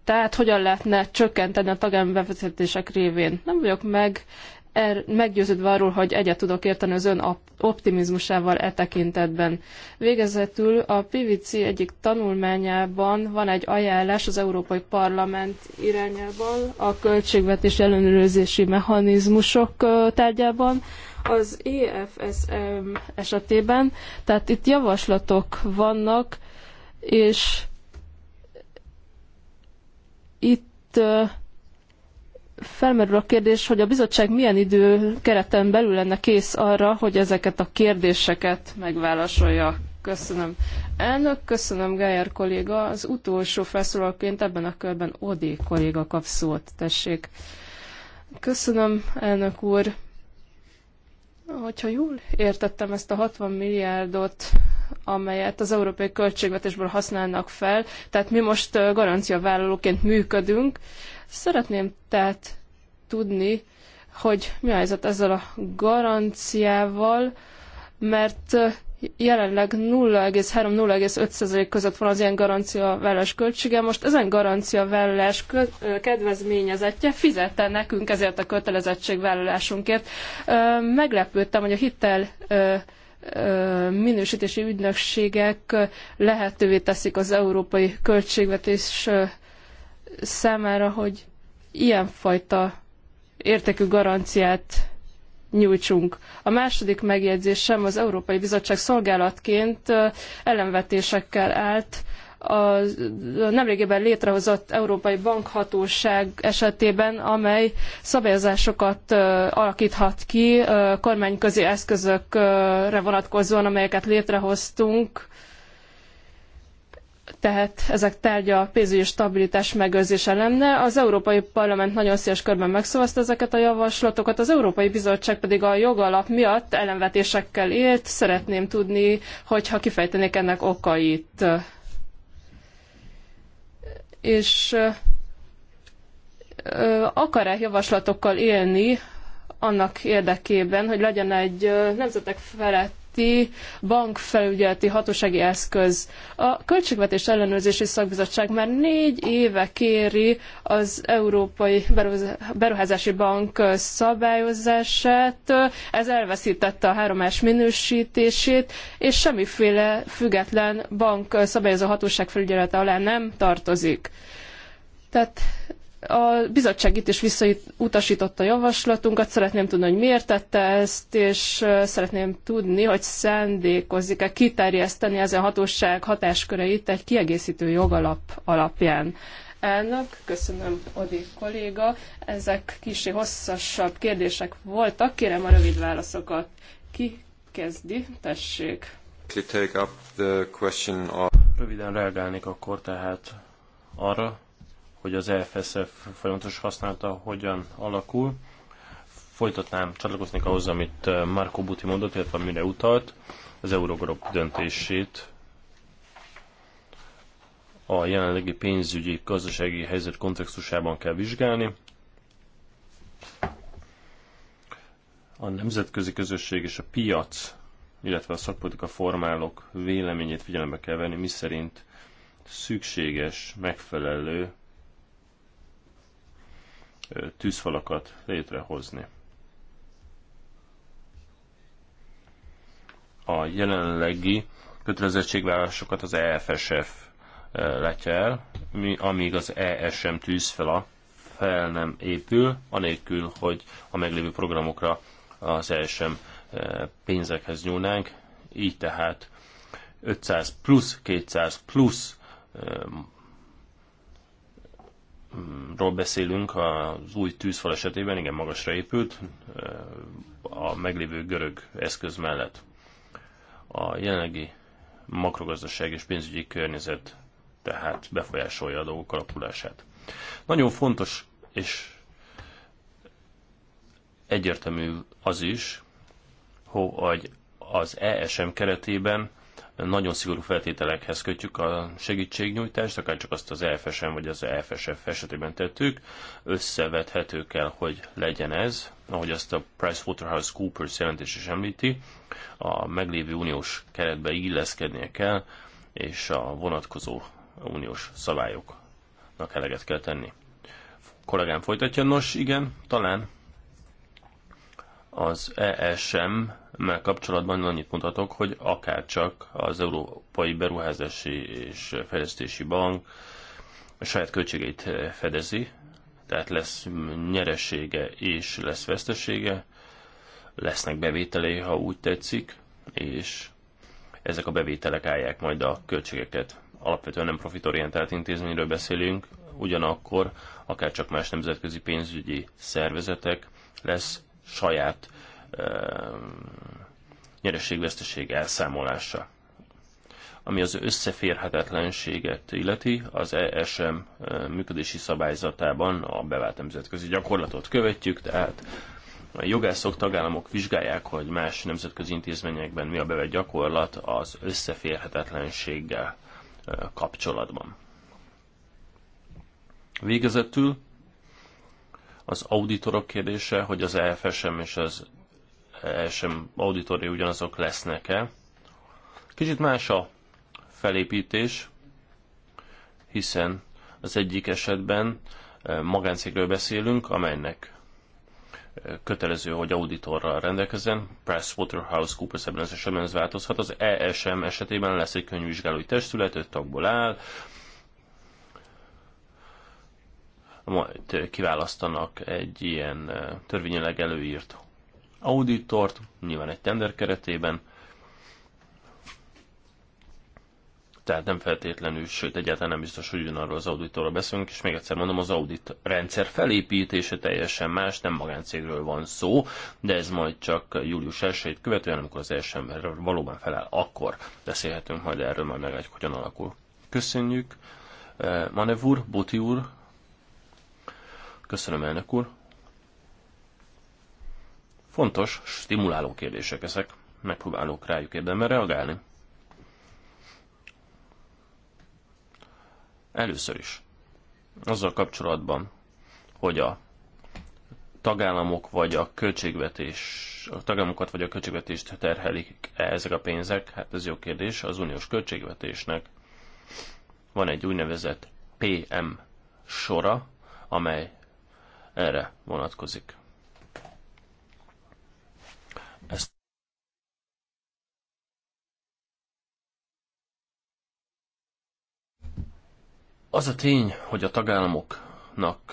Speaker 2: tehát hogyan lehetne csökkenteni a tagállami befektetések révén. Nem vagyok meg er, meggyőződve arról, hogy egyet tudok érteni az ön optimizmusával e tekintetben. Végezetül a PVC egyik tanulmányában van egy ajánlás az Európai Parlament irányában, a költségvetés ellenőrzési mechanizmusok tárgyában, az EFSM esetében, tehát itt javaslatok vannak, és itt felmerül a kérdés, hogy a bizottság milyen idő kereten belül lenne kész arra, hogy ezeket a kérdéseket megválaszolja. Köszönöm. Elnök, köszönöm Gájer kolléga. Az utolsó felszólalként ebben a körben Odi kolléga kap szót. Tessék. Köszönöm, elnök úr. Hogyha jól értettem ezt a 60 milliárdot, amelyet az európai költségvetésből használnak fel, tehát mi most garanciavállalóként működünk, Szeretném tehát tudni, hogy mi a helyzet ezzel a garanciával, mert jelenleg 0,3-0,5% között van az ilyen garancia vállás költsége. Most ezen garancia vállás kedvezményezetje fizette nekünk ezért a kötelezettségvállalásunkért. Meglepődtem, hogy a hitel minősítési ügynökségek lehetővé teszik az európai költségvetés számára, hogy ilyenfajta értékű garanciát nyújtsunk. A második megjegyzésem az Európai Bizottság szolgálatként ellenvetésekkel állt a nemrégiben létrehozott Európai Bankhatóság esetében, amely szabályozásokat alakíthat ki kormányközi eszközökre vonatkozóan, amelyeket létrehoztunk, tehát ezek tárgya a pénzügyi stabilitás megőrzése lenne. Az Európai Parlament nagyon széles körben megszavazta ezeket a javaslatokat, az Európai Bizottság pedig a jogalap miatt ellenvetésekkel élt. Szeretném tudni, hogyha kifejtenék ennek okait. És akar-e javaslatokkal élni annak érdekében, hogy legyen egy nemzetek felett közötti bankfelügyeleti hatósági eszköz. A Költségvetés Ellenőrzési Szakbizottság már négy éve kéri az Európai Beruházási Bank szabályozását, ez elveszítette a 3S minősítését, és semmiféle független bank szabályozó hatóság felügyelete alá nem tartozik. Tehát a bizottság itt is visszautasította a javaslatunkat, szeretném tudni, hogy miért tette ezt, és szeretném tudni, hogy szándékozik-e kiterjeszteni ezen a hatóság hatásköreit egy kiegészítő jogalap alapján. Elnök, köszönöm, Odi kolléga. Ezek kicsi hosszasabb kérdések voltak, kérem a rövid válaszokat. Ki kezdi? Tessék.
Speaker 3: Röviden reagálnék akkor tehát arra, hogy az EFSF folyamatos használata hogyan alakul. Folytatnám, csatlakoznék ahhoz, mhm. amit eh, Marco Buti mondott, illetve mire utalt, az Eurogroup döntését a jelenlegi pénzügyi gazdasági helyzet kontextusában kell vizsgálni. A nemzetközi közösség és a piac, illetve a szakpolitika formálók véleményét figyelembe kell venni, miszerint szükséges, megfelelő tűzfalakat létrehozni. A jelenlegi kötelezettségvállalásokat az EFSF e, látja el, amíg az ESM tűzfala fel nem épül, anélkül, hogy a meglévő programokra az ESM e, pénzekhez nyúlnánk, így tehát 500 plusz 200 plusz e, ról beszélünk az új tűzfal esetében, igen, magasra épült, a meglévő görög eszköz mellett. A jelenlegi makrogazdaság és pénzügyi környezet tehát befolyásolja a dolgok alakulását. Nagyon fontos és egyértelmű az is, hogy az ESM keretében nagyon szigorú feltételekhez kötjük a segítségnyújtást, akár csak azt az EFSM vagy az EFSF esetében tettük, összevethető kell, hogy legyen ez, ahogy azt a PricewaterhouseCoopers jelentés is említi, a meglévő uniós keretbe illeszkednie kell, és a vonatkozó uniós szabályoknak eleget kell tenni. A kollégám folytatja, nos igen, talán az ESM-mel kapcsolatban annyit mutatok, hogy akárcsak az Európai Beruházási és Fejlesztési Bank a saját költségeit fedezi, tehát lesz nyeresége és lesz vesztesége, lesznek bevételei, ha úgy tetszik, és ezek a bevételek állják majd a költségeket. Alapvetően nem profitorientált intézményről beszélünk, ugyanakkor akár csak más nemzetközi pénzügyi szervezetek lesz saját nyereségveszteség elszámolása. Ami az összeférhetetlenséget illeti, az ESM működési szabályzatában a bevált nemzetközi gyakorlatot követjük, tehát a jogászok, tagállamok vizsgálják, hogy más nemzetközi intézményekben mi a bevett gyakorlat az összeférhetetlenséggel kapcsolatban. Végezetül az auditorok kérdése, hogy az EFSM és az ESM auditori ugyanazok lesznek-e. Kicsit más a felépítés, hiszen az egyik esetben e, magáncégről beszélünk, amelynek e, kötelező, hogy auditorral rendelkezzen. PricewaterhouseCoopers ebben az esetben ez változhat. Az ESM esetében lesz egy könyvvizsgálói testület, öt tagból áll, majd kiválasztanak egy ilyen eh, törvényileg előírt auditort, nyilván egy tender keretében, tehát nem feltétlenül, sőt egyáltalán nem biztos, hogy ugyanarról az auditorról beszélünk, és még egyszer mondom, az audit rendszer felépítése teljesen más, nem magáncégről van szó, de ez majd csak július 1-ét követően, amikor az első ember valóban feláll, akkor beszélhetünk majd erről, majd meglátjuk, hogyan alakul. Köszönjük! Eh, Manevur, úr, Boti úr, Köszönöm, elnök úr. Fontos, stimuláló kérdések ezek. Megpróbálok rájuk érdemben reagálni. Először is. Azzal kapcsolatban, hogy a tagállamok vagy a költségvetés, a tagállamokat vagy a költségvetést terhelik -e ezek a pénzek? Hát ez jó kérdés. Az uniós költségvetésnek van egy úgynevezett PM sora, amely erre vonatkozik. Ezt Az a tény, hogy a tagállamoknak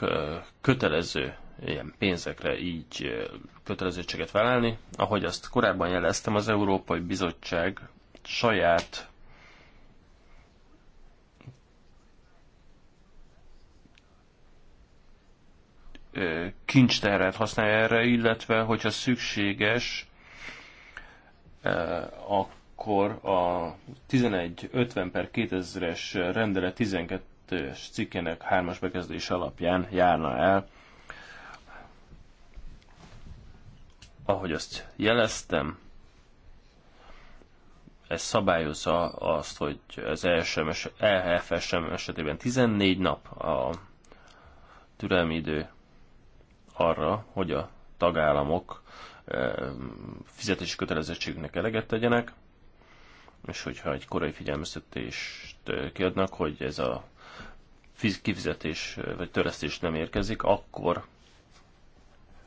Speaker 3: kötelező ilyen pénzekre így kötelezettséget vállalni, ahogy azt korábban jeleztem, az Európai Bizottság saját kincstárát használja erre, illetve hogyha szükséges, akkor a 1150 per 2000-es rendelet 12-es cikkének 3-as bekezdés alapján járna el. Ahogy azt jeleztem, ez szabályozza azt, hogy az SMS, e sm e esetében 14 nap a türelmi idő, arra, hogy a tagállamok eh, fizetési kötelezettségnek eleget tegyenek, és hogyha egy korai figyelmeztetést eh, kiadnak, hogy ez a kifizetés eh, vagy törlesztés nem érkezik, akkor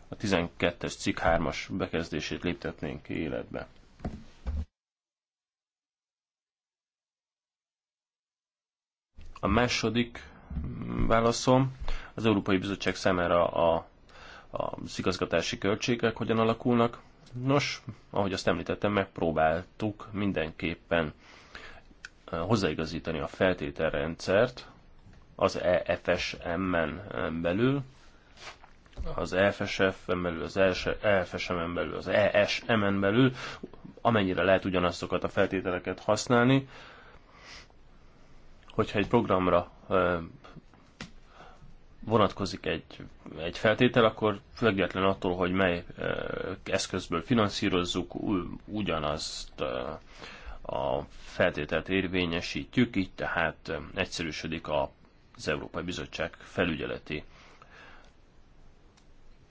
Speaker 3: a 12-es cikk 3-as bekezdését léptetnénk életbe. A második mm, válaszom az Európai Bizottság számára a a szigazgatási költségek hogyan alakulnak. Nos, ahogy azt említettem, megpróbáltuk mindenképpen hozzáigazítani a feltételrendszert az EFSM-en belül, az EFSF-en belül, az EFSM-en e belül, az ESM-en belül, amennyire lehet ugyanazokat a feltételeket használni, hogyha egy programra vonatkozik egy, egy feltétel, akkor független attól, hogy mely eszközből finanszírozzuk, ugyanazt a feltételt érvényesítjük, így tehát egyszerűsödik az Európai Bizottság felügyeleti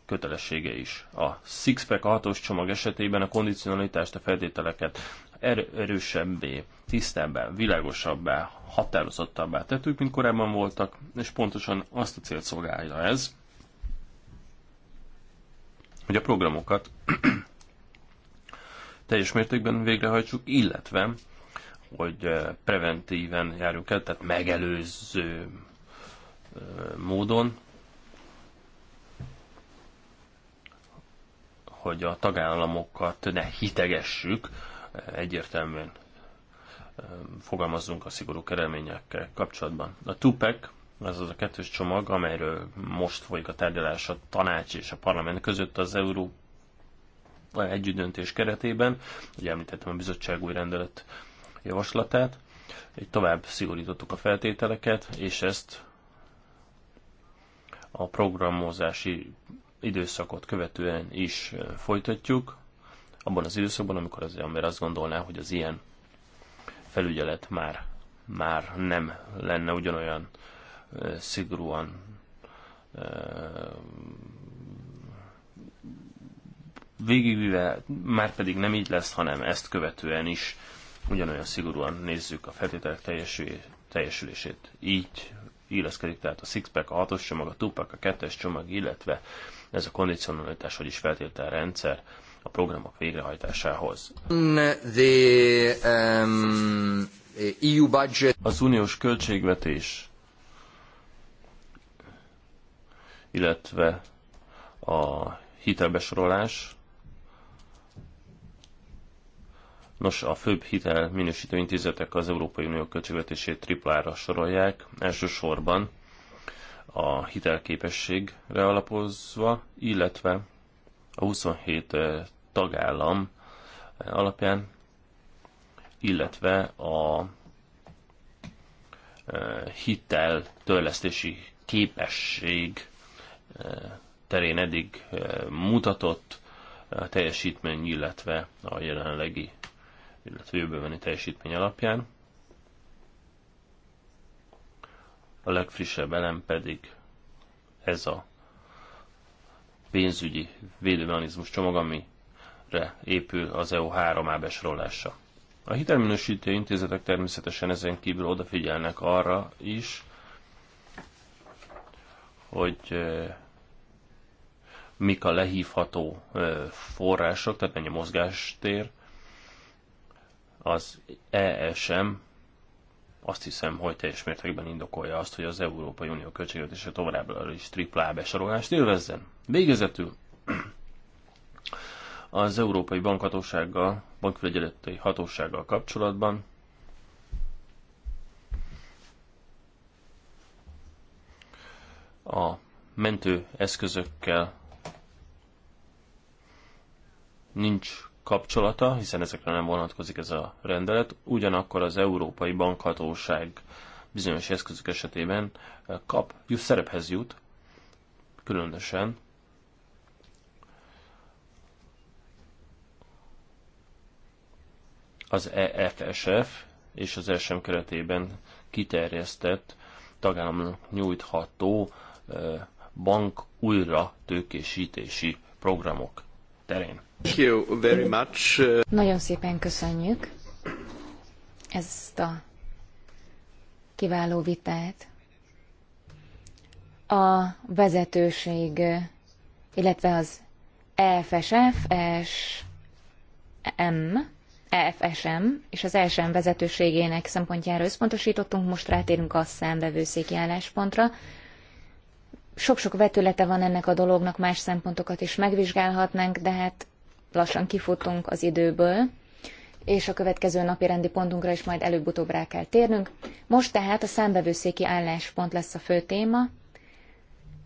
Speaker 3: kötelessége is. A Sixpack 6 csomag esetében a kondicionalitást, a feltételeket er-, erősebbé tisztábbá, világosabbá, határozottabbá tettük, mint korábban voltak, és pontosan azt a célt szolgálja ez, hogy a programokat teljes mértékben végrehajtsuk, illetve hogy eh, preventíven járjuk el, tehát megelőző eh, módon, hogy a tagállamokat ne hitegessük, eh, egyértelműen fogalmazzunk a szigorú körülményekkel kapcsolatban. A TUPEC, az az a kettős csomag, amelyről most folyik a tárgyalás a tanács és a parlament között az Euró együttdöntés keretében, ugye említettem a bizottság új rendelet javaslatát, így tovább szigorítottuk a feltételeket, és ezt a programozási időszakot követően is folytatjuk, abban az időszakban, amikor az ember azt gondolná, hogy az ilyen felügyelet már, már nem lenne ugyanolyan szigorúan végigvive, már pedig nem így lesz, hanem ezt követően is ugyanolyan szigorúan nézzük a feltételek teljesülését. Így illeszkedik tehát a sixpack, a 6-os csomag, a 2 a 2-es csomag, illetve ez a kondicionalitás, vagyis feltételrendszer rendszer a programok végrehajtásához. Mm, the, um, EU budget. Az uniós költségvetés, illetve a hitelbesorolás, Nos, a főbb hitel minősítő intézetek az Európai Unió költségvetését triplára sorolják, elsősorban a hitelképességre alapozva, illetve a 27 tagállam alapján, illetve a hitel törlesztési képesség terén eddig mutatott teljesítmény, illetve a jelenlegi, illetve jövőbeni teljesítmény alapján. A legfrissebb elem pedig ez a pénzügyi védőmechanizmus csomag, amire épül az EU 3A besorolása. A hitelminősítő intézetek természetesen ezen kívül odafigyelnek arra is, hogy mik a lehívható források, tehát mennyi a mozgástér, az ESM azt hiszem, hogy teljes mértékben indokolja azt, hogy az Európai Unió költségvetése továbbra is triplá besorolást élvezzen. Végezetül az Európai Bankhatósággal, Bankfelügyeleti Hatósággal kapcsolatban a mentő eszközökkel nincs kapcsolata, hiszen ezekre nem vonatkozik ez a rendelet, ugyanakkor az Európai Bankhatóság bizonyos eszközök esetében eh, kap, jut szerephez jut, különösen az EFSF és az ESM keretében kiterjesztett tagállam nyújtható eh, bank újra tőkésítési programok terén. Thank you very much.
Speaker 1: Nagyon szépen köszönjük ezt a kiváló vitát. A vezetőség, illetve az EFSF, ESM, EFSM és az ESM vezetőségének szempontjára összpontosítottunk, most rátérünk a számbevőszéki álláspontra. Sok-sok vetülete van ennek a dolognak, más szempontokat is megvizsgálhatnánk, de hát lassan kifutunk az időből, és a következő napi rendi pontunkra is majd előbb-utóbb rá kell térnünk. Most tehát a számbevőszéki álláspont lesz a fő téma.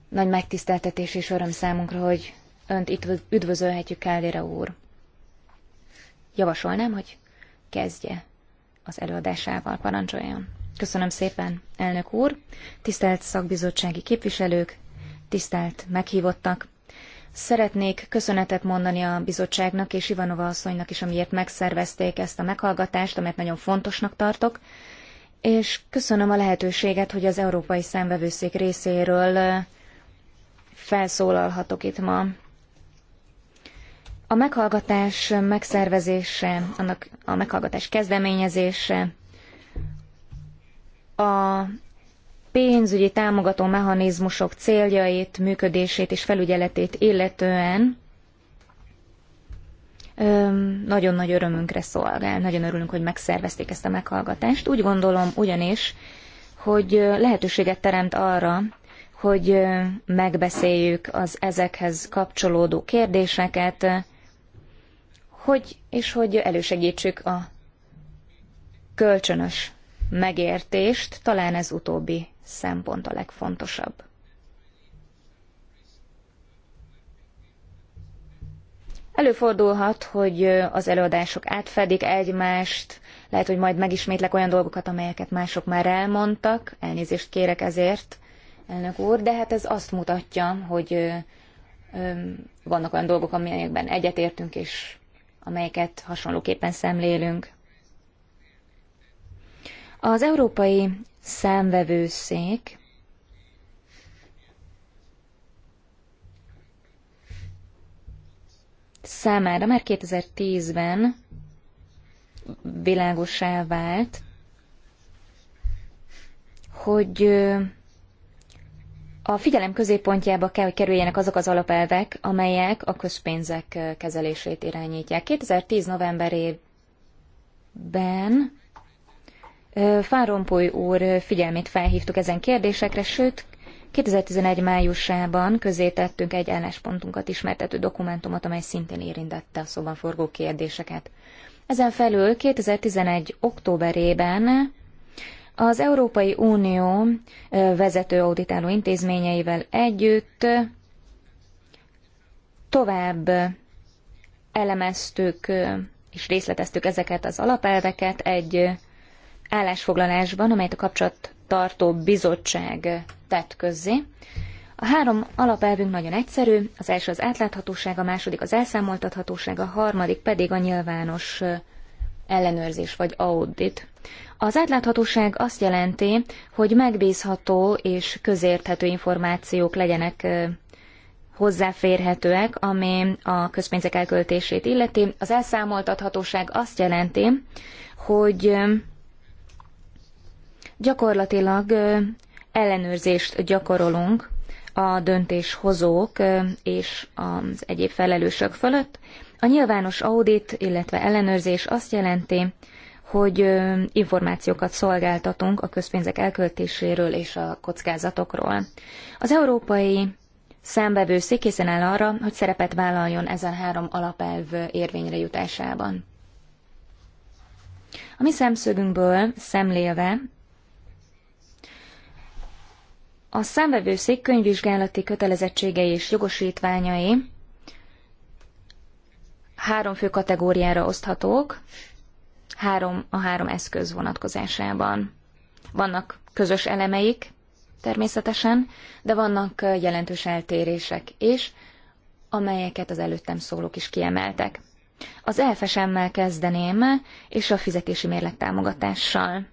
Speaker 1: Nagy megtiszteltetés és öröm számunkra, hogy önt itt üdvözölhetjük, Kálléra úr. Javasolnám, hogy kezdje az előadásával, parancsoljon. Köszönöm szépen, elnök úr, tisztelt szakbizottsági képviselők, tisztelt meghívottak. Szeretnék köszönetet mondani a bizottságnak és Ivanova asszonynak is, amiért megszervezték ezt a meghallgatást, amelyet nagyon fontosnak tartok, és köszönöm a lehetőséget, hogy az Európai Számvevőszék részéről felszólalhatok itt ma. A meghallgatás megszervezése, annak a meghallgatás kezdeményezése, a pénzügyi támogató mechanizmusok céljait, működését és felügyeletét illetően nagyon nagy örömünkre szolgál. Nagyon örülünk, hogy megszervezték ezt a meghallgatást. Úgy gondolom ugyanis, hogy lehetőséget teremt arra, hogy megbeszéljük az ezekhez kapcsolódó kérdéseket, hogy, és hogy elősegítsük a kölcsönös megértést, talán ez utóbbi szempont a legfontosabb. Előfordulhat, hogy az előadások átfedik egymást, lehet, hogy majd megismétlek olyan dolgokat, amelyeket mások már elmondtak, elnézést kérek ezért, elnök úr, de hát ez azt mutatja, hogy vannak olyan dolgok, amelyekben egyetértünk, és amelyeket hasonlóképpen szemlélünk. Az európai számvevőszék számára már 2010-ben világosá vált, hogy a figyelem középpontjába kell, hogy kerüljenek azok az alapelvek, amelyek a közpénzek kezelését irányítják. 2010 novemberében Fáronpoly úr figyelmét felhívtuk ezen kérdésekre, sőt, 2011 májusában közé tettünk egy álláspontunkat ismertető dokumentumot, amely szintén érintette a szóban forgó kérdéseket. Ezen felül 2011. októberében az Európai Unió vezető auditáló intézményeivel együtt tovább elemeztük és részleteztük ezeket az alapelveket egy állásfoglalásban, amelyet a kapcsolattartó bizottság tett közzé. A három alapelvünk nagyon egyszerű, az első az átláthatóság, a második az elszámoltathatóság, a harmadik pedig a nyilvános ellenőrzés vagy audit. Az átláthatóság azt jelenti, hogy megbízható és közérthető információk legyenek hozzáférhetőek, ami a közpénzek elköltését illeti. Az elszámoltathatóság azt jelenti, hogy gyakorlatilag ellenőrzést gyakorolunk a döntéshozók és az egyéb felelősök fölött. A nyilvános audit, illetve ellenőrzés azt jelenti, hogy információkat szolgáltatunk a közpénzek elköltéséről és a kockázatokról. Az európai számbevő készen áll arra, hogy szerepet vállaljon ezen három alapelv érvényre jutásában. A mi szemszögünkből szemlélve a számvevőszék könyvvizsgálati kötelezettségei és jogosítványai három fő kategóriára oszthatók, három a három eszköz vonatkozásában. Vannak közös elemeik, természetesen, de vannak jelentős eltérések is, amelyeket az előttem szólók is kiemeltek. Az elfesemmel kezdeném, és a fizetési mérleg támogatással.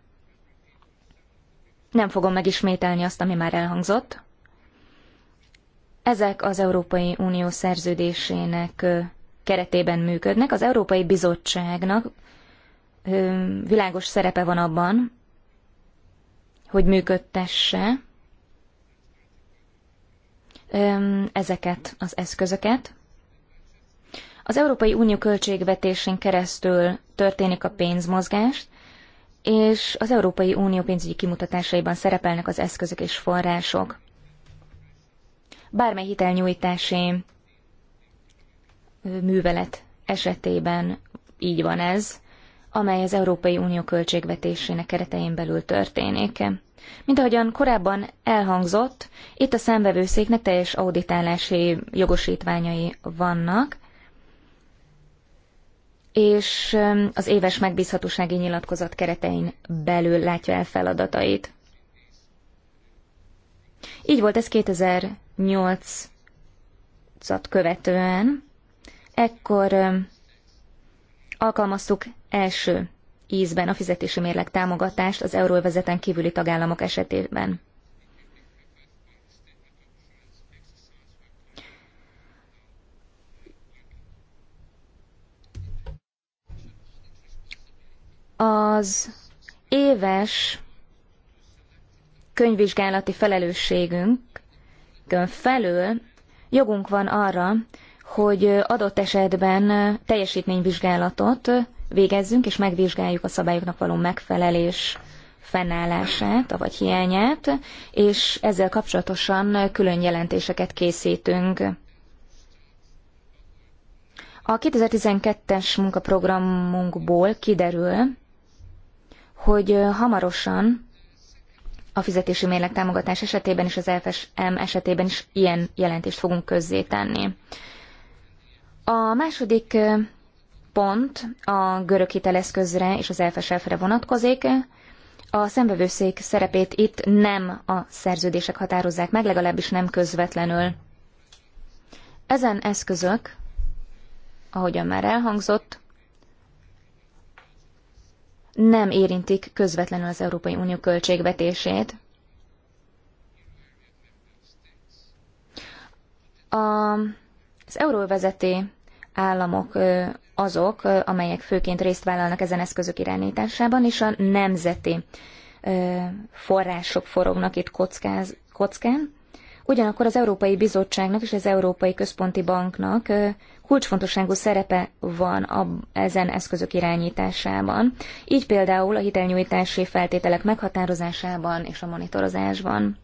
Speaker 1: Nem fogom megismételni azt, ami már elhangzott. Ezek az Európai Unió szerződésének keretében működnek. Az Európai Bizottságnak világos szerepe van abban, hogy működtesse ezeket az eszközöket. Az Európai Unió költségvetésén keresztül történik a pénzmozgást, és az Európai Unió pénzügyi kimutatásaiban szerepelnek az eszközök és források. Bármely hitelnyújtási művelet esetében így van ez, amely az Európai Unió költségvetésének keretein belül történik. Mint ahogyan korábban elhangzott, itt a számbevőszéknek teljes auditálási jogosítványai vannak, és az éves megbízhatósági nyilatkozat keretein belül látja el feladatait. Így volt ez 2008-at követően. Ekkor alkalmaztuk első ízben a fizetési mérleg támogatást az euróvezeten kívüli tagállamok esetében. Az éves könyvvizsgálati felelősségünkön felül jogunk van arra, hogy adott esetben teljesítményvizsgálatot végezzünk, és megvizsgáljuk a szabályoknak való megfelelés fennállását, vagy hiányát, és ezzel kapcsolatosan külön jelentéseket készítünk. A 2012-es munkaprogramunkból kiderül, hogy hamarosan a fizetési mérleg támogatás esetében és az FSM esetében is ilyen jelentést fogunk közzétenni. A második pont a görög hiteleszközre és az FSF-re vonatkozik. A szembevőszék szerepét itt nem a szerződések határozzák meg, legalábbis nem közvetlenül. Ezen eszközök, ahogyan már elhangzott, nem érintik közvetlenül az Európai Unió költségvetését. A, az euróvezeté államok azok, amelyek főként részt vállalnak ezen eszközök irányításában, és a nemzeti források forognak itt kockáz, kockán. Ugyanakkor az Európai Bizottságnak és az Európai Központi Banknak kulcsfontosságú szerepe van a, ezen eszközök irányításában, így például a hitelnyújtási feltételek meghatározásában és a monitorozásban.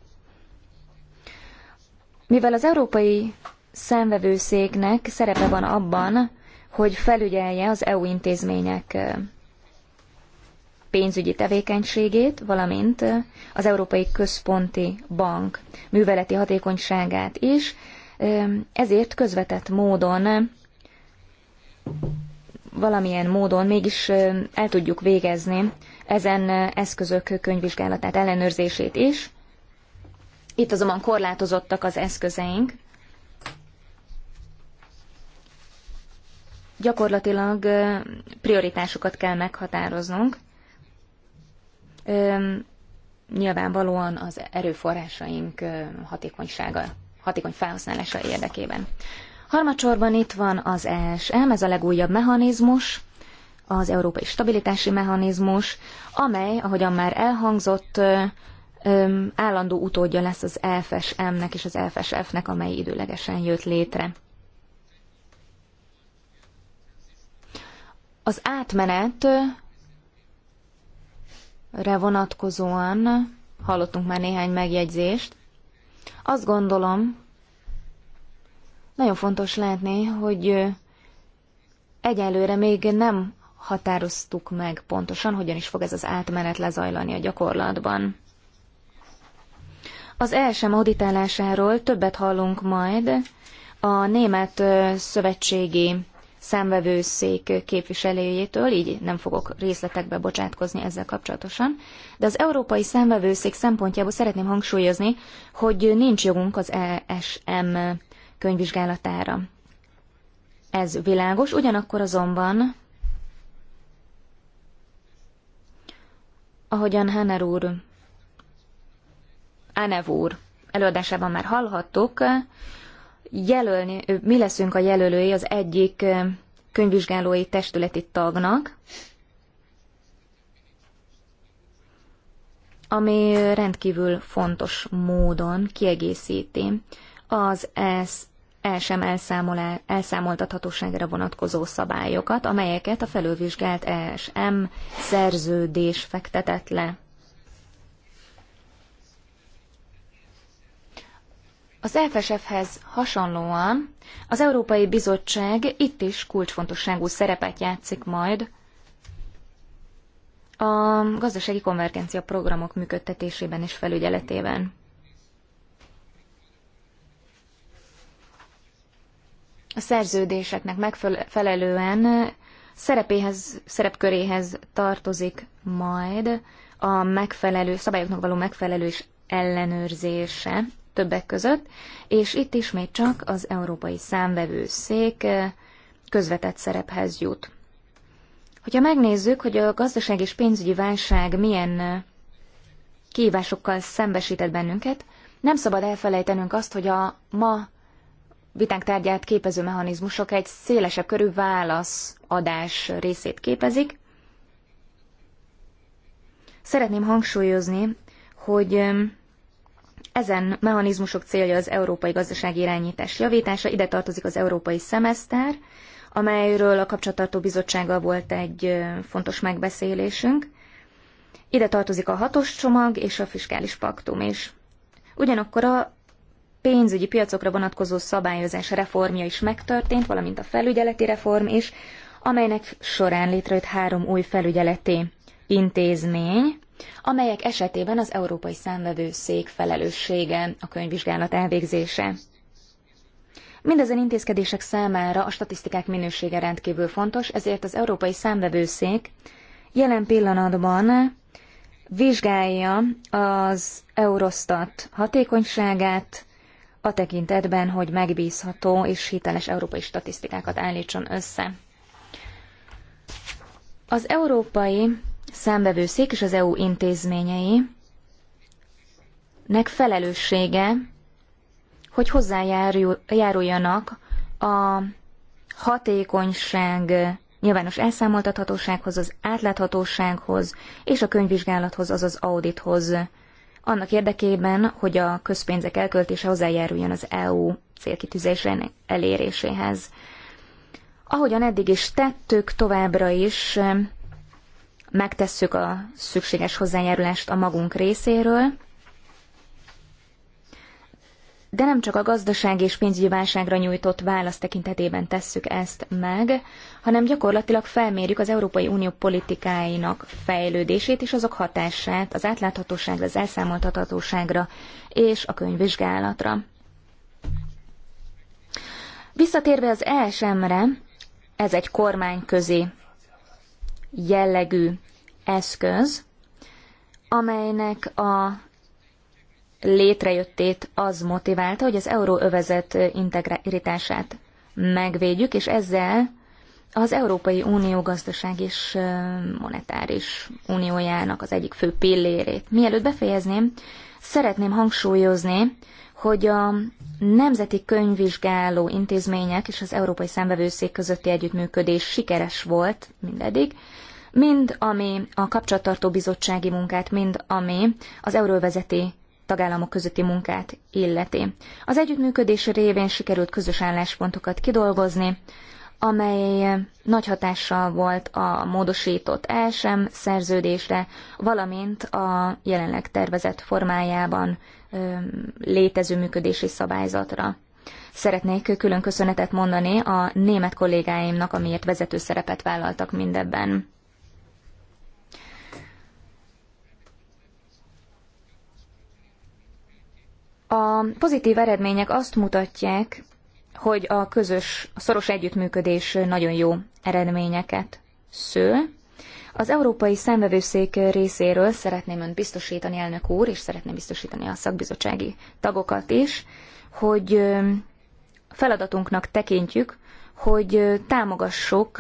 Speaker 1: Mivel az Európai Számvevőszéknek szerepe van abban, hogy felügyelje az EU intézmények pénzügyi tevékenységét, valamint az Európai Központi Bank műveleti hatékonyságát is, ezért közvetett módon, valamilyen módon mégis el tudjuk végezni ezen eszközök könyvvizsgálatát, ellenőrzését is. Itt azonban korlátozottak az eszközeink. Gyakorlatilag prioritásokat kell meghatároznunk nyilvánvalóan az erőforrásaink hatékonysága, hatékony felhasználása érdekében. Harmadsorban itt van az ESM, ez a legújabb mechanizmus, az Európai Stabilitási Mechanizmus, amely, ahogyan már elhangzott, állandó utódja lesz az e FSM-nek és az e FSF-nek, amely időlegesen jött létre. Az átmenet re vonatkozóan hallottunk már néhány megjegyzést. Azt gondolom, nagyon fontos lehetné, hogy egyelőre még nem határoztuk meg pontosan, hogyan is fog ez az átmenet lezajlani a gyakorlatban. Az ESM auditálásáról többet hallunk majd a német szövetségi számvevőszék képviselőjétől, így nem fogok részletekbe bocsátkozni ezzel kapcsolatosan, de az európai számvevőszék szempontjából szeretném hangsúlyozni, hogy nincs jogunk az ESM könyvvizsgálatára. Ez világos, ugyanakkor azonban, ahogyan Hanner úr, Ánev úr előadásában már hallhattuk, jelölni, mi leszünk a jelölői az egyik könyvvizsgálói testületi tagnak, ami rendkívül fontos módon kiegészíti az ESZ el sem elszámol, elszámoltathatóságra vonatkozó szabályokat, amelyeket a felülvizsgált ESM szerződés fektetett le. Az FSF-hez hasonlóan az Európai Bizottság itt is kulcsfontosságú szerepet játszik majd a gazdasági konvergencia programok működtetésében és felügyeletében. A szerződéseknek megfelelően szerepéhez, szerepköréhez tartozik majd a megfelelő, szabályoknak való megfelelő és ellenőrzése többek között, és itt ismét csak az Európai Számbevőszék eh, közvetett szerephez jut. Hogyha megnézzük, hogy a gazdaság és pénzügyi válság milyen eh, kihívásokkal szembesített bennünket, nem szabad elfelejtenünk azt, hogy a ma vitánk tárgyát képező mechanizmusok egy szélesebb körű válaszadás részét képezik. Szeretném hangsúlyozni, hogy ezen mechanizmusok célja az európai gazdasági irányítás javítása, ide tartozik az európai szemeszter, amelyről a kapcsolattartó bizottsággal volt egy fontos megbeszélésünk. Ide tartozik a hatos csomag és a fiskális paktum is. Ugyanakkor a pénzügyi piacokra vonatkozó szabályozás reformja is megtörtént, valamint a felügyeleti reform is, amelynek során létrejött három új felügyeleti intézmény, amelyek esetében az Európai Számvevőszék felelőssége a könyvvizsgálat elvégzése. Mindezen intézkedések számára a statisztikák minősége rendkívül fontos, ezért az Európai Számvevőszék jelen pillanatban vizsgálja az Eurostat hatékonyságát, a tekintetben, hogy megbízható és hiteles európai statisztikákat állítson össze. Az európai számbevőszék és az EU intézményei nek felelőssége, hogy hozzájáruljanak a hatékonyság nyilvános elszámoltathatósághoz, az átláthatósághoz és a könyvvizsgálathoz, azaz audithoz, annak érdekében, hogy a közpénzek elköltése hozzájáruljon az EU célkitűzésének eléréséhez. Ahogyan eddig is tettük, továbbra is megtesszük a szükséges hozzájárulást a magunk részéről, de nem csak a gazdaság és pénzügyi válságra nyújtott válasz tekintetében tesszük ezt meg, hanem gyakorlatilag felmérjük az Európai Unió politikáinak fejlődését és azok hatását az átláthatóságra, az elszámoltathatóságra és a könyvvizsgálatra. Visszatérve az ESM-re, ez egy kormányközi jellegű eszköz, amelynek a létrejöttét az motiválta, hogy az euróövezet integritását megvédjük, és ezzel az Európai Unió gazdaság és monetáris uniójának az egyik fő pillérét. Mielőtt befejezném, szeretném hangsúlyozni, hogy a nemzeti könyvvizsgáló intézmények és az Európai Szembevőszék közötti együttműködés sikeres volt mindedig, mind ami a kapcsolattartó bizottsági munkát, mind ami az euróvezeti tagállamok közötti munkát illeti. Az együttműködés révén sikerült közös álláspontokat kidolgozni, amely nagy hatással volt a módosított ESM szerződésre, valamint a jelenleg tervezett formájában létező működési szabályzatra. Szeretnék külön köszönetet mondani a német kollégáimnak, amiért vezető szerepet vállaltak mindebben. A pozitív eredmények azt mutatják, hogy a közös, a szoros együttműködés nagyon jó eredményeket szül. Az Európai Számvevőszék részéről szeretném önt biztosítani, elnök úr, és szeretném biztosítani a szakbizottsági tagokat is, hogy feladatunknak tekintjük, hogy támogassuk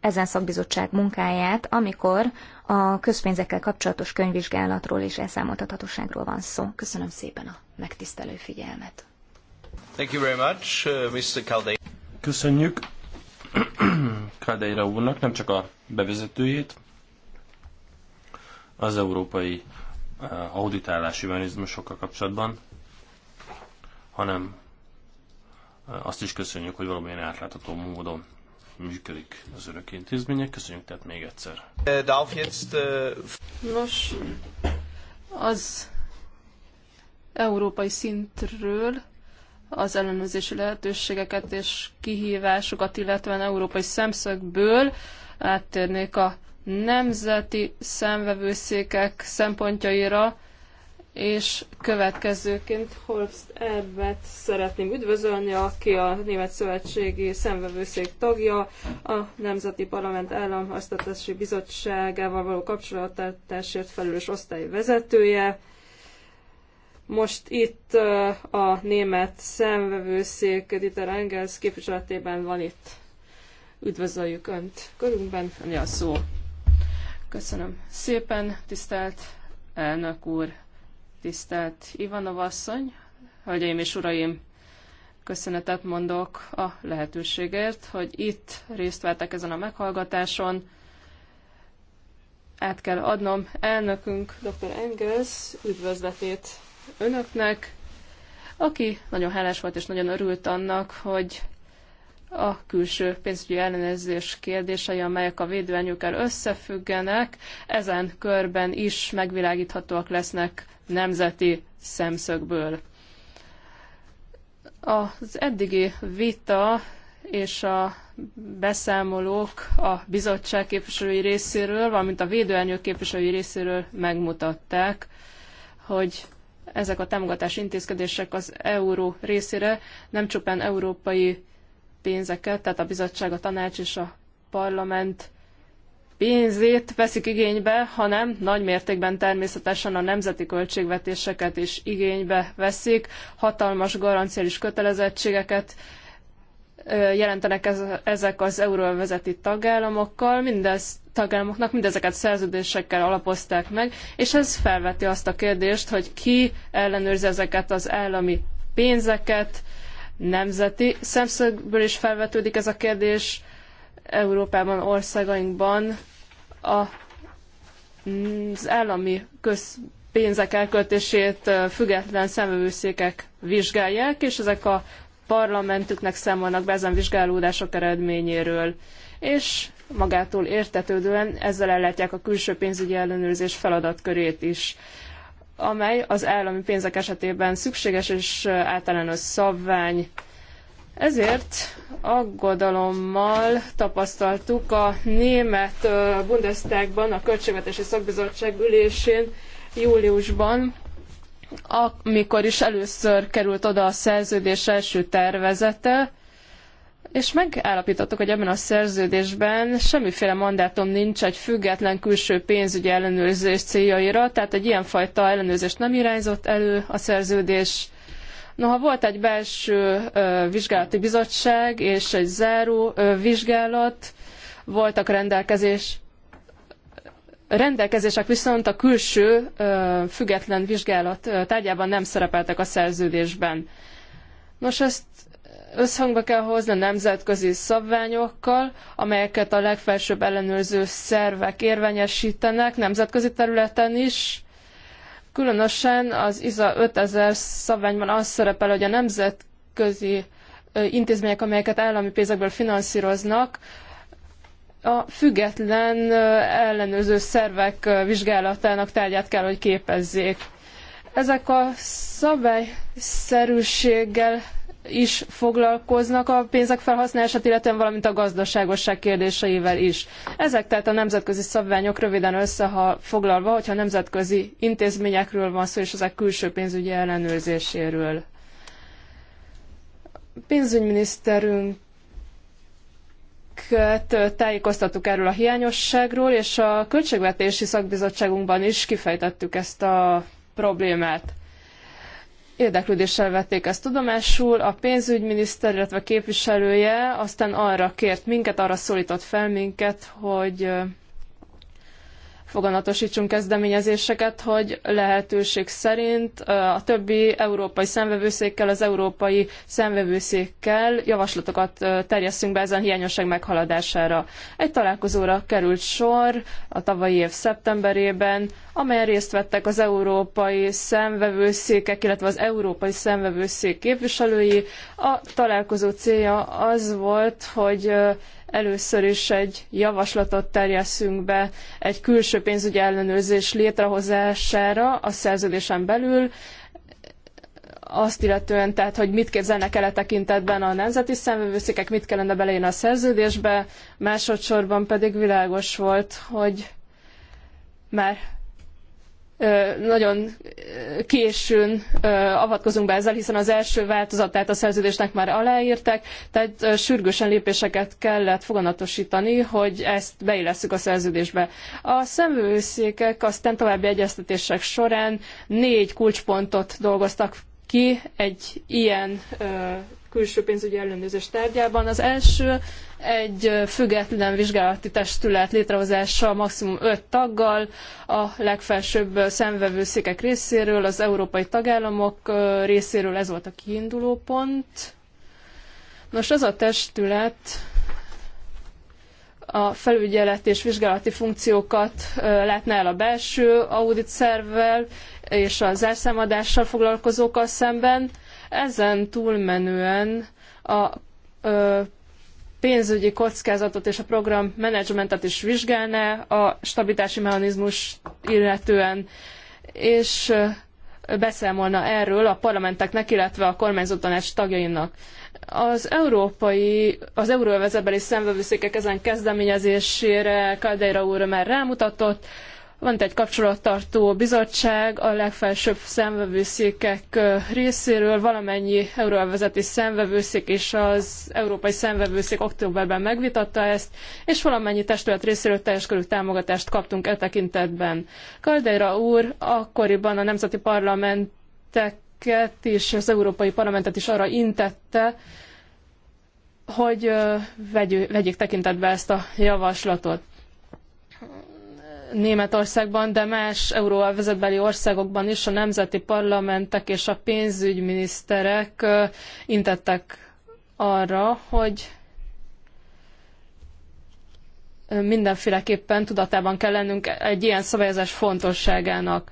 Speaker 1: ezen szakbizottság munkáját, amikor a közpénzekkel kapcsolatos könyvvizsgálatról és elszámoltathatóságról van szó. Köszönöm szépen a megtisztelő figyelmet.
Speaker 3: Thank you very much, uh, Mr. Caldeira. Köszönjük Caldeira úrnak nem csak a bevezetőjét, az európai eh, auditálási mechanizmusokkal kapcsolatban, hanem eh, azt is köszönjük, hogy valamilyen átlátható módon működik az örök intézmények. Köszönjük tehát még egyszer. Eh,
Speaker 2: Nos, az európai szintről az ellenőrzési lehetőségeket és kihívásokat, illetve európai szemszögből áttérnék a nemzeti szemvevőszékek szempontjaira, és következőként Holst Ebbet szeretném üdvözölni, aki a Német Szövetségi Szemvevőszék tagja, a Nemzeti Parlament Államhasztatási Bizottságával való kapcsolattartásért felelős osztály vezetője. Most itt a német szemvevőszék Dieter Engels képviseletében van itt. Üdvözöljük Önt körünkben, Önni a szó. Köszönöm szépen, tisztelt elnök úr, tisztelt Ivanov asszony, hölgyeim és uraim, köszönetet mondok a lehetőségért, hogy itt részt vettek ezen a meghallgatáson. Át kell adnom elnökünk dr. Engels üdvözletét önöknek, aki nagyon hálás volt és nagyon örült annak, hogy a külső pénzügyi ellenőrzés kérdései, amelyek a védőanyókkal összefüggenek, ezen körben is megvilágíthatóak lesznek nemzeti szemszögből. Az eddigi vita és a beszámolók a bizottság képviselői részéről, valamint a védőernyők képviselői részéről megmutatták, hogy ezek a támogatási intézkedések az euró részére nem csupán európai pénzeket, tehát a bizottság, a tanács és a parlament pénzét veszik igénybe, hanem nagy mértékben természetesen a nemzeti költségvetéseket is igénybe veszik, hatalmas garanciális kötelezettségeket jelentenek ez, ezek az euróvezeti tagállamokkal, mindez tagállamoknak mindezeket szerződésekkel alapozták meg, és ez felveti azt a kérdést, hogy ki ellenőrzi ezeket az állami pénzeket, nemzeti szemszögből is felvetődik ez a kérdés. Európában, országainkban a, az állami közpénzek elköltését független szemövőszékek vizsgálják, és ezek a parlamentüknek számolnak be ezen vizsgálódások eredményéről. És magától értetődően ezzel ellátják a külső pénzügyi ellenőrzés feladatkörét is amely az állami pénzek esetében szükséges és általános szabvány. Ezért aggodalommal tapasztaltuk a német Bundestagban, a Költségvetési Szakbizottság ülésén júliusban, amikor is először került oda a szerződés első tervezete, és megállapítottuk, hogy ebben a szerződésben semmiféle mandátum nincs egy független külső pénzügyi ellenőrzés céljaira, tehát egy ilyenfajta ellenőrzést nem irányzott elő a szerződés. Noha volt egy belső ö, vizsgálati bizottság és egy záró ö, vizsgálat, voltak rendelkezés, rendelkezések viszont a külső ö, független vizsgálat tárgyában nem szerepeltek a szerződésben. Nos, ezt összhangba kell hozni a nemzetközi szabványokkal, amelyeket a legfelsőbb ellenőrző szervek érvényesítenek nemzetközi területen is. Különösen az ISA 5000 szabványban az szerepel, hogy a nemzetközi intézmények, amelyeket állami pénzekből finanszíroznak, a független ellenőrző szervek vizsgálatának tárgyát kell, hogy képezzék. Ezek a szabályszerűséggel is foglalkoznak a pénzek felhasználását, illetően valamint a gazdaságosság kérdéseivel is. Ezek tehát a nemzetközi szabványok röviden összefoglalva, hogyha nemzetközi intézményekről van szó, és ezek külső pénzügyi ellenőrzéséről. Pénzügyminiszterünk tájékoztattuk erről a hiányosságról, és a költségvetési szakbizottságunkban is kifejtettük ezt a problémát. Érdeklődéssel vették ezt tudomásul, a pénzügyminiszter, illetve képviselője aztán arra kért minket, arra szólított fel minket, hogy foganatosítsunk kezdeményezéseket, hogy lehetőség szerint a többi európai szemvevőszékkel, az európai szemvevőszékkel javaslatokat terjesszünk be ezen hiányosság meghaladására. Egy találkozóra került sor a tavalyi év szeptemberében, amelyen részt vettek az európai szemvevőszékek, illetve az európai szemvevőszék képviselői. A találkozó célja az volt, hogy Először is egy javaslatot terjesszünk be egy külső pénzügyi ellenőrzés létrehozására a szerződésen belül, azt illetően, tehát hogy mit képzelnek el a e tekintetben a nemzeti szemvevőszékek, mit kellene beleírni a szerződésbe, másodszorban pedig világos volt, hogy már nagyon későn avatkozunk be ezzel, hiszen az első változatát a szerződésnek már aláírták, tehát sürgősen lépéseket kellett foganatosítani, hogy ezt beillesszük a szerződésbe. A szemvőszékek aztán további egyeztetések során négy kulcspontot dolgoztak ki egy ilyen külső pénzügyi ellenőrzés tárgyában. Az első egy független vizsgálati testület létrehozása maximum öt taggal, a legfelsőbb szemvevőszékek részéről, az európai tagállamok részéről ez volt a kiinduló pont. Nos, az a testület a felügyelet és vizsgálati funkciókat látná el a belső audit szervvel és az árszámadással foglalkozókkal szemben, ezen túlmenően a ö, pénzügyi kockázatot és a program menedzsmentet is vizsgálná a stabilitási mechanizmus illetően, és beszámolna erről a parlamenteknek, illetve a kormányzó tanács tagjainak. Az európai, az euróvezetbeli szemvevőszékek ezen kezdeményezésére Kaldeira úr már rámutatott, van egy kapcsolattartó bizottság a legfelsőbb szemvevőszékek részéről, valamennyi euróvezeti szemvevőszék és az Európai Szemvevőszék októberben megvitatta ezt, és valamennyi testület részéről teljes körű támogatást kaptunk e tekintetben. Kaldeira úr akkoriban a nemzeti parlamenteket és az Európai Parlamentet is arra intette, hogy vegyük, vegyék tekintetbe ezt a javaslatot. Németországban, de más euróvezetbeli országokban is a nemzeti parlamentek és a pénzügyminiszterek intettek arra, hogy mindenféleképpen tudatában kell lennünk egy ilyen szabályozás fontosságának.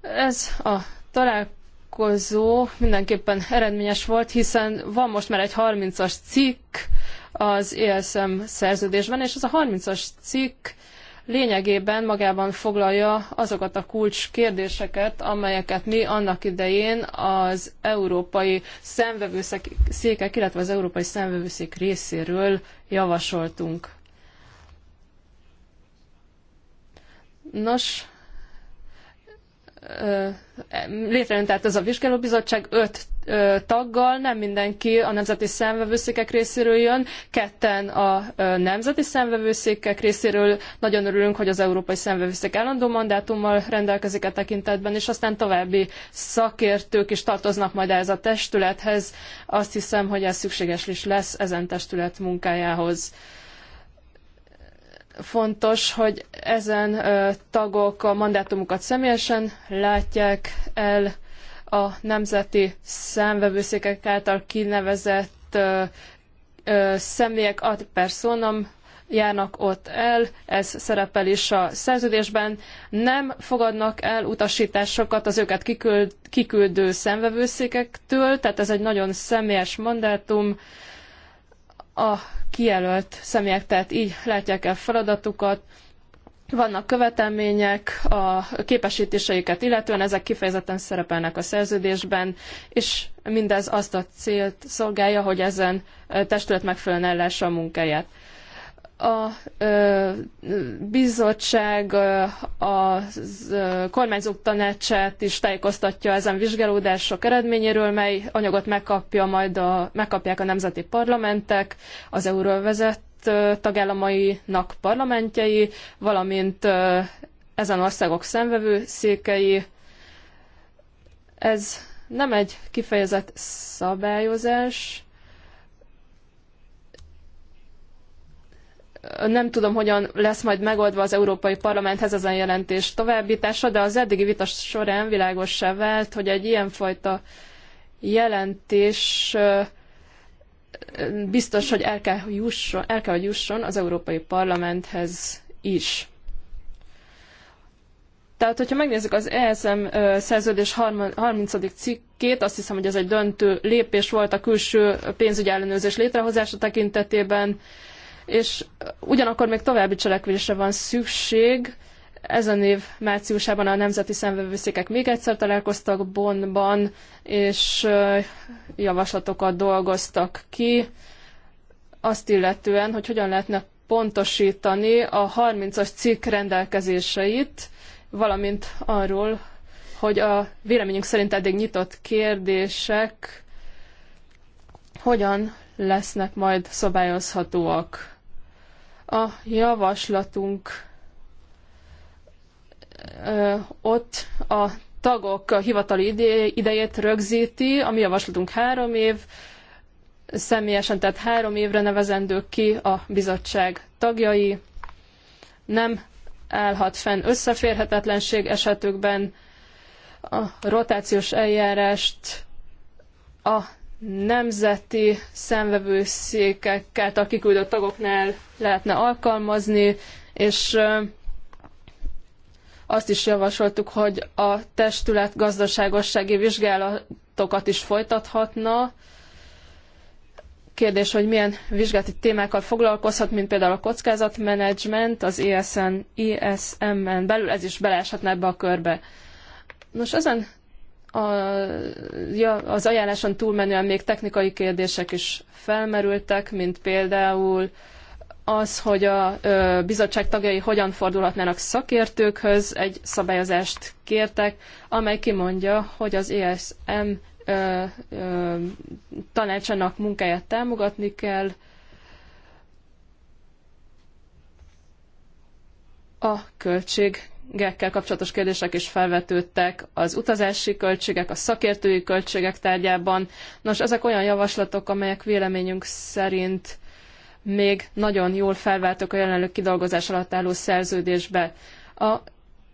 Speaker 2: Ez a találkozó mindenképpen eredményes volt, hiszen van most már egy 30-as cikk az ESM szerződésben, és ez a 30-as cikk lényegében magában foglalja azokat a kulcs kérdéseket, amelyeket mi annak idején az európai szemvevőszékek, illetve az európai szemvevőszék részéről javasoltunk. Nos, létrejön tehát ez a vizsgálóbizottság öt taggal, nem mindenki a nemzeti számvevőszékek részéről jön, ketten a nemzeti számvevőszékek részéről. Nagyon örülünk, hogy az Európai Számvevőszék állandó mandátummal rendelkezik a e tekintetben, és aztán további szakértők is tartoznak majd ehhez a testülethez. Azt hiszem, hogy ez szükséges is lesz ezen testület munkájához fontos, hogy ezen tagok a mandátumukat személyesen látják el a nemzeti számvevőszékek által kinevezett személyek ad personam járnak ott el, ez szerepel is a szerződésben, nem fogadnak el utasításokat az őket kiküld, kiküldő szemvevőszékektől, tehát ez egy nagyon személyes mandátum, a kijelölt személyek, tehát így látják el feladatukat, vannak követelmények a képesítéseiket illetően, ezek kifejezetten szerepelnek a szerződésben, és mindez azt a célt szolgálja, hogy ezen testület megfelelően ellássa a munkáját a bizottság a kormányzók tanácsát is tájékoztatja ezen vizsgálódások eredményéről, mely anyagot megkapja majd a, megkapják a nemzeti parlamentek, az euróvezet tagállamainak parlamentjei, valamint ezen országok szemvevő székei. Ez nem egy kifejezett szabályozás, nem tudom, hogyan lesz majd megoldva az Európai Parlamenthez ezen jelentés továbbítása, de az eddigi vita során világossá vált, hogy egy ilyenfajta jelentés biztos, hogy el kell, jusson, el kell, hogy jusson az Európai Parlamenthez is. Tehát, hogyha megnézzük az ESM szerződés 30. cikkét, azt hiszem, hogy ez egy döntő lépés volt a külső pénzügyi ellenőrzés létrehozása tekintetében és ugyanakkor még további cselekvésre van szükség. Ezen év márciusában a nemzeti szemvevőszékek még egyszer találkoztak Bonnban, és javaslatokat dolgoztak ki azt illetően, hogy hogyan lehetne pontosítani a 30-as cikk rendelkezéseit, valamint arról, hogy a véleményünk szerint eddig nyitott kérdések hogyan lesznek majd szabályozhatóak. A javaslatunk ott a tagok hivatali idejét rögzíti, a mi javaslatunk három év, személyesen, tehát három évre nevezendők ki a bizottság tagjai, nem állhat fenn összeférhetetlenség esetükben, a rotációs eljárást a nemzeti szemvevőszékeket a kiküldött tagoknál lehetne alkalmazni, és azt is javasoltuk, hogy a testület gazdaságossági vizsgálatokat is folytathatna. Kérdés, hogy milyen vizsgálati témákkal foglalkozhat, mint például a kockázatmenedzsment, az ESN, ESM-en belül, ez is beleeshetne ebbe a körbe. Nos, ezen a, ja, az ajánláson túlmenően még technikai kérdések is felmerültek, mint például az, hogy a ö, bizottság tagjai hogyan fordulhatnának szakértőkhöz, egy szabályozást kértek, amely kimondja, hogy az ESM ö, ö, tanácsának munkáját támogatni kell, a költség költségekkel kapcsolatos kérdések is felvetődtek, az utazási költségek, a szakértői költségek tárgyában. Nos, ezek olyan javaslatok, amelyek véleményünk szerint még nagyon jól felváltak a jelenleg kidolgozás alatt álló szerződésbe. A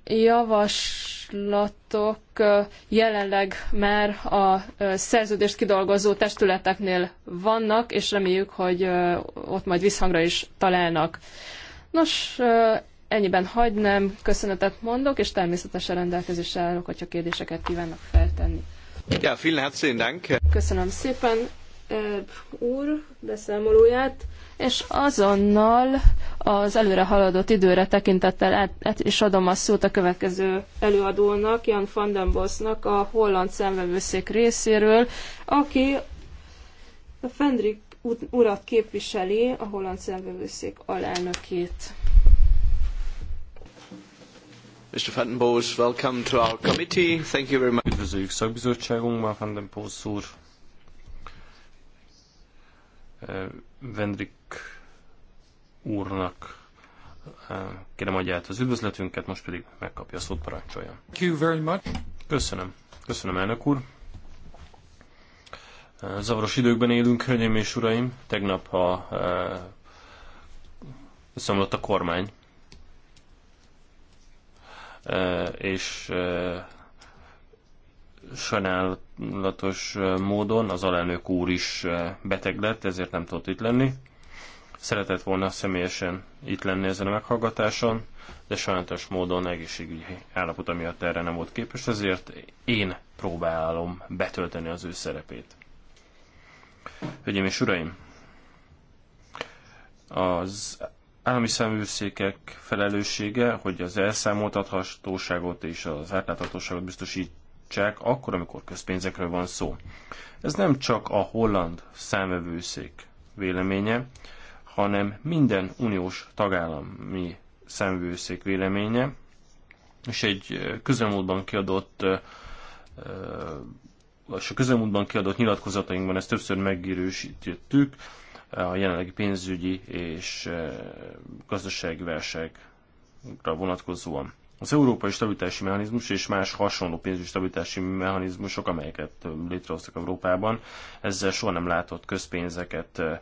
Speaker 2: javaslatok jelenleg már a szerződést kidolgozó testületeknél vannak, és reméljük, hogy ott majd visszhangra is találnak. Nos, Ennyiben hagynám, köszönetet mondok, és természetesen rendelkezésre állok, hogyha kérdéseket kívánnak feltenni.
Speaker 3: Ja, vielen herzlichen Dank.
Speaker 2: Köszönöm szépen úr beszámolóját, és azonnal az előre haladott időre tekintettel át, is adom a szót a következő előadónak, Jan van den Bosnak a holland szemvevőszék részéről, aki a Fendrik urat képviseli, a holland szemvevőszék alelnökét.
Speaker 3: Mr. Van den Bos, welcome to our committee. Thank you very much. Üdvözöljük szakbizottságunkban, Van den Bos úr. Vendrik úrnak kérem adja át az üdvözletünket, most pedig megkapja a szót, parancsolja. Thank you very much. Köszönöm. Köszönöm, elnök úr. Zavaros időkben élünk, hölgyeim és uraim. Tegnap a, a, a, a kormány, és sajnálatos módon az alelnök úr is beteg lett, ezért nem tudott itt lenni. Szeretett volna személyesen itt lenni ezen a meghallgatáson, de sajnálatos módon egészségügyi állapota miatt erre nem volt képes, ezért én próbálom betölteni az ő szerepét. Hölgyeim és uraim, az állami száműszékek felelőssége, hogy az elszámoltathatóságot és az átláthatóságot biztosítsák akkor, amikor közpénzekről van szó. Ez nem csak a holland számvevőszék véleménye, hanem minden uniós tagállami számvevőszék véleménye, és egy közelmúltban kiadott és a közelmúltban kiadott nyilatkozatainkban ezt többször megírősítettük, a jelenlegi pénzügyi és e, gazdasági válságra vonatkozóan. Az európai stabilitási mechanizmus és más hasonló pénzügyi stabilitási mechanizmusok, amelyeket e, létrehoztak Európában, ezzel soha nem látott közpénzeket e,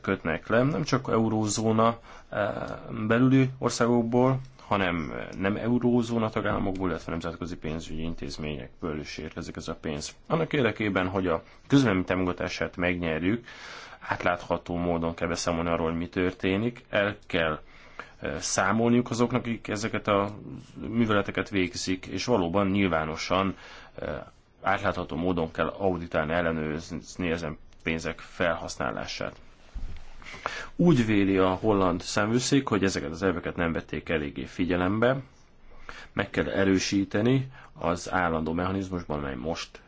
Speaker 3: kötnek le, nem csak eurózóna belüli országokból, hanem nem eurózóna tagállamokból, illetve nemzetközi pénzügyi intézményekből is érkezik ez a pénz. Annak érdekében, hogy a közvélemény támogatását megnyerjük, átlátható módon kell beszámolni arról, hogy mi történik. El kell számolniuk azoknak, akik ezeket a műveleteket végzik, és valóban nyilvánosan átlátható módon kell auditálni, ellenőrizni ezen pénzek felhasználását. Úgy véli a holland szemvőszék, hogy ezeket az elveket nem vették eléggé figyelembe, meg kell erősíteni az állandó mechanizmusban, mely most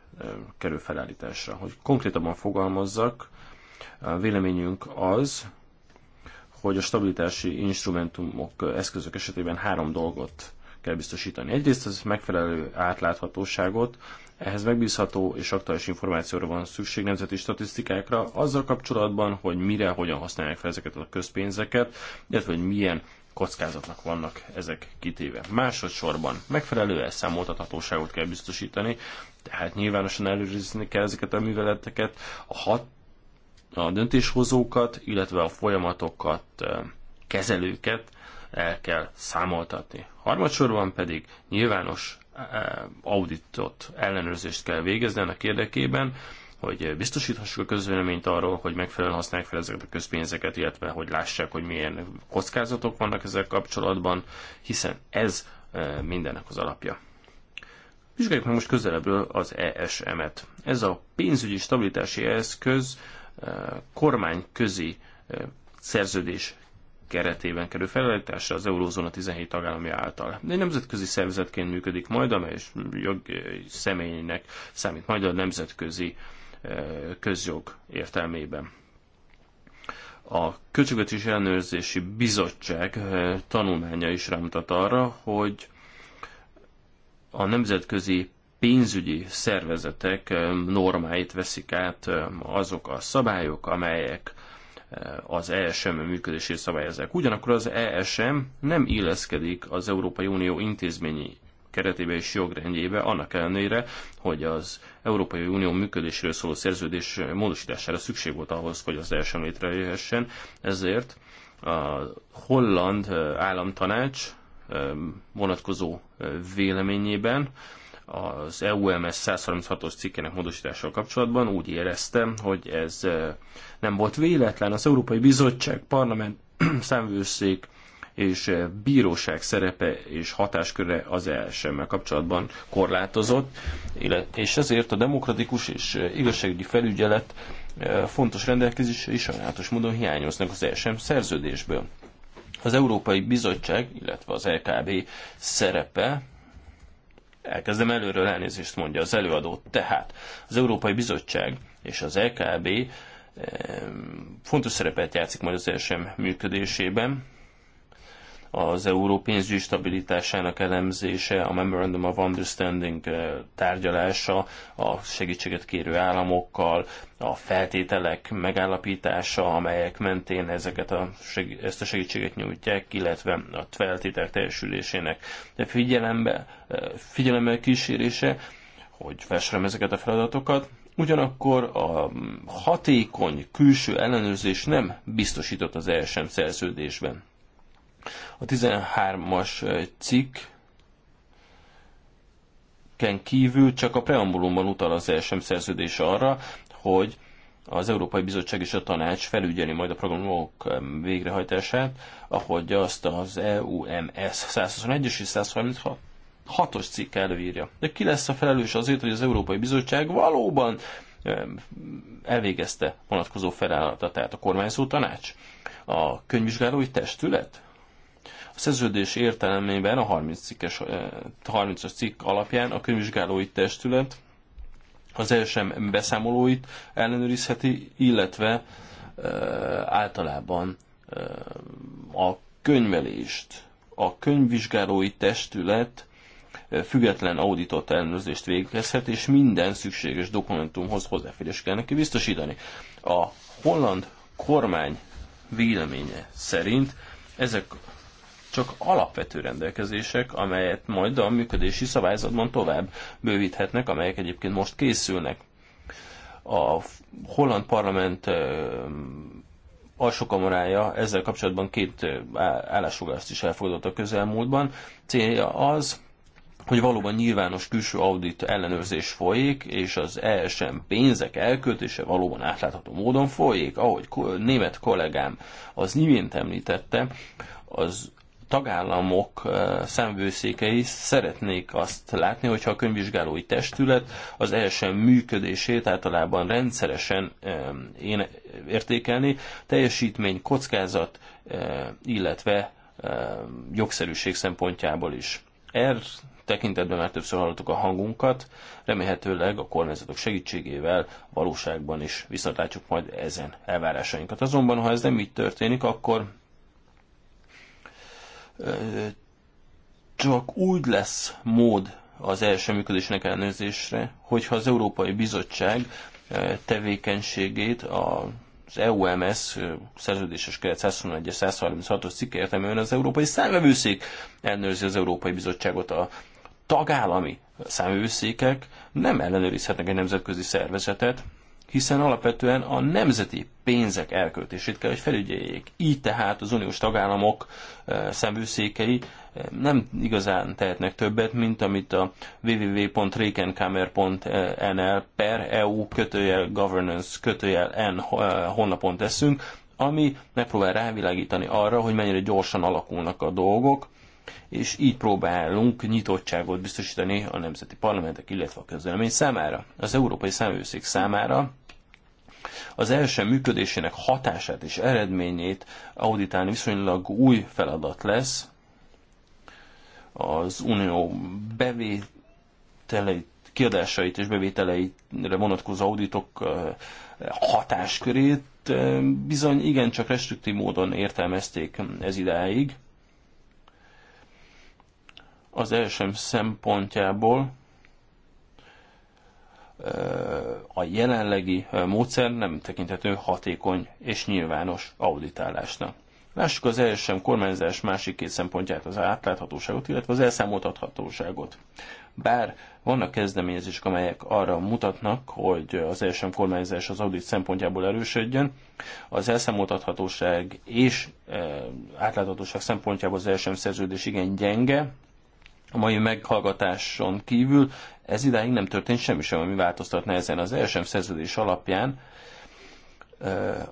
Speaker 3: kerül felállításra. Hogy konkrétabban fogalmazzak, a véleményünk az, hogy a stabilitási instrumentumok, eszközök esetében három dolgot kell biztosítani. Egyrészt az megfelelő átláthatóságot, ehhez megbízható és aktuális információra van szükség nemzeti statisztikákra, azzal kapcsolatban, hogy mire, hogyan használják fel ezeket a közpénzeket, illetve hogy milyen kockázatnak vannak ezek kitéve. Másodszorban megfelelő elszámoltathatóságot kell biztosítani, tehát nyilvánosan előrizni kell ezeket a műveleteket, a hat a döntéshozókat, illetve a folyamatokat, kezelőket el kell számoltatni. Harmadsorban pedig nyilvános auditot, ellenőrzést kell végezni ennek érdekében, hogy biztosíthassuk a közvéleményt arról, hogy megfelelően használják fel ezeket a közpénzeket, illetve hogy lássák, hogy milyen kockázatok vannak ezzel kapcsolatban, hiszen ez mindennek az alapja. Vizsgáljuk meg most közelebbről az ESM-et. Ez a pénzügyi stabilitási eszköz kormányközi szerződés keretében kerül felállításra az Eurózóna 17 tagállamja által. Egy nemzetközi szervezetként működik majd, amely jog személynek számít majd a nemzetközi közjog értelmében. A Költségvetési Ellenőrzési Bizottság tanulmánya is rámutat arra, hogy a nemzetközi pénzügyi szervezetek normáit veszik át azok a szabályok, amelyek az ESM működését szabályozzák. Ugyanakkor az ESM nem illeszkedik az Európai Unió intézményi keretébe és jogrendjébe, annak ellenére, hogy az Európai Unió működéséről szóló szerződés módosítására szükség volt ahhoz, hogy az ESM létrejöhessen, ezért a holland államtanács vonatkozó véleményében az EUMS 136-os cikkének módosítással kapcsolatban úgy éreztem, hogy ez nem volt véletlen. Az Európai Bizottság, Parlament, Számvőszék és bíróság szerepe és hatásköre az ESM-mel kapcsolatban korlátozott, és ezért a demokratikus és igazságügyi felügyelet fontos rendelkezései sajnálatos módon hiányoznak az ESM szerződésből. Az Európai Bizottság, illetve az LKB e szerepe Elkezdem előről elnézést mondja az előadó. Tehát az Európai Bizottság és az LKB e fontos szerepet játszik majd az ESM működésében, az euró pénzügyi stabilitásának elemzése, a Memorandum of Understanding tárgyalása, a segítséget kérő államokkal, a feltételek megállapítása, amelyek mentén ezeket a, ezt a segítséget nyújtják, illetve a feltételek teljesülésének de figyelembe, figyelemmel kísérése, hogy felsorolom ezeket a feladatokat, Ugyanakkor a hatékony külső ellenőrzés nem biztosított az ESM szerződésben. A 13-as cikk kívül csak a preambulumban utal az ESM szerződés arra, hogy az Európai Bizottság és a Tanács felügyeli majd a programok végrehajtását, ahogy azt az EUMS 121-es és 136 hatos cikk előírja. De ki lesz a felelős azért, hogy az Európai Bizottság valóban elvégezte vonatkozó feladatát? A kormányzó tanács? A könyvvizsgálói testület? szerződés értelmében a 30 cikkes, 30-as cikk alapján a könyvvizsgálói testület az ESM beszámolóit ellenőrizheti, illetve általában a könyvelést. A könyvvizsgálói testület független auditot ellenőrzést végezhet, és minden szükséges dokumentumhoz hozzáférés kell neki biztosítani. A holland kormány véleménye szerint ezek csak alapvető rendelkezések, amelyet majd a működési szabályzatban tovább bővíthetnek, amelyek egyébként most készülnek. A holland parlament alsókamarája ezzel kapcsolatban két állásfogást is elfogadott a közelmúltban. Célja az, hogy valóban nyilvános külső audit ellenőrzés folyik, és az ESM pénzek elköltése valóban átlátható módon folyik. Ahogy német kollégám az nyilvént említette, az tagállamok szemvőszékei szeretnék azt látni, hogyha a könyvvizsgálói testület az ESM működését általában rendszeresen én értékelni, teljesítmény, kockázat, illetve jogszerűség szempontjából is. Er tekintetben már többször hallottuk a hangunkat, remélhetőleg a kormányzatok segítségével valóságban is visszatlátjuk majd ezen elvárásainkat. Azonban, ha ez nem így történik, akkor csak úgy lesz mód az első működésnek ellenőrzésre, hogyha az Európai Bizottság eh, tevékenységét az EUMS eh, szerződéses keret 121 136-os cikke értelműen az Európai Számvevőszék ellenőrzi az Európai Bizottságot a tagállami számvevőszékek nem ellenőrizhetnek egy nemzetközi szervezetet, hiszen alapvetően a nemzeti pénzek elköltését kell, hogy felügyeljék. Így tehát az uniós tagállamok eh, szemvőszékei eh, nem igazán tehetnek többet, mint amit a www.rekenkamer.nl per EU kötőjel governance kötőjel n eh, honlapon teszünk, ami megpróbál rávilágítani arra, hogy mennyire gyorsan alakulnak a dolgok, és így próbálunk nyitottságot biztosítani a nemzeti parlamentek, illetve a közlemény számára. Az Európai Számvőszék számára az első működésének hatását és eredményét auditálni viszonylag új feladat lesz. Az unió bevételeit, kiadásait és bevételeire vonatkozó auditok hatáskörét bizony igencsak restriktív módon értelmezték ez idáig. Az első szempontjából a jelenlegi módszer nem tekinthető hatékony és nyilvános auditálásnak. Lássuk az ESM kormányzás másik két szempontját, az átláthatóságot, illetve az elszámoltathatóságot. Bár vannak kezdeményezések, amelyek arra mutatnak, hogy az ESM kormányzás az audit szempontjából erősödjön, az elszámoltathatóság és átláthatóság szempontjából az ESM szerződés igen gyenge, a mai meghallgatáson kívül ez idáig nem történt semmi sem, ami változtatna ezen az ESM szerződés alapján.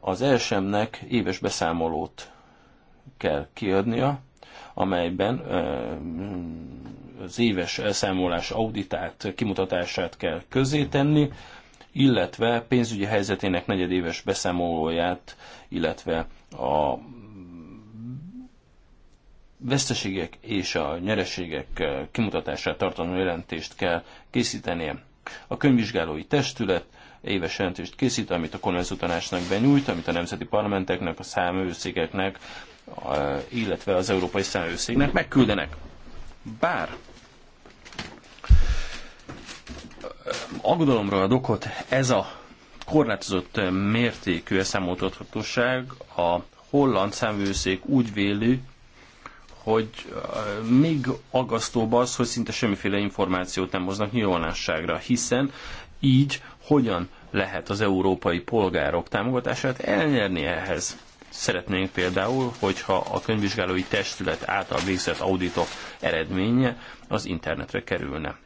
Speaker 3: Az ESM-nek éves beszámolót kell kiadnia, amelyben az éves elszámolás auditát, kimutatását kell közzétenni, illetve pénzügyi helyzetének negyedéves beszámolóját, illetve a veszteségek és a nyereségek eh, kimutatását tartalmú jelentést kell készítenie. A könyvvizsgálói testület éves jelentést készít, amit a kormányzó tanácsnak benyújt, amit a nemzeti parlamenteknek, a számőszégeknek, illetve az európai számőszégnek megküldenek. Bár aggodalomra ad okot ez a korlátozott mértékű elszámoltathatóság a holland számvőszék úgy véli, hogy még aggasztóbb az, hogy szinte semmiféle információt nem hoznak nyilvánosságra, hiszen így hogyan lehet az európai polgárok támogatását elnyerni ehhez. Szeretnénk például, hogyha a könyvvizsgálói testület által végzett auditok eredménye az internetre kerülne.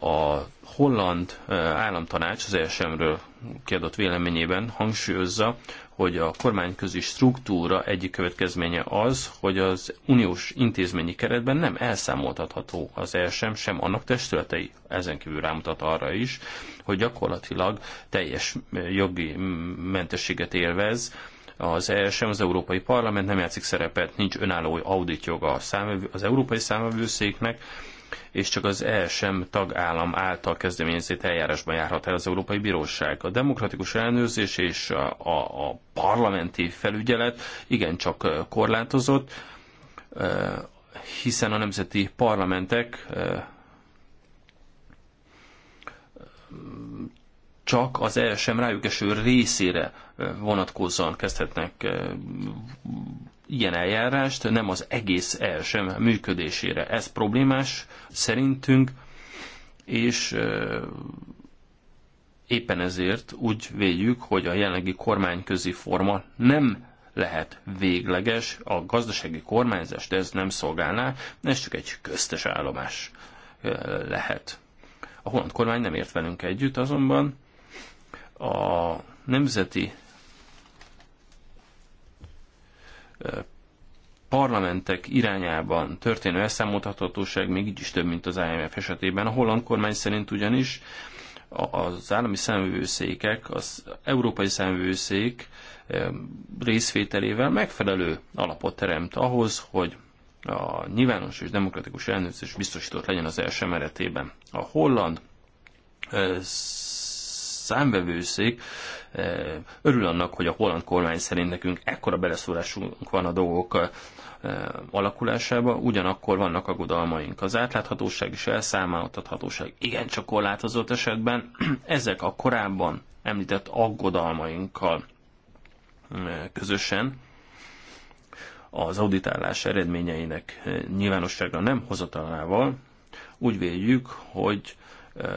Speaker 3: A holland államtanács az ESM-ről kiadott véleményében hangsúlyozza, hogy a kormányközi struktúra egyik következménye az, hogy az uniós intézményi keretben nem elszámoltatható az ESM, sem annak testületei. Ezen kívül rámutat arra is, hogy gyakorlatilag teljes jogi mentességet élvez, az ESM, az Európai Parlament nem játszik szerepet, nincs önálló auditjoga az Európai Számövőszéknek, és csak az E sem tagállam által kezdeményezett eljárásban járhat el az Európai Bíróság. A demokratikus ellenőrzés és a, a, a parlamenti felügyelet igencsak korlátozott, hiszen a nemzeti parlamentek csak az ESM rájuk eső részére vonatkozóan kezdhetnek ilyen eljárást, nem az egész el sem működésére. Ez problémás szerintünk, és éppen ezért úgy védjük, hogy a jelenlegi kormányközi forma nem lehet végleges, a gazdasági kormányzást ez nem szolgálná, ez csak egy köztes állomás lehet. A holland kormány nem ért velünk együtt, azonban a nemzeti parlamentek irányában történő elszámoltathatóság még így is több, mint az IMF esetében. A holland kormány szerint ugyanis az állami számvőszékek, az európai számvőszék eh, részvételével megfelelő alapot teremt ahhoz, hogy a nyilvános és demokratikus ellenőrzés biztosított legyen az első meretében. A holland eh, számvevőszék Eh, örül annak, hogy a holland kormány szerint nekünk ekkora beleszólásunk van a dolgok eh, alakulásába, ugyanakkor vannak aggodalmaink. Az átláthatóság és elszámoltathatóság igencsak korlátozott esetben, ezek a korábban említett aggodalmainkkal eh, közösen az auditálás eredményeinek nyilvánosságra nem hozatalával úgy véljük, hogy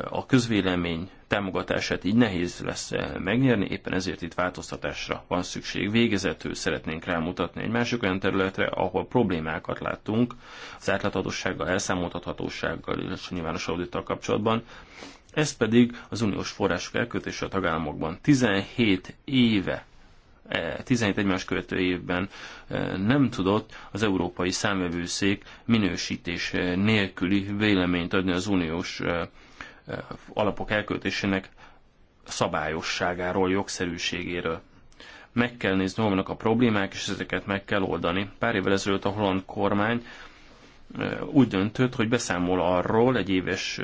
Speaker 3: a közvélemény támogatását így nehéz lesz eh, megnyerni, éppen ezért itt változtatásra van szükség. Végezetül szeretnénk rámutatni egy másik olyan területre, ahol problémákat láttunk az átláthatósággal, elszámoltathatósággal, és a nyilvános audittal kapcsolatban. Ez pedig az uniós források elkötése a tagállamokban. 17 éve 17 eh, egymás követő évben eh, nem tudott az Európai Számvevőszék minősítés nélküli véleményt adni az uniós alapok elköltésének szabályosságáról, jogszerűségéről. Meg kell nézni, hol vannak a problémák, és ezeket meg kell oldani. Pár évvel ezelőtt a holland kormány úgy döntött, hogy beszámol arról egy éves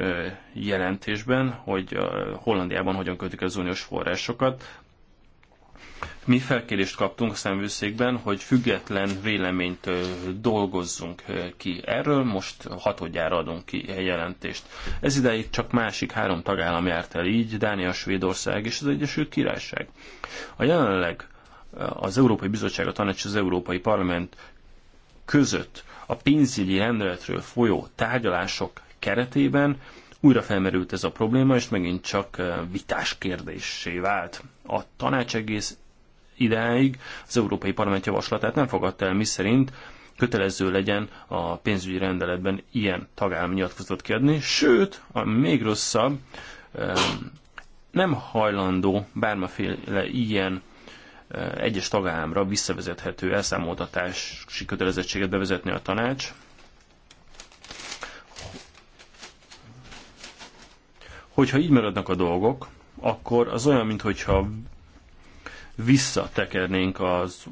Speaker 3: jelentésben, hogy Hollandiában hogyan költik az uniós forrásokat. Mi felkérést kaptunk a szemvőszékben, hogy független véleményt dolgozzunk ki erről, most hatodjára adunk ki egy jelentést. Ez ideig csak másik három tagállam járt el így, Dánia, Svédország és az Egyesült Királyság. A jelenleg az Európai Bizottság, a Tanács és az Európai Parlament között a pénzügyi rendeletről folyó tárgyalások keretében újra felmerült ez a probléma, és megint csak eh, vitás kérdéssé vált. A tanács egész idáig az Európai Parlament javaslatát nem fogadta el, miszerint kötelező legyen a pénzügyi rendeletben ilyen tagállami nyilatkozatot kiadni, sőt, a még rosszabb, eh, nem hajlandó bármaféle ilyen eh, egyes tagállamra visszavezethető elszámoltatási kötelezettséget bevezetni a tanács, Hogyha így maradnak a dolgok, akkor az olyan, mintha visszatekernénk az,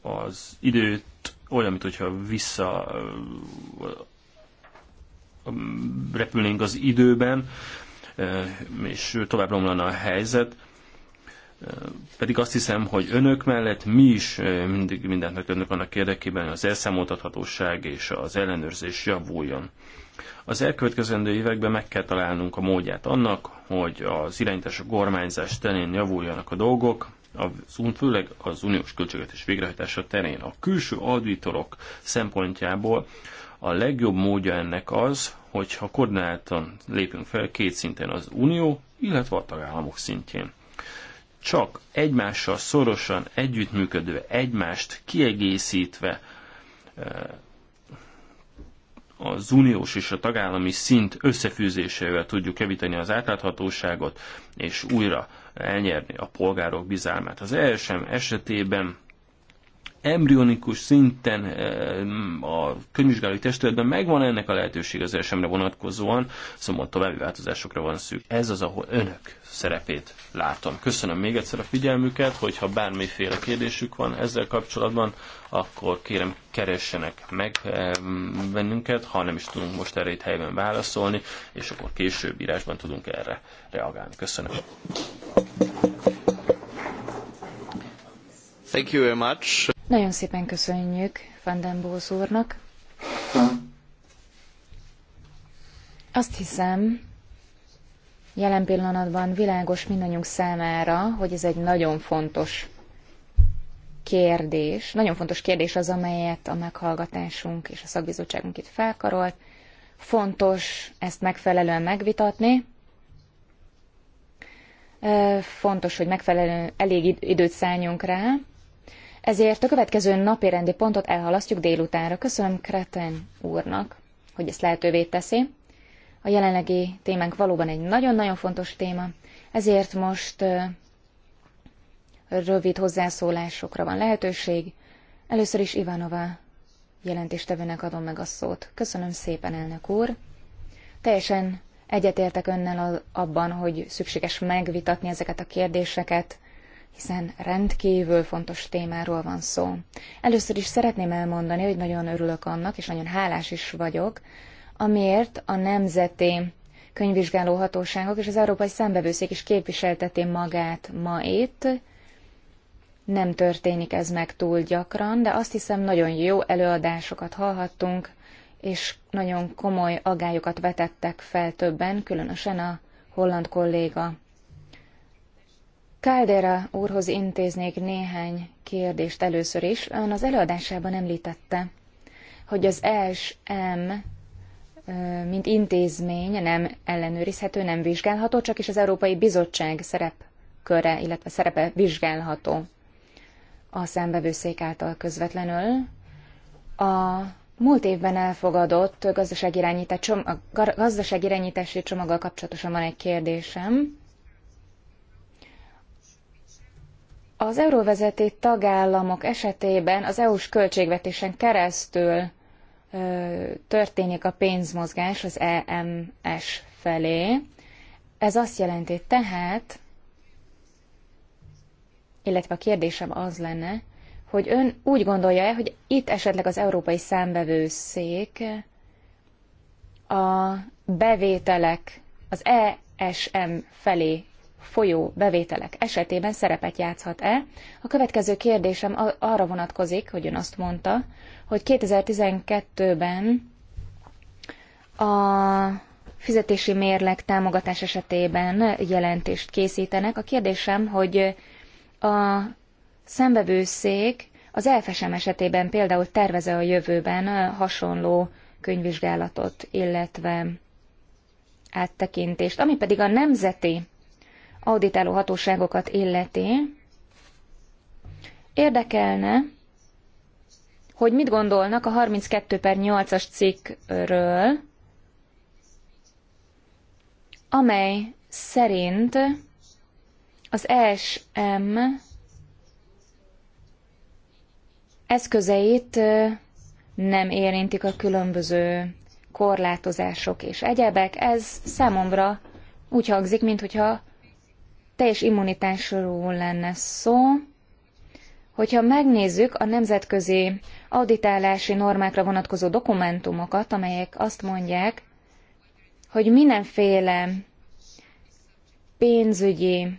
Speaker 3: az időt, olyan, mintha vissza repülnénk az időben, és tovább romlana a helyzet. Pedig azt hiszem, hogy önök mellett mi is mindig mindent megtennünk annak érdekében, hogy az elszámoltathatóság és az ellenőrzés javuljon. Az elkövetkezendő években meg kell találnunk a módját annak, hogy az irányítás a kormányzás terén javuljanak a dolgok, az, főleg az uniós költségvetés végrehajtása terén. A külső auditorok szempontjából a legjobb módja ennek az, hogyha koordináltan lépünk fel két szinten, az unió, illetve a tagállamok szintjén. Csak egymással szorosan együttműködve, egymást kiegészítve eh, az uniós és a tagállami szint összefűzésével tudjuk evíteni az átláthatóságot, és újra elnyerni a polgárok bizalmát. Az ESM esetében embrionikus szinten eh, a könyvvizsgálói testületben megvan ennek a lehetőség az elsőmre vonatkozóan, szóval további változásokra van szükség. Ez az, ahol önök szerepét látom. Köszönöm még egyszer a figyelmüket, hogyha bármiféle kérdésük van ezzel kapcsolatban, akkor kérem keressenek meg eh, bennünket, ha nem is tudunk most erre itt helyben válaszolni, és akkor később írásban tudunk erre reagálni. Köszönöm. Thank you very much.
Speaker 1: Nagyon szépen köszönjük Vandenbóz úrnak. Azt hiszem, jelen pillanatban világos mindannyiunk számára, hogy ez egy nagyon fontos kérdés, nagyon fontos kérdés az, amelyet a meghallgatásunk és a szakbizottságunk itt felkarolt. Fontos ezt megfelelően megvitatni. Fontos, hogy megfelelően elég időt szálljunk rá, ezért a következő napi rendi pontot elhalasztjuk délutánra. Köszönöm Kreten úrnak, hogy ezt lehetővé teszi. A jelenlegi témánk valóban egy nagyon-nagyon fontos téma, ezért most rövid hozzászólásokra van lehetőség. Először is Ivanova jelentéstevőnek adom meg a szót. Köszönöm szépen, elnök úr. Teljesen egyetértek önnel abban, hogy szükséges megvitatni ezeket a kérdéseket, hiszen rendkívül fontos témáról van szó. Először is szeretném elmondani, hogy nagyon örülök annak, és nagyon hálás is vagyok, amiért a Nemzeti Könyvvizsgáló Hatóságok és az Európai Számbevőszék is képviselteti magát ma itt. Nem történik ez meg túl gyakran, de azt hiszem nagyon jó előadásokat hallhattunk, és nagyon komoly agályokat vetettek fel többen, különösen a holland kolléga. Caldera úrhoz intéznék néhány kérdést először is. Ön az előadásában említette, hogy az ESM mint intézmény nem ellenőrizhető, nem vizsgálható, csak is az Európai Bizottság szerepköre, illetve szerepe vizsgálható a számbevőszék által közvetlenül. A múlt évben elfogadott gazdaságirányítási csomag, gazdaságirányítási csomaggal kapcsolatosan van egy kérdésem. Az euróvezeti tagállamok esetében az EU-s költségvetésen keresztül ö, történik a pénzmozgás az EMS felé. Ez azt jelenti tehát, illetve a kérdésem az lenne, hogy ön úgy gondolja-e, hogy itt esetleg az Európai Számbevőszék a bevételek az ESM felé folyó bevételek esetében szerepet játszhat-e? A következő kérdésem arra vonatkozik, hogy ön azt mondta, hogy 2012-ben a fizetési mérleg támogatás esetében jelentést készítenek. A kérdésem, hogy a szembevőszék az elfesem esetében például terveze a jövőben hasonló könyvvizsgálatot, illetve áttekintést, ami pedig a nemzeti auditáló hatóságokat illeti, érdekelne, hogy mit gondolnak a 32 per 8-as cikkről, amely szerint az e SM eszközeit nem érintik a különböző korlátozások és egyebek. Ez számomra úgy hangzik, mintha teljes immunitásról lenne szó, Hogyha megnézzük a nemzetközi auditálási normákra vonatkozó dokumentumokat, amelyek azt mondják, hogy mindenféle pénzügyi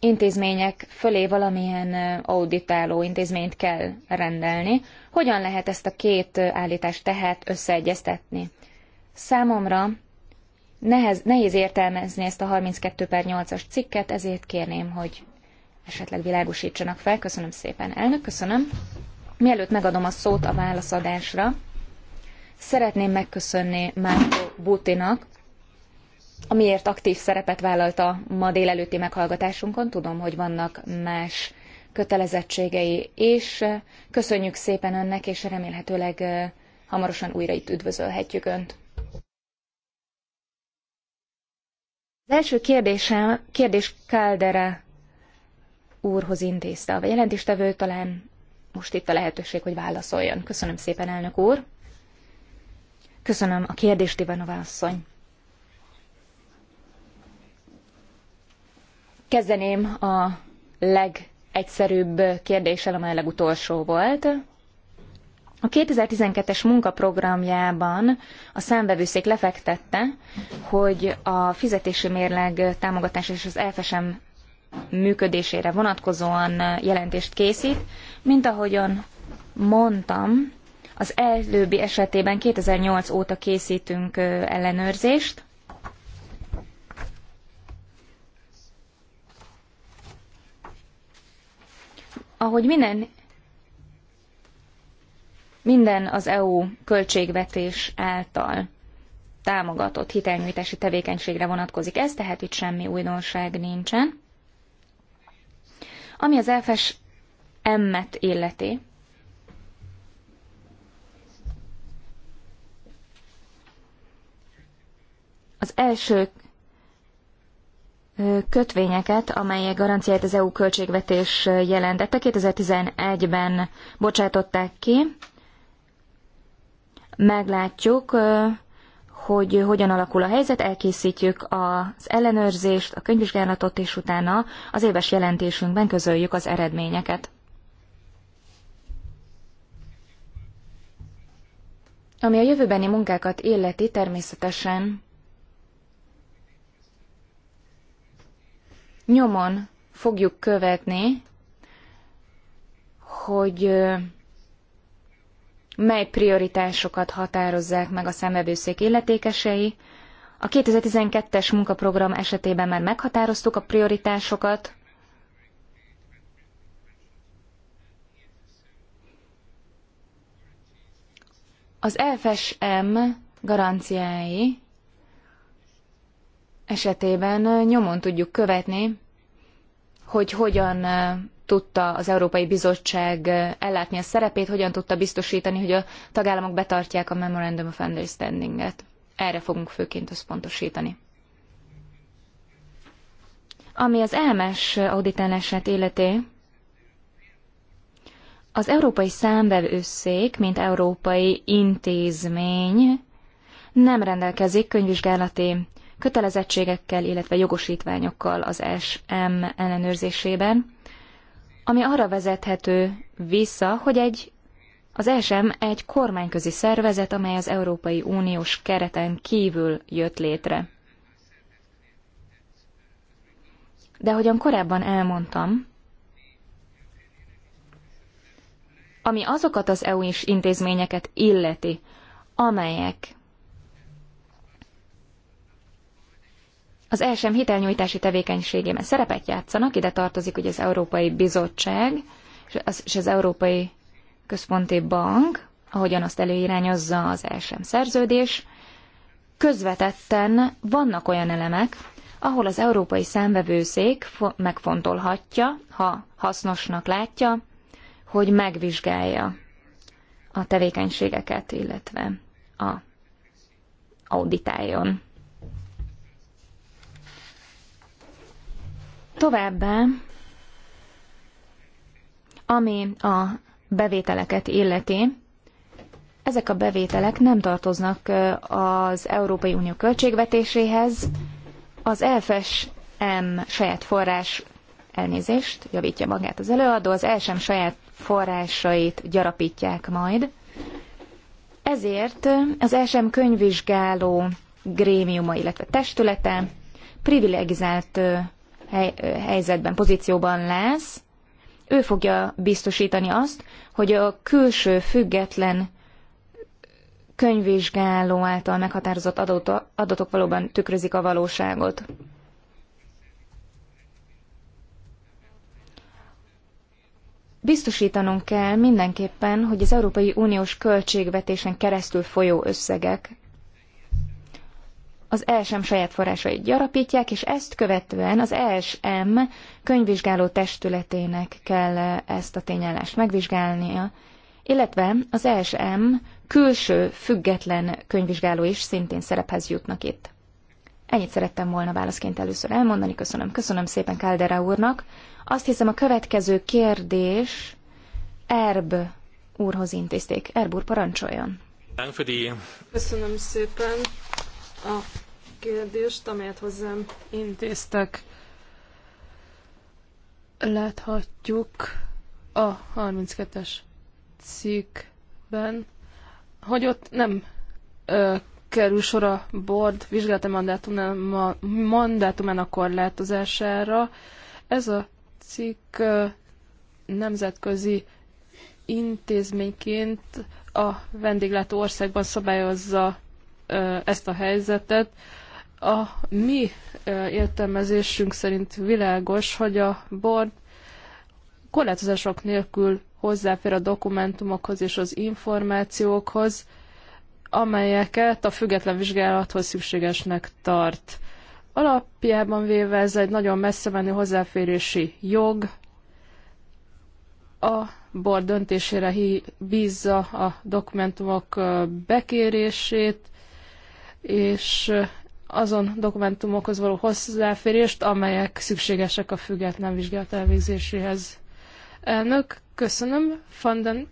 Speaker 1: intézmények fölé valamilyen auditáló intézményt kell rendelni, hogyan lehet ezt a két állítást tehát összeegyeztetni? Számomra nehez, nehéz értelmezni ezt a 32 per 8-as cikket, ezért kérném, hogy esetleg világosítsanak fel. Köszönöm szépen, elnök, köszönöm. Mielőtt megadom a szót a válaszadásra, szeretném megköszönni Márko Butinak, amiért aktív szerepet vállalt a ma délelőtti meghallgatásunkon. Tudom, hogy vannak más kötelezettségei, és köszönjük szépen önnek, és remélhetőleg eh, hamarosan újra itt üdvözölhetjük önt. első kérdésem, kérdés Caldera úrhoz intézte. A jelentéstevő talán most itt a lehetőség, hogy válaszoljon. Köszönöm szépen, elnök úr. Köszönöm a kérdést, Ivanova asszony. Kezdeném a legegyszerűbb kérdéssel, amely legutolsó volt. A 2012-es munkaprogramjában a számvevőszék lefektette, hogy a fizetési mérleg támogatás és az elfesem működésére vonatkozóan jelentést készít, mint ahogyan mondtam, az előbbi esetében 2008 óta készítünk ellenőrzést. Ahogy minden minden az EU költségvetés által támogatott hitelnyújtási tevékenységre vonatkozik. Ez tehát itt semmi újdonság nincsen. Ami az elfes emmet illeti, az első kötvényeket, amelyek garanciáját az EU költségvetés jelentette, 2011-ben bocsátották ki, meglátjuk, hogy hogyan alakul a helyzet, elkészítjük az ellenőrzést, a könyvvizsgálatot, és utána az éves jelentésünkben közöljük az eredményeket. Ami a jövőbeni munkákat illeti, természetesen nyomon fogjuk követni, hogy mely prioritásokat határozzák meg a számvevőszék illetékesei. A 2012-es munkaprogram esetében már meghatároztuk a prioritásokat, Az FSM garanciái esetében nyomon tudjuk követni, hogy hogyan tudta az Európai Bizottság eh, ellátni a szerepét, hogyan tudta biztosítani, hogy a tagállamok betartják a Memorandum of Understanding-et. Erre fogunk főként összpontosítani. Ami az EMS auditálását illeti, az Európai Számvevőszék, mint európai intézmény nem rendelkezik könyvvizsgálati kötelezettségekkel, illetve jogosítványokkal az SM ellenőrzésében ami arra vezethető vissza, hogy egy az ESM egy kormányközi szervezet, amely az Európai Uniós kereten kívül jött létre. De ahogyan korábban elmondtam, ami azokat az EU-s intézményeket illeti, amelyek az ESM hitelnyújtási tevékenységében szerepet játszanak, ide tartozik ugye az Európai Bizottság és az Európai Központi Bank, ahogyan azt előirányozza az ESM szerződés, közvetetten vannak olyan elemek, ahol az Európai Számvevőszék megfontolhatja, ha hasznosnak látja, hogy megvizsgálja a tevékenységeket, illetve a auditáljon. Továbbá, ami a bevételeket illeti, ezek a bevételek nem tartoznak az Európai Unió költségvetéséhez. Az FSM saját forrás elnézést, javítja magát az előadó, az ESM saját forrásait gyarapítják majd. Ezért az ESM könyvvizsgáló grémiuma, illetve testülete privilegizált helyzetben, pozícióban lesz, ő fogja biztosítani azt, hogy a külső független könyvvizsgáló által meghatározott adatok valóban tükrözik a valóságot. Biztosítanunk kell mindenképpen, hogy az Európai Uniós költségvetésen keresztül folyó összegek az ESM saját forrásait gyarapítják, és ezt követően az ESM könyvvizsgáló testületének kell ezt a tényállást megvizsgálnia, illetve az ESM külső független könyvvizsgáló is szintén szerephez jutnak itt. Ennyit szerettem volna válaszként először elmondani, köszönöm. Köszönöm szépen Caldera úrnak. Azt hiszem a következő kérdés Erb úrhoz intézték. Erb úr, parancsoljon.
Speaker 3: Köszönöm
Speaker 2: szépen a kérdést, amelyet hozzám intéztek. Láthatjuk a 32-es cikkben, hogy ott nem ö, kerül sor a board vizsgálata mandátumának korlátozására. Ez a cikk ö, nemzetközi intézményként a vendéglátó országban szabályozza ezt a helyzetet. A mi értelmezésünk szerint világos, hogy a board korlátozások nélkül hozzáfér a dokumentumokhoz és az információkhoz, amelyeket a független vizsgálathoz szükségesnek tart. Alapjában véve ez egy nagyon messze menő hozzáférési jog. A bor döntésére bízza a dokumentumok bekérését, és azon dokumentumokhoz való hozzáférést, amelyek szükségesek a független vizsgálat elvégzéséhez. Elnök, köszönöm. Fanden...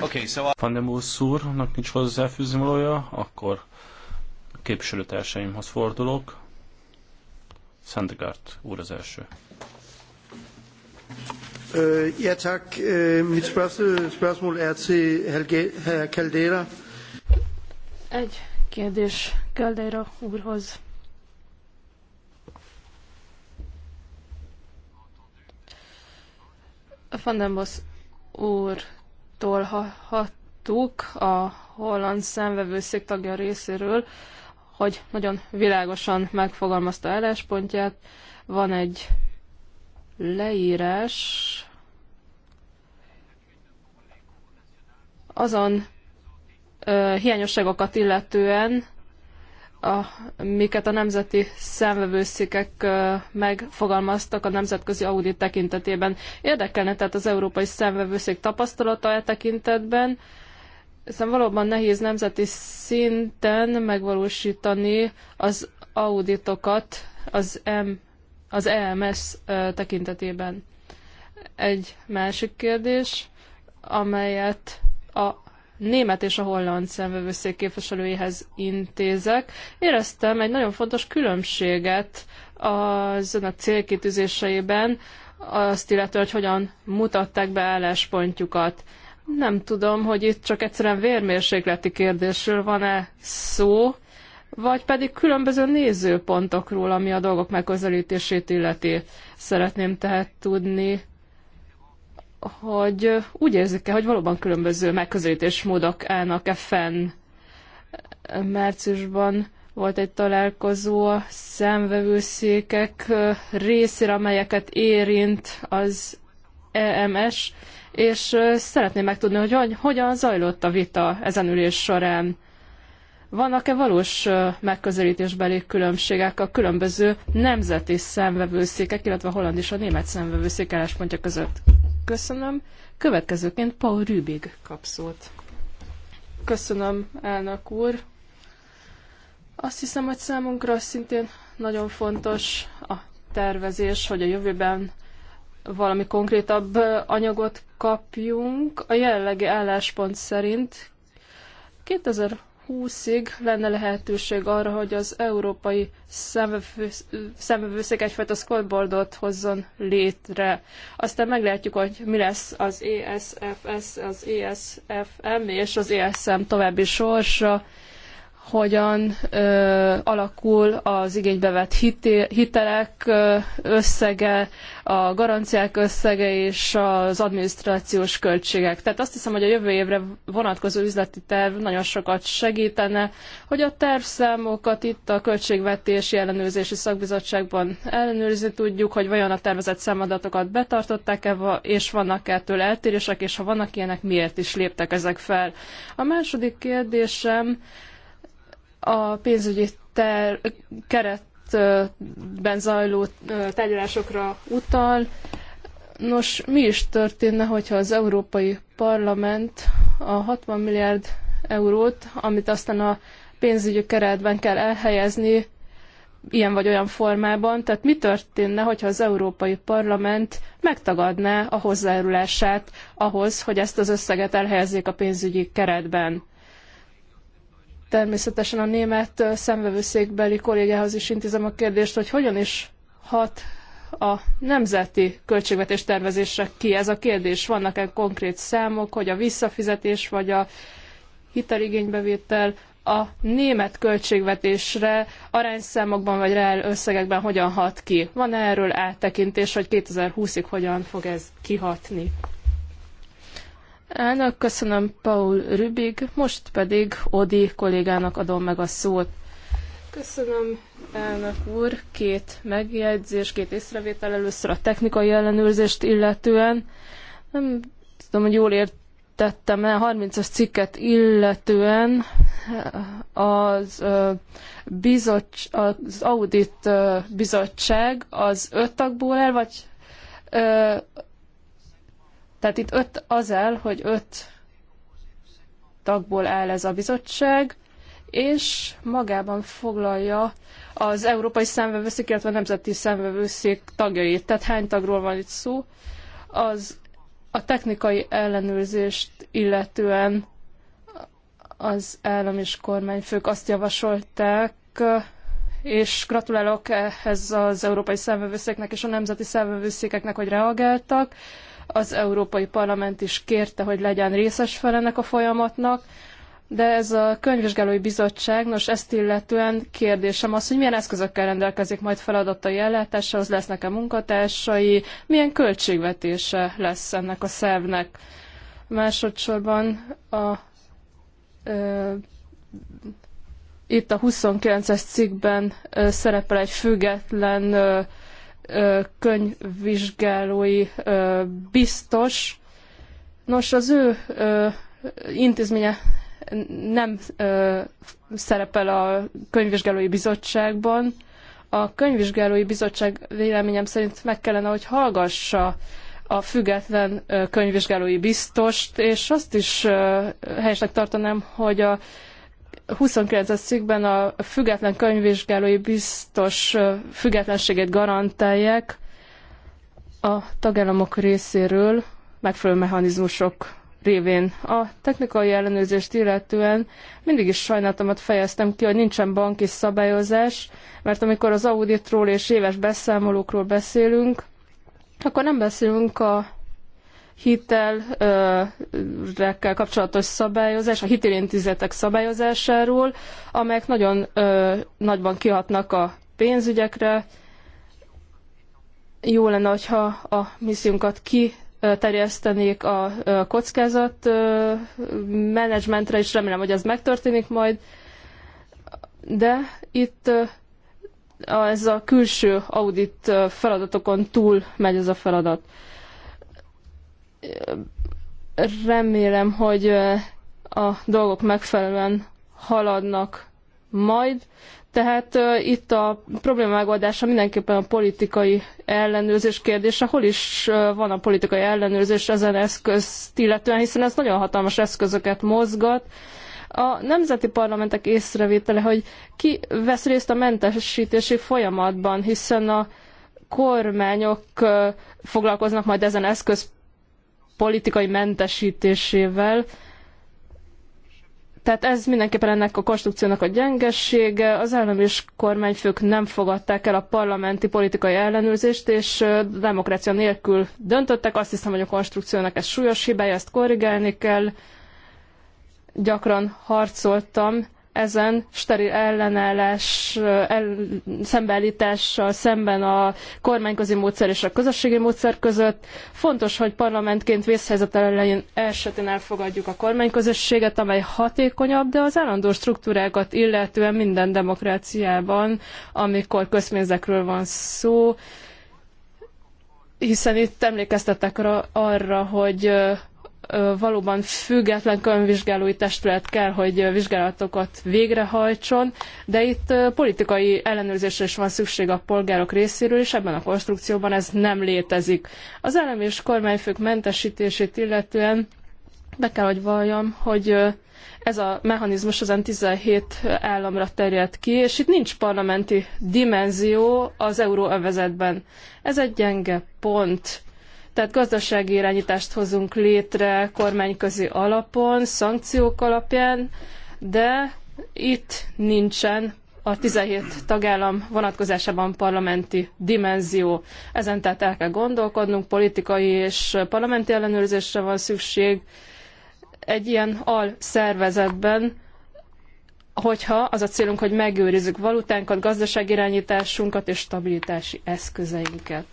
Speaker 3: Okay, so I... Fandemúsz úrnak nincs hozzáfűzni valója, akkor a képviselőtársaimhoz fordulok. Sandegard úr az első.
Speaker 1: Uh, ja, tak. Uh, mit spørgsmål, spørgsmål er til
Speaker 3: hr. Caldera.
Speaker 2: Egy Kérdés Keldeira úrhoz. A Fandembos úrtól hallhattuk a holland szemvevőszék tagja részéről, hogy nagyon világosan megfogalmazta álláspontját. Van egy leírás azon hiányosságokat illetően, amiket a nemzeti számvevőszékek megfogalmaztak a nemzetközi audit tekintetében. Érdekelne tehát az európai számvevőszék tapasztalata e tekintetben, hiszen valóban nehéz nemzeti szinten megvalósítani az auditokat az, M, az EMS tekintetében. Egy másik kérdés, amelyet a német és a holland szemvevőszék képviselőihez intézek, éreztem egy nagyon fontos különbséget az önök célkitűzéseiben, azt illetve, hogy hogyan mutatták be álláspontjukat. Nem tudom, hogy itt csak egyszerűen vérmérsékleti kérdésről van-e szó, vagy pedig különböző nézőpontokról, ami a dolgok megközelítését illeti. Szeretném tehát tudni, hogy úgy érzik-e, hogy valóban különböző megközelítésmódok állnak-e fenn. Márciusban volt egy találkozó a szemvevőszékek részére, amelyeket érint az EMS, és szeretném megtudni, hogy hogyan zajlott a vita ezen ülés során. Vannak-e valós megközelítésbeli különbségek a különböző nemzeti szemvevőszékek, illetve a holland és a német szemvevőszék álláspontja között? Köszönöm. Következőként Paul Rübig kap szót. Köszönöm, elnök úr. Azt hiszem, hogy számunkra szintén nagyon fontos a tervezés, hogy a jövőben valami konkrétabb anyagot kapjunk. A jelenlegi álláspont szerint 2000 2020-ig lenne lehetőség arra, hogy az európai szemövőszék egyfajta scoreboardot hozzon létre. Aztán meglátjuk, hogy mi lesz az ESFS, az ESFM és az ESM további sorsa hogyan ö, alakul az igénybe vett hitelek összege, a garanciák összege és az adminisztrációs költségek. Tehát azt hiszem, hogy a jövő évre vonatkozó üzleti terv nagyon sokat segítene, hogy a tervszámokat itt a Költségvetési Ellenőrzési Szakbizottságban ellenőrizni tudjuk, hogy vajon a tervezett számadatokat betartották-e, és vannak-e ettől eltérések, és ha vannak ilyenek, miért is léptek ezek fel. A második kérdésem, a pénzügyi ter- keretben zajló tárgyalásokra utal. Nos, mi is történne, hogyha az Európai Parlament a 60 milliárd eurót, amit aztán a pénzügyi keretben kell elhelyezni, ilyen vagy olyan formában. Tehát mi történne, hogyha az Európai Parlament megtagadná a hozzájárulását ahhoz, hogy ezt az összeget elhelyezzék a pénzügyi keretben? Természetesen a német szemvevőszékbeli kollégához is intézem a kérdést, hogy hogyan is hat a nemzeti költségvetés tervezésre ki ez a kérdés? Vannak-e konkrét számok, hogy a visszafizetés vagy a hiteligénybevétel a német költségvetésre arányszámokban vagy reál összegekben hogyan hat ki? Van -e erről áttekintés, hogy 2020-ig hogyan fog ez kihatni? Elnök, köszönöm Paul Rübig, most pedig Odi kollégának adom meg a szót. Köszönöm, elnök úr, két megjegyzés, két észrevétel először a technikai ellenőrzést illetően. Nem tudom, hogy jól értettem el, 30-as cikket illetően az, bizottság, az audit bizottság az öt tagból el, vagy tehát itt öt az el, hogy öt tagból áll ez a bizottság, és magában foglalja az európai Szemvevőszék, illetve a nemzeti Szemvevőszék tagjait. Tehát hány tagról van itt szó? Az a technikai ellenőrzést illetően az állam és kormányfők azt javasolták, és gratulálok ehhez az európai Szemvevőszéknek és a nemzeti Szemvevőszékeknek, hogy reagáltak, az Európai Parlament is kérte, hogy legyen részes fel ennek a folyamatnak, de ez a könyvvizsgálói bizottság, nos ezt illetően kérdésem az, hogy milyen eszközökkel rendelkezik majd feladatai ellátása, az lesznek-e munkatársai, milyen költségvetése lesz ennek a szervnek. Másodszorban a, itt a 29-es cikkben ö, szerepel egy független könyvvizsgálói biztos. Nos, az ő intézménye nem szerepel a könyvvizsgálói bizottságban. A könyvvizsgálói bizottság véleményem szerint meg kellene, hogy hallgassa a független könyvvizsgálói biztost, és azt is helyesnek tartanám, hogy a 29-es szükben a független könyvvizsgálói biztos függetlenségét garantálják a tagállamok részéről megfelelő mechanizmusok révén. A technikai ellenőrzést illetően mindig is sajnálatomat fejeztem ki, hogy nincsen banki szabályozás, mert amikor az auditról és éves beszámolókról beszélünk, akkor nem beszélünk a hitelrekkel kapcsolatos szabályozás, a hitélintézetek szabályozásáról, amelyek nagyon ö, nagyban kihatnak a pénzügyekre. Jó lenne, hogyha a missziunkat ki terjesztenék a kockázat menedzsmentre, és remélem, hogy ez megtörténik majd. De itt ez a külső audit feladatokon túl megy ez a feladat remélem, hogy a dolgok megfelelően haladnak majd. Tehát itt a probléma megoldása mindenképpen a politikai ellenőrzés kérdése. Hol is van a politikai ellenőrzés ezen eszközt illetően, hiszen ez nagyon hatalmas eszközöket mozgat. A nemzeti parlamentek észrevétele, hogy ki vesz részt a mentesítési folyamatban, hiszen a kormányok foglalkoznak majd ezen eszköz politikai mentesítésével. Tehát ez mindenképpen ennek a konstrukciónak a gyengessége. Az állam és kormányfők nem fogadták el a parlamenti politikai ellenőrzést, és demokrácia nélkül döntöttek. Azt hiszem, hogy a konstrukciónak ez súlyos hibája, ezt korrigálni kell. Gyakran harcoltam ezen steril ellenállás, el, szembeállítással szemben a kormányközi módszer és a közösségi módszer között. Fontos, hogy parlamentként vészhelyzet elején esetén elfogadjuk a kormányközösséget, amely hatékonyabb, de az állandó struktúrákat illetően minden demokráciában, amikor közpénzekről van szó, hiszen itt emlékeztetek arra, hogy valóban független könyvvizsgálói testület kell, hogy vizsgálatokat végrehajtson, de itt politikai ellenőrzésre is van szükség a polgárok részéről, és ebben a konstrukcióban ez nem létezik. Az állam és kormányfők mentesítését illetően be kell, hogy valljam, hogy ez a mechanizmus ezen 17 államra terjed ki, és itt nincs parlamenti dimenzió az euróövezetben. Ez egy gyenge pont tehát gazdasági irányítást hozunk létre kormányközi alapon, szankciók alapján, de itt nincsen a 17 tagállam vonatkozásában parlamenti dimenzió. Ezen tehát el kell gondolkodnunk, politikai és parlamenti ellenőrzésre van szükség egy ilyen szervezetben, hogyha az a célunk, hogy megőrizzük valutánkat, gazdaságirányításunkat és stabilitási eszközeinket.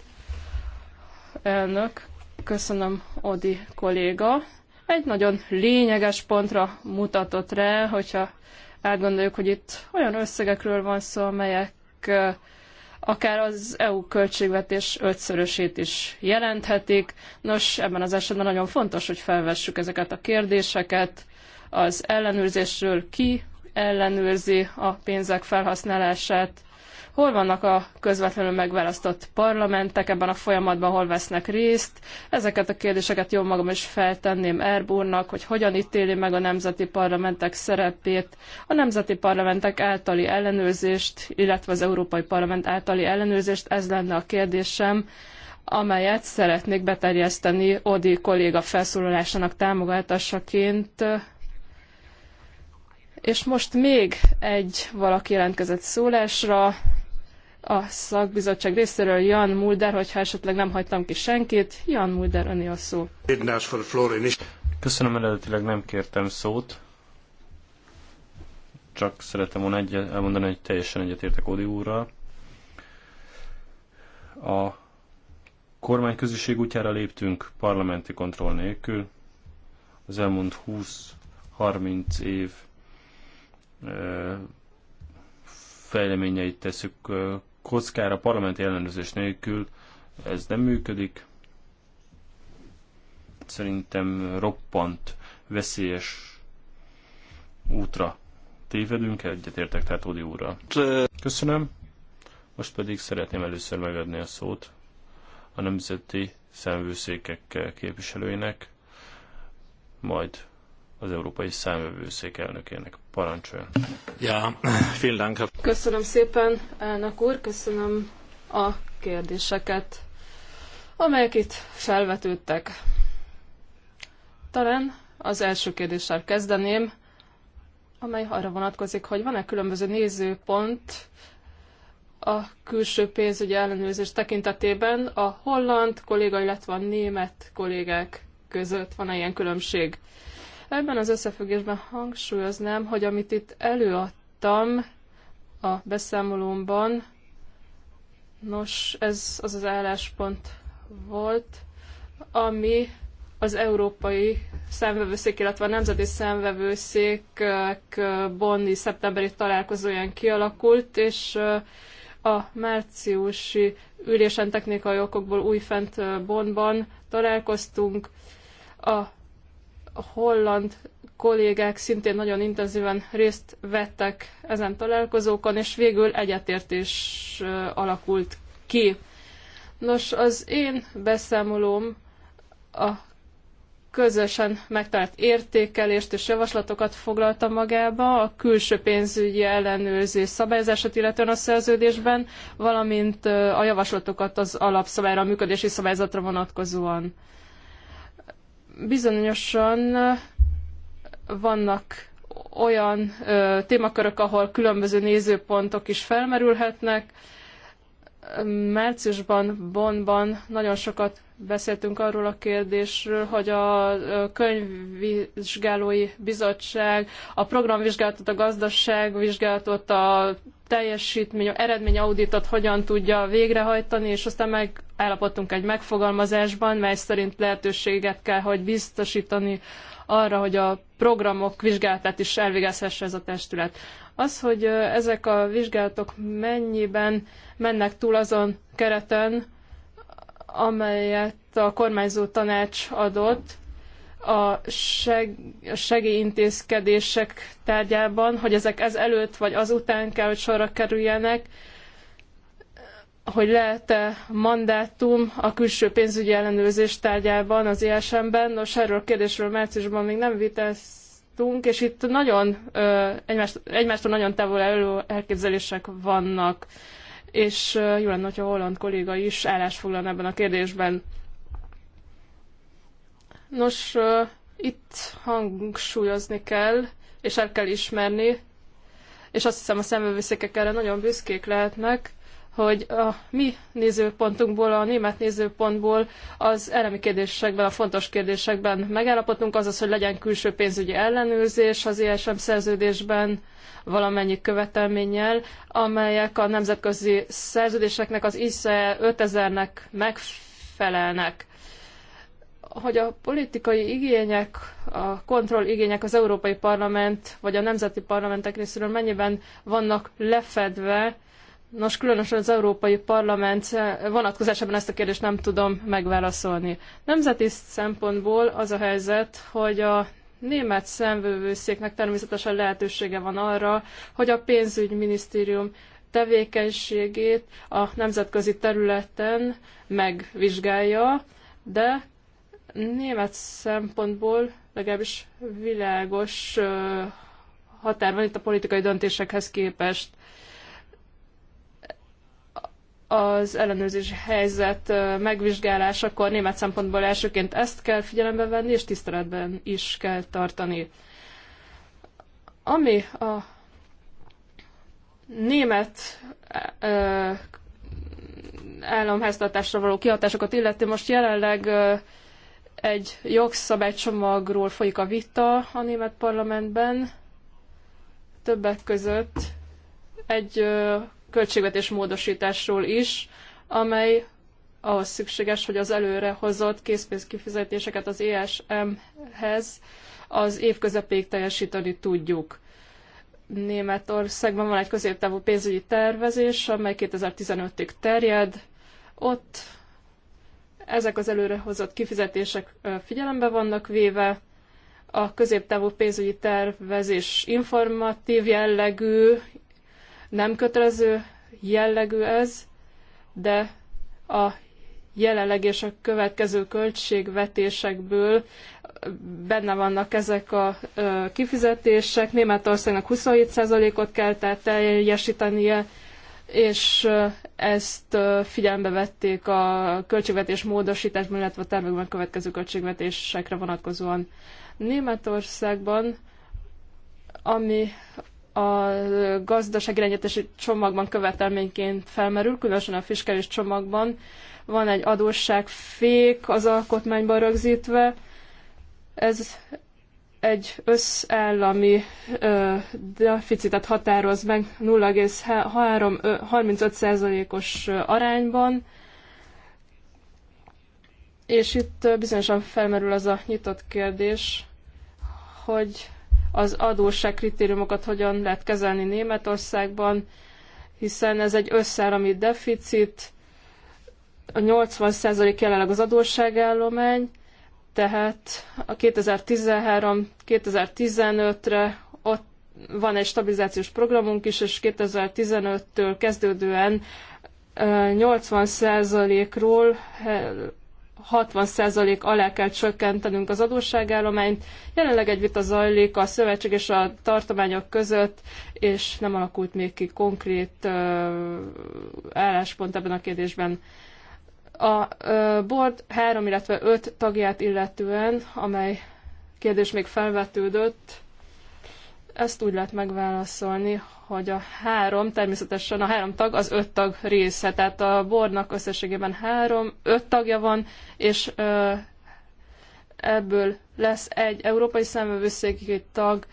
Speaker 2: Elnök, köszönöm Odi kolléga. Egy nagyon lényeges pontra mutatott rá, hogyha átgondoljuk, hogy itt olyan összegekről van szó, amelyek akár az EU költségvetés ötszörösét is jelenthetik. Nos, ebben az esetben nagyon fontos, hogy felvessük ezeket a kérdéseket. Az ellenőrzésről ki ellenőrzi a pénzek felhasználását, Hol vannak a közvetlenül megválasztott parlamentek ebben a folyamatban, hol vesznek részt? Ezeket a kérdéseket jól magam is feltenném Erbúrnak, hogy hogyan ítéli meg a nemzeti parlamentek szerepét, a nemzeti parlamentek általi ellenőrzést, illetve az Európai Parlament általi ellenőrzést, ez lenne a kérdésem amelyet szeretnék beterjeszteni Odi kolléga felszólalásának támogatásaként. És most még egy valaki jelentkezett szólásra, a szakbizottság részéről Jan Mulder, hogyha esetleg nem hagytam ki senkit. Jan Mulder, öné a szó.
Speaker 3: Köszönöm, eredetileg nem kértem szót. Csak szeretem volna egy, elmondani, hogy teljesen egyetértek Odi úrral. A kormány közösség útjára léptünk parlamenti kontroll nélkül. Az elmúlt 20-30 év fejleményeit teszük kockára parlamenti ellenőrzés nélkül ez nem működik. Szerintem roppant veszélyes útra tévedünk, egyetértek tehát Odi úrral. Köszönöm. Most pedig szeretném először megadni a szót a nemzeti szemvőszékek képviselőinek, majd az Európai Számövőszék elnökének. Parancsoljon! Ja, vielen Dank.
Speaker 2: Köszönöm szépen, elnök úr, köszönöm a kérdéseket, amelyek itt felvetődtek. Talán az első kérdéssel kezdeném, amely arra vonatkozik, hogy van-e különböző nézőpont a külső pénzügyi ellenőrzés tekintetében a holland kolléga, illetve a német kollégák között van-e ilyen különbség. Ebben az összefüggésben hangsúlyoznám, hogy amit itt előadtam a beszámolómban, nos, ez az az álláspont volt, ami az európai számvevőszék, illetve a nemzeti számvevőszék Bonni szeptemberi találkozóján kialakult, és a márciusi ülésen technikai okokból újfent Bonnban találkoztunk. A a holland kollégák szintén nagyon intenzíven részt vettek ezen találkozókon, és végül egyetértés alakult ki. Nos, az én beszámolóm a közösen megtalált értékelést és javaslatokat foglalta magába a külső pénzügyi ellenőrzés szabályozását, illetően a szerződésben, valamint a javaslatokat az alapszabályra, a működési szabályzatra vonatkozóan bizonyosan vannak olyan ö, témakörök, ahol különböző nézőpontok is felmerülhetnek, márciusban Bonnban nagyon sokat beszéltünk arról a kérdésről, hogy a könyvvizsgálói bizottság a programvizsgálatot, a gazdaságvizsgálatot, a teljesítmény, a eredmény auditot hogyan tudja végrehajtani, és aztán állapodtunk egy megfogalmazásban, mely szerint lehetőséget kell, hogy biztosítani arra, hogy a programok vizsgálatát is elvégezhesse ez a testület. Az, hogy ezek a vizsgálatok mennyiben mennek túl azon kereten, amelyet a kormányzó tanács adott a seg, segélyintézkedések tárgyában, hogy ezek ez előtt vagy azután kell, hogy sorra kerüljenek, hogy lehet-e mandátum a külső pénzügyi ellenőrzés tárgyában az ISM-ben. Nos, erről a kérdésről márciusban még nem vitesz tartunk, és itt nagyon egymást, egymástól nagyon távol elő elképzelések vannak, és jó lenne, hogyha a holland kolléga is állást foglalna ebben a kérdésben. Nos, itt hangsúlyozni kell, és el kell ismerni, és azt hiszem a szemövőszékek erre nagyon büszkék lehetnek, hogy a mi nézőpontunkból, a német nézőpontból az elemi kérdésekben, a fontos kérdésekben megállapodtunk, azaz, hogy legyen külső pénzügyi ellenőrzés az ISM szerződésben valamennyi követelménnyel, amelyek a nemzetközi szerződéseknek, az ISZE 5000-nek megfelelnek hogy a politikai igények, a kontroll igények az Európai Parlament vagy a nemzeti parlamentek részéről mennyiben vannak lefedve Nos, különösen az Európai Parlament vonatkozásában ezt a kérdést nem tudom megválaszolni. Nemzeti szempontból az a helyzet, hogy a német szemvővőszéknek természetesen lehetősége van arra, hogy a pénzügyminisztérium tevékenységét a nemzetközi területen megvizsgálja, de német szempontból legalábbis világos határ van itt a politikai döntésekhez képest az ellenőrzés helyzet megvizsgálásakor német szempontból elsőként ezt kell figyelembe venni, és tiszteletben is kell tartani. Ami a német államháztartásra való kihatásokat illeti, most jelenleg egy jogszabálycsomagról folyik a vita a német parlamentben, többek között egy költségvetés módosításról is, amely ahhoz szükséges, hogy az előre hozott készpénzkifizetéseket az ESM-hez az év közepéig teljesíteni tudjuk. Németországban van egy középtávú pénzügyi tervezés, amely 2015-ig terjed. Ott ezek az előrehozott kifizetések figyelembe vannak véve, a középtávú pénzügyi tervezés informatív jellegű, nem kötelező jellegű ez, de a jelenleg és a következő költségvetésekből benne vannak ezek a kifizetések. Németországnak 27%-ot kell tehát teljesítenie, és ezt figyelembe vették a költségvetés módosításban, illetve a tervekben következő költségvetésekre vonatkozóan. Németországban, ami a gazdasági rendetési csomagban követelményként felmerül, különösen a fiskális csomagban. Van egy adósságfék az alkotmányban rögzítve. Ez egy összállami ö, deficitet határoz meg 0,35%-os arányban, és itt bizonyosan felmerül az a nyitott kérdés, hogy az adósságkritériumokat hogyan lehet kezelni Németországban, hiszen ez egy összeállami deficit, a 80% jelenleg az adósságállomány, tehát a 2013-2015-re ott van egy stabilizációs programunk is, és 2015-től kezdődően 80%-ról 60% alá kell csökkentenünk az adósságállományt. Jelenleg egy vita zajlik a szövetség és a tartományok között, és nem alakult még ki konkrét álláspont ebben a kérdésben. A board három, illetve öt tagját illetően, amely kérdés még felvetődött, ezt úgy lehet megválaszolni, hogy a három, természetesen a három tag az öt tag része, tehát a bornak összességében három, öt tagja van, és ebből lesz egy európai szemvevőszéki tag,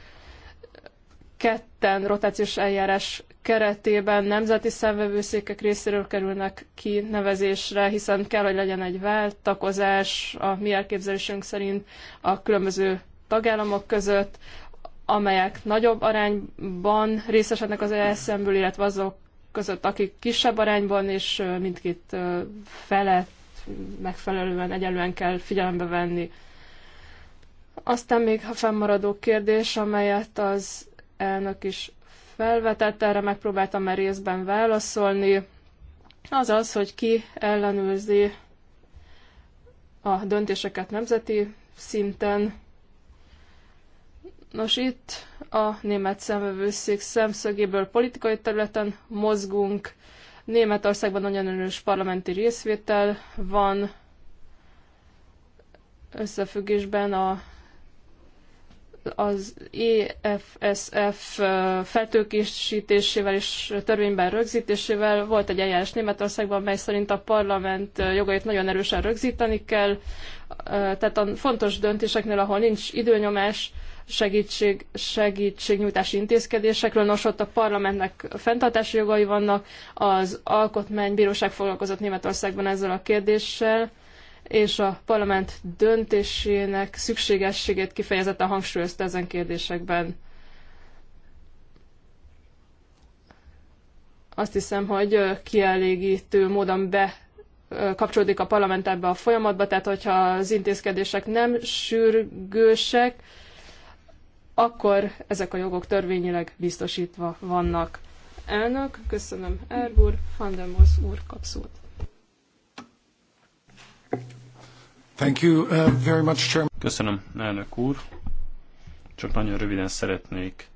Speaker 2: ketten rotációs eljárás keretében nemzeti szemvevőszékek részéről kerülnek ki nevezésre, hiszen kell, hogy legyen egy váltakozás a mi elképzelésünk szerint a különböző tagállamok között amelyek nagyobb arányban részesednek az ESM-ből, illetve azok között, akik kisebb arányban, és mindkét felet megfelelően, egyenlően kell figyelembe venni. Aztán még a fennmaradó kérdés, amelyet az elnök is felvetett, erre megpróbáltam már részben válaszolni, az az, hogy ki ellenőrzi a döntéseket nemzeti szinten, Nos, itt a német szemvevőszék szemszögéből politikai területen mozgunk. Németországban nagyon erős parlamenti részvétel van összefüggésben a az EFSF feltőkésítésével és törvényben rögzítésével volt egy eljárás Németországban, mely szerint a parlament jogait nagyon erősen rögzíteni kell. Tehát a fontos döntéseknél, ahol nincs időnyomás, segítség, segítségnyújtási intézkedésekről. Nos, ott a parlamentnek fenntartási jogai vannak, az alkotmánybíróság foglalkozott Németországban ezzel a kérdéssel, és a parlament döntésének szükségességét kifejezetten hangsúlyozta ezen kérdésekben. Azt hiszem, hogy kielégítő módon be kapcsolódik a parlament ebbe a folyamatba, tehát hogyha az intézkedések nem sürgősek, akkor ezek a jogok törvényileg biztosítva vannak. Elnök, köszönöm Erbur, Fandemos úr kapszót.
Speaker 3: Thank you uh, very much, Chairman. Köszönöm, elnök úr. Csak nagyon röviden szeretnék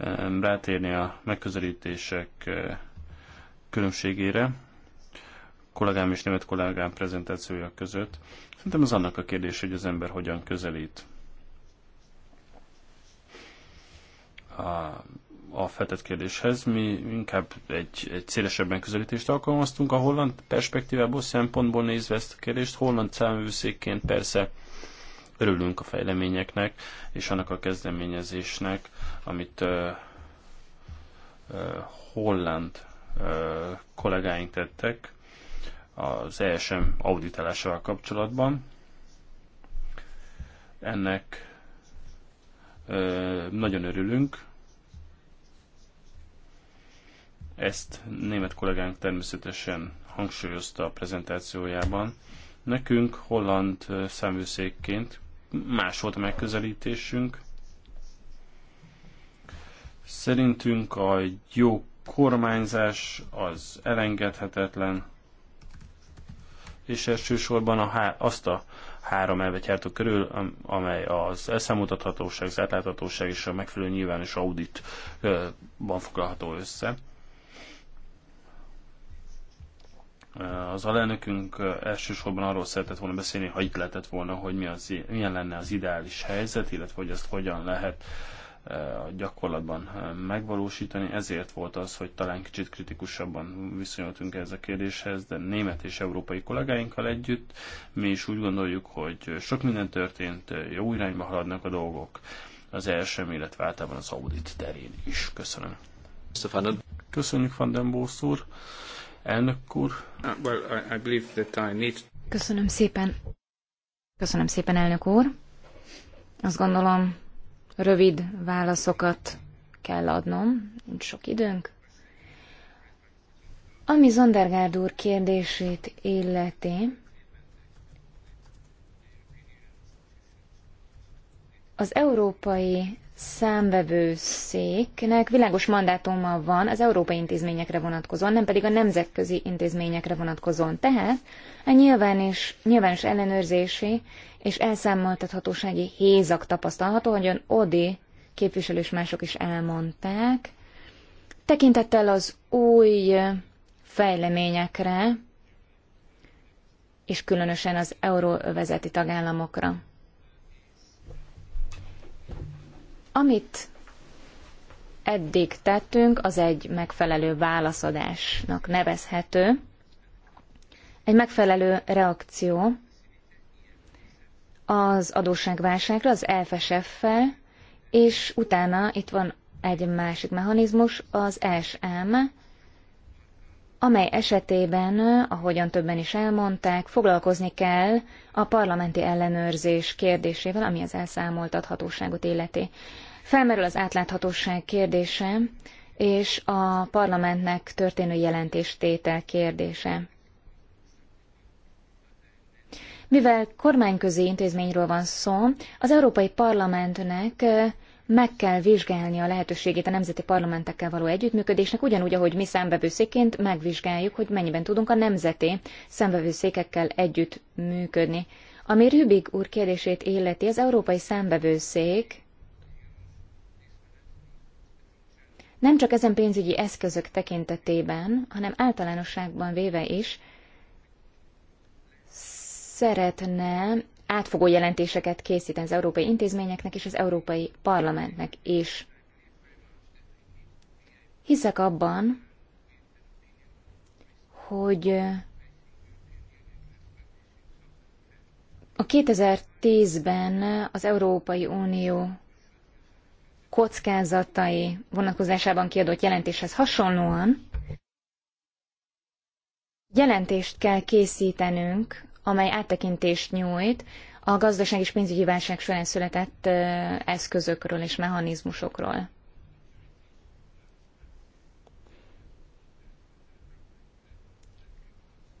Speaker 3: um, rátérni a megközelítések uh, különbségére kollégám és német kollégám prezentációja között. Szerintem az annak a kérdés, hogy az ember hogyan közelít a, a feltett kérdéshez. Mi inkább egy, egy szélesebb megközelítést alkalmaztunk. A holland perspektívából szempontból nézve ezt a kérdést, holland száműszékként persze örülünk a fejleményeknek és annak a kezdeményezésnek, amit uh, uh, holland uh, kollégáink tettek az ESM auditálásával kapcsolatban. Ennek nagyon örülünk, Ezt német kollégánk természetesen hangsúlyozta a prezentációjában. Nekünk holland számvőszékként más volt a megközelítésünk. Szerintünk a jó kormányzás az elengedhetetlen, és elsősorban a há azt a három elvet jártok körül, amely az elszámoltathatóság, az átláthatóság és a megfelelő nyilvános auditban foglalható össze. Az alelnökünk elsősorban arról szeretett volna beszélni, ha itt lehetett volna, hogy mi az, milyen lenne az ideális helyzet, illetve hogy ezt hogyan lehet a gyakorlatban megvalósítani. Ezért volt az, hogy talán kicsit kritikusabban viszonyultunk ez a kérdéshez, de német és európai kollégáinkkal együtt mi is úgy gondoljuk, hogy sok minden történt, jó irányba haladnak a dolgok az első, illetve általában az audit terén is. Köszönöm. Köszönjük, Fandenbósz úr. Elnök úr. Uh, well, I believe that I need...
Speaker 1: Köszönöm szépen. Köszönöm szépen, elnök úr. Azt gondolom, rövid válaszokat kell adnom, nincs sok időnk. Ami Zondergárd úr kérdését illeti, az európai számvevőszéknek világos mandátuma van az európai intézményekre vonatkozóan, nem pedig a nemzetközi intézményekre vonatkozóan. Tehát a nyilván és, nyilvános ellenőrzési és elszámoltathatósági hézak tapasztalható, hogy Odi képviselő és mások is elmondták. Tekintettel az új fejleményekre, és különösen az euróövezeti tagállamokra. Amit eddig tettünk, az egy megfelelő válaszadásnak nevezhető, egy megfelelő reakció az adósságválságra, az EFSF-fel, és utána itt van egy másik mechanizmus, az SM, amely esetében, ahogyan többen is elmondták, foglalkozni kell a parlamenti ellenőrzés kérdésével, ami az elszámoltathatóságot illeti. Felmerül az átláthatóság kérdése és a parlamentnek történő jelentéstétel kérdése. Mivel kormányközi intézményről van szó, az Európai Parlamentnek meg kell vizsgálni a lehetőségét a nemzeti parlamentekkel való együttműködésnek, ugyanúgy, ahogy mi számbevőszéként megvizsgáljuk, hogy mennyiben tudunk a nemzeti szembevőszékekkel együtt működni. Ami Rübig úr kérdését illeti, az Európai Szembevőszék nem csak ezen pénzügyi eszközök tekintetében, hanem általánosságban véve is szeretne átfogó jelentéseket készít az európai intézményeknek és az európai parlamentnek is. Hiszek abban, hogy a 2010-ben az Európai Unió kockázatai vonatkozásában kiadott jelentéshez hasonlóan jelentést kell készítenünk amely áttekintést nyújt a gazdaság és pénzügyi válság során született eszközökről és mechanizmusokról.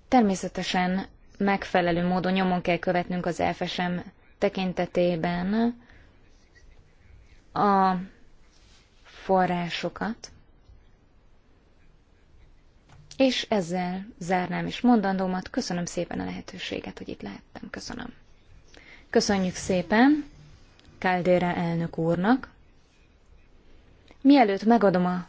Speaker 1: Természetesen megfelelő módon nyomon kell követnünk az FSM tekintetében a forrásokat. És ezzel zárnám is mondandómat. Köszönöm szépen a lehetőséget, hogy itt lehettem. Köszönöm. Köszönjük szépen Káldéra elnök úrnak. Mielőtt megadom a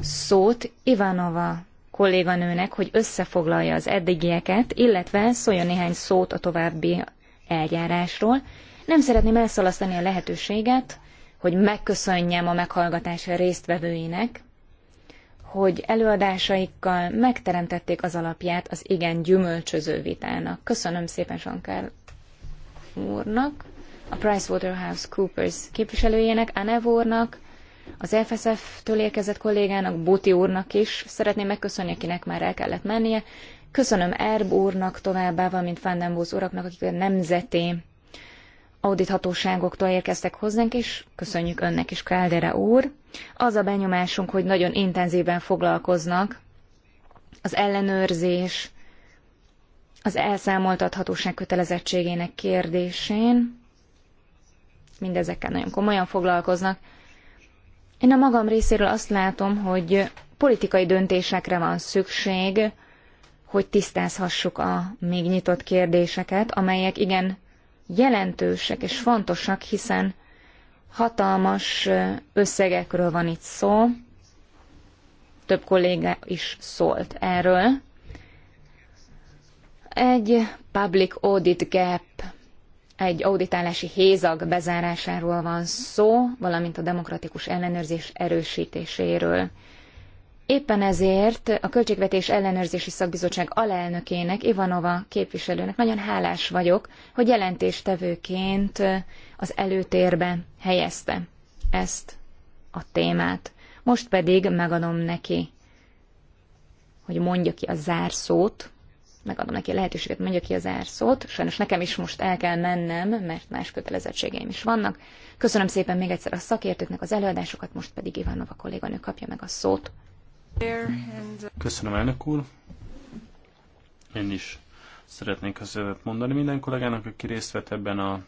Speaker 1: szót Ivanova kolléganőnek, hogy összefoglalja az eddigieket, illetve szóljon néhány szót a további eljárásról. Nem szeretném elszalasztani a lehetőséget, hogy megköszönjem a meghallgatás résztvevőinek, hogy előadásaikkal megteremtették az alapját az igen gyümölcsöző vitának. Köszönöm szépen Sankár úrnak, a PricewaterhouseCoopers képviselőjének, Anev úrnak, az FSF-től érkezett kollégának, Buti úrnak is. Szeretném megköszönni, akinek már el kellett mennie. Köszönöm Erb úrnak továbbá, valamint Fandembóz uraknak, akik a nemzeti audithatóságoktól érkeztek hozzánk, és köszönjük önnek is, Káldere úr. Az a benyomásunk, hogy nagyon intenzíven foglalkoznak az ellenőrzés, az elszámoltathatóság kötelezettségének kérdésén. Mindezekkel nagyon komolyan foglalkoznak. Én a magam részéről azt látom, hogy politikai döntésekre van szükség, hogy tisztázhassuk a még nyitott kérdéseket, amelyek igen jelentősek és fontosak, hiszen hatalmas összegekről van itt szó, több kolléga is szólt erről. Egy public audit gap, egy auditálási hézag bezárásáról van szó, valamint a demokratikus ellenőrzés erősítéséről. Éppen ezért a Költségvetés Ellenőrzési Szakbizottság alelnökének, Ivanova képviselőnek nagyon hálás vagyok, hogy jelentéstevőként az előtérbe helyezte ezt a témát. Most pedig megadom neki, hogy mondja ki a zárszót, megadom neki a lehetőséget, mondja ki a zárszót. Sajnos nekem is most el kell mennem, mert más kötelezettségeim is vannak. Köszönöm szépen még egyszer a szakértőknek az előadásokat, most pedig Ivanova kolléganő kapja meg a szót.
Speaker 3: Köszönöm, elnök úr. Én is szeretnék köszönet mondani minden kollégának, aki részt vett ebben a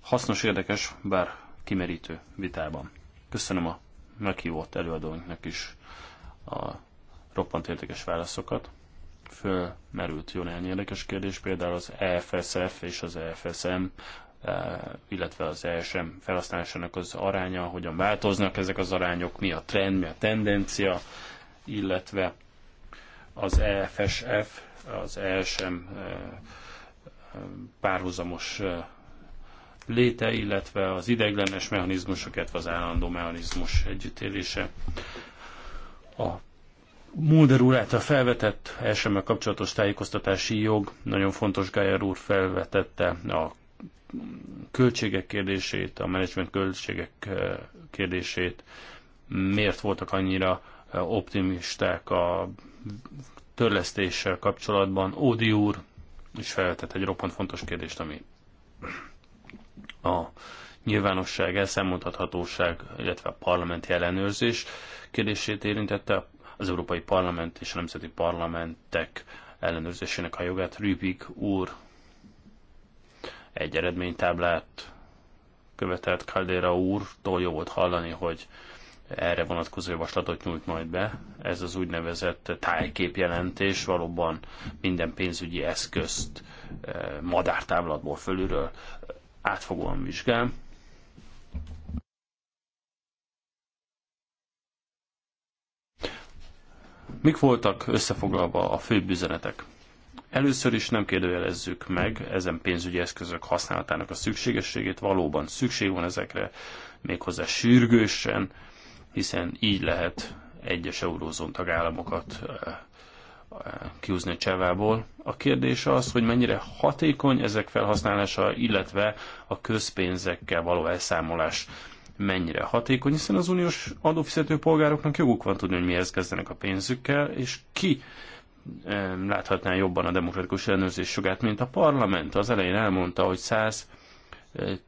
Speaker 3: hasznos, érdekes, bár kimerítő vitában. Köszönöm a meghívott előadóinknak is a roppant érdekes válaszokat. Fölmerült jó néhány érdekes kérdés, például az EFSF és az EFSM E, illetve az ESM felhasználásának az aránya, hogyan változnak ezek az arányok, mi a trend, mi a tendencia, illetve az EFSF, az ESM e, párhuzamos e, léte, illetve az ideiglenes mechanizmusok, illetve az állandó mechanizmus együttélése. A Mulder úr által felvetett esemmel kapcsolatos tájékoztatási jog, nagyon fontos Gájer úr felvetette a költségek kérdését, a menedzsment költségek eh, kérdését, miért voltak annyira eh, optimisták a törlesztéssel kapcsolatban. Ódi úr is felvetett egy roppant fontos kérdést, ami a nyilvánosság, elszámoltathatóság, illetve a parlamenti ellenőrzés kérdését érintette. Az Európai Parlament és a Nemzeti Parlamentek ellenőrzésének a jogát Rübig úr egy eredménytáblát követelt Caldera úrtól jó volt hallani, hogy erre vonatkozó javaslatot nyújt majd be. Ez az úgynevezett tájképjelentés valóban minden pénzügyi eszközt eh, madártáblatból fölülről átfogóan vizsgál. Mik voltak összefoglalva a fő üzenetek? Először is nem kérdőjelezzük meg ezen pénzügyi eszközök használatának a szükségességét, valóban szükség van ezekre, méghozzá sürgősen, hiszen így lehet egyes eurózón tagállamokat eh, eh, kiúzni a csevából. A kérdés az, hogy mennyire hatékony ezek felhasználása, illetve a közpénzekkel való elszámolás mennyire hatékony, hiszen az uniós adófizető polgároknak joguk van tudni, hogy mihez kezdenek a pénzükkel, és ki láthatná jobban a demokratikus ellenőrzés jogát, mint a parlament. Az elején elmondta, hogy 110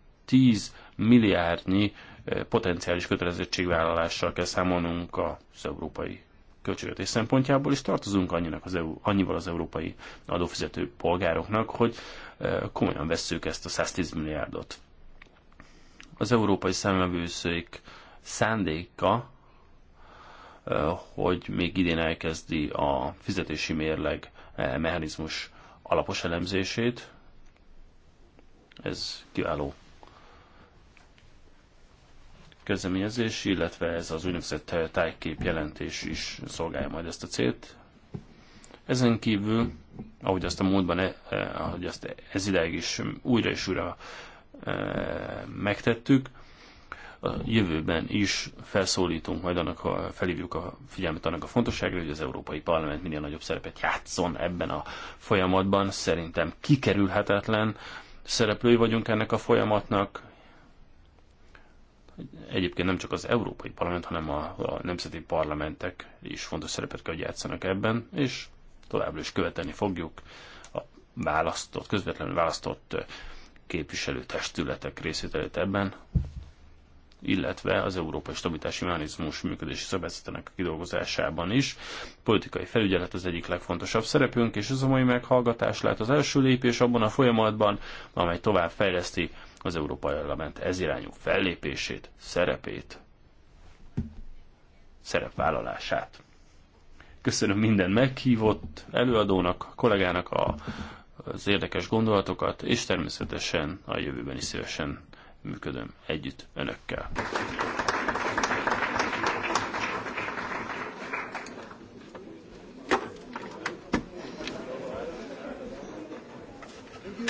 Speaker 3: milliárdnyi eh, potenciális kötelezettségvállalással kell számolnunk az európai költségvetés szempontjából, és tartozunk annyinak az EU, annyival az európai adófizető polgároknak, hogy eh, komolyan vesszük ezt a 110 milliárdot. Az európai számvevőszék szándéka Eh, hogy még idén elkezdi a fizetési mérleg eh, mechanizmus alapos elemzését. Ez kiváló kezdeményezés, illetve ez az úgynevezett tájkép jelentés is szolgálja majd ezt a célt. Ezen kívül, ahogy azt a múltban, e, eh, ahogy azt ez ideig is újra és újra megtettük, a jövőben is felszólítunk, majd annak a, felhívjuk a figyelmet annak a fontosságra, hogy az Európai Parlament minél nagyobb szerepet játszon ebben a folyamatban. Szerintem kikerülhetetlen szereplői vagyunk ennek a folyamatnak. Egyébként nem csak az Európai Parlament, hanem a, a nemzeti parlamentek is fontos szerepet kell, hogy játszanak ebben, és továbbra is követelni fogjuk a választott, közvetlenül választott képviselőtestületek részvételét ebben illetve az Európai Stabilitási Mechanizmus működési szabályzatának kidolgozásában is. Politikai felügyelet az egyik legfontosabb szerepünk, és ez a mai meghallgatás lehet az első lépés abban a folyamatban, amely tovább fejleszti az Európai Parlament ezirányú fellépését, szerepét, szerepvállalását. Köszönöm minden meghívott előadónak, kollégának a, az érdekes gondolatokat, és természetesen a jövőben is szívesen működöm együtt önökkel.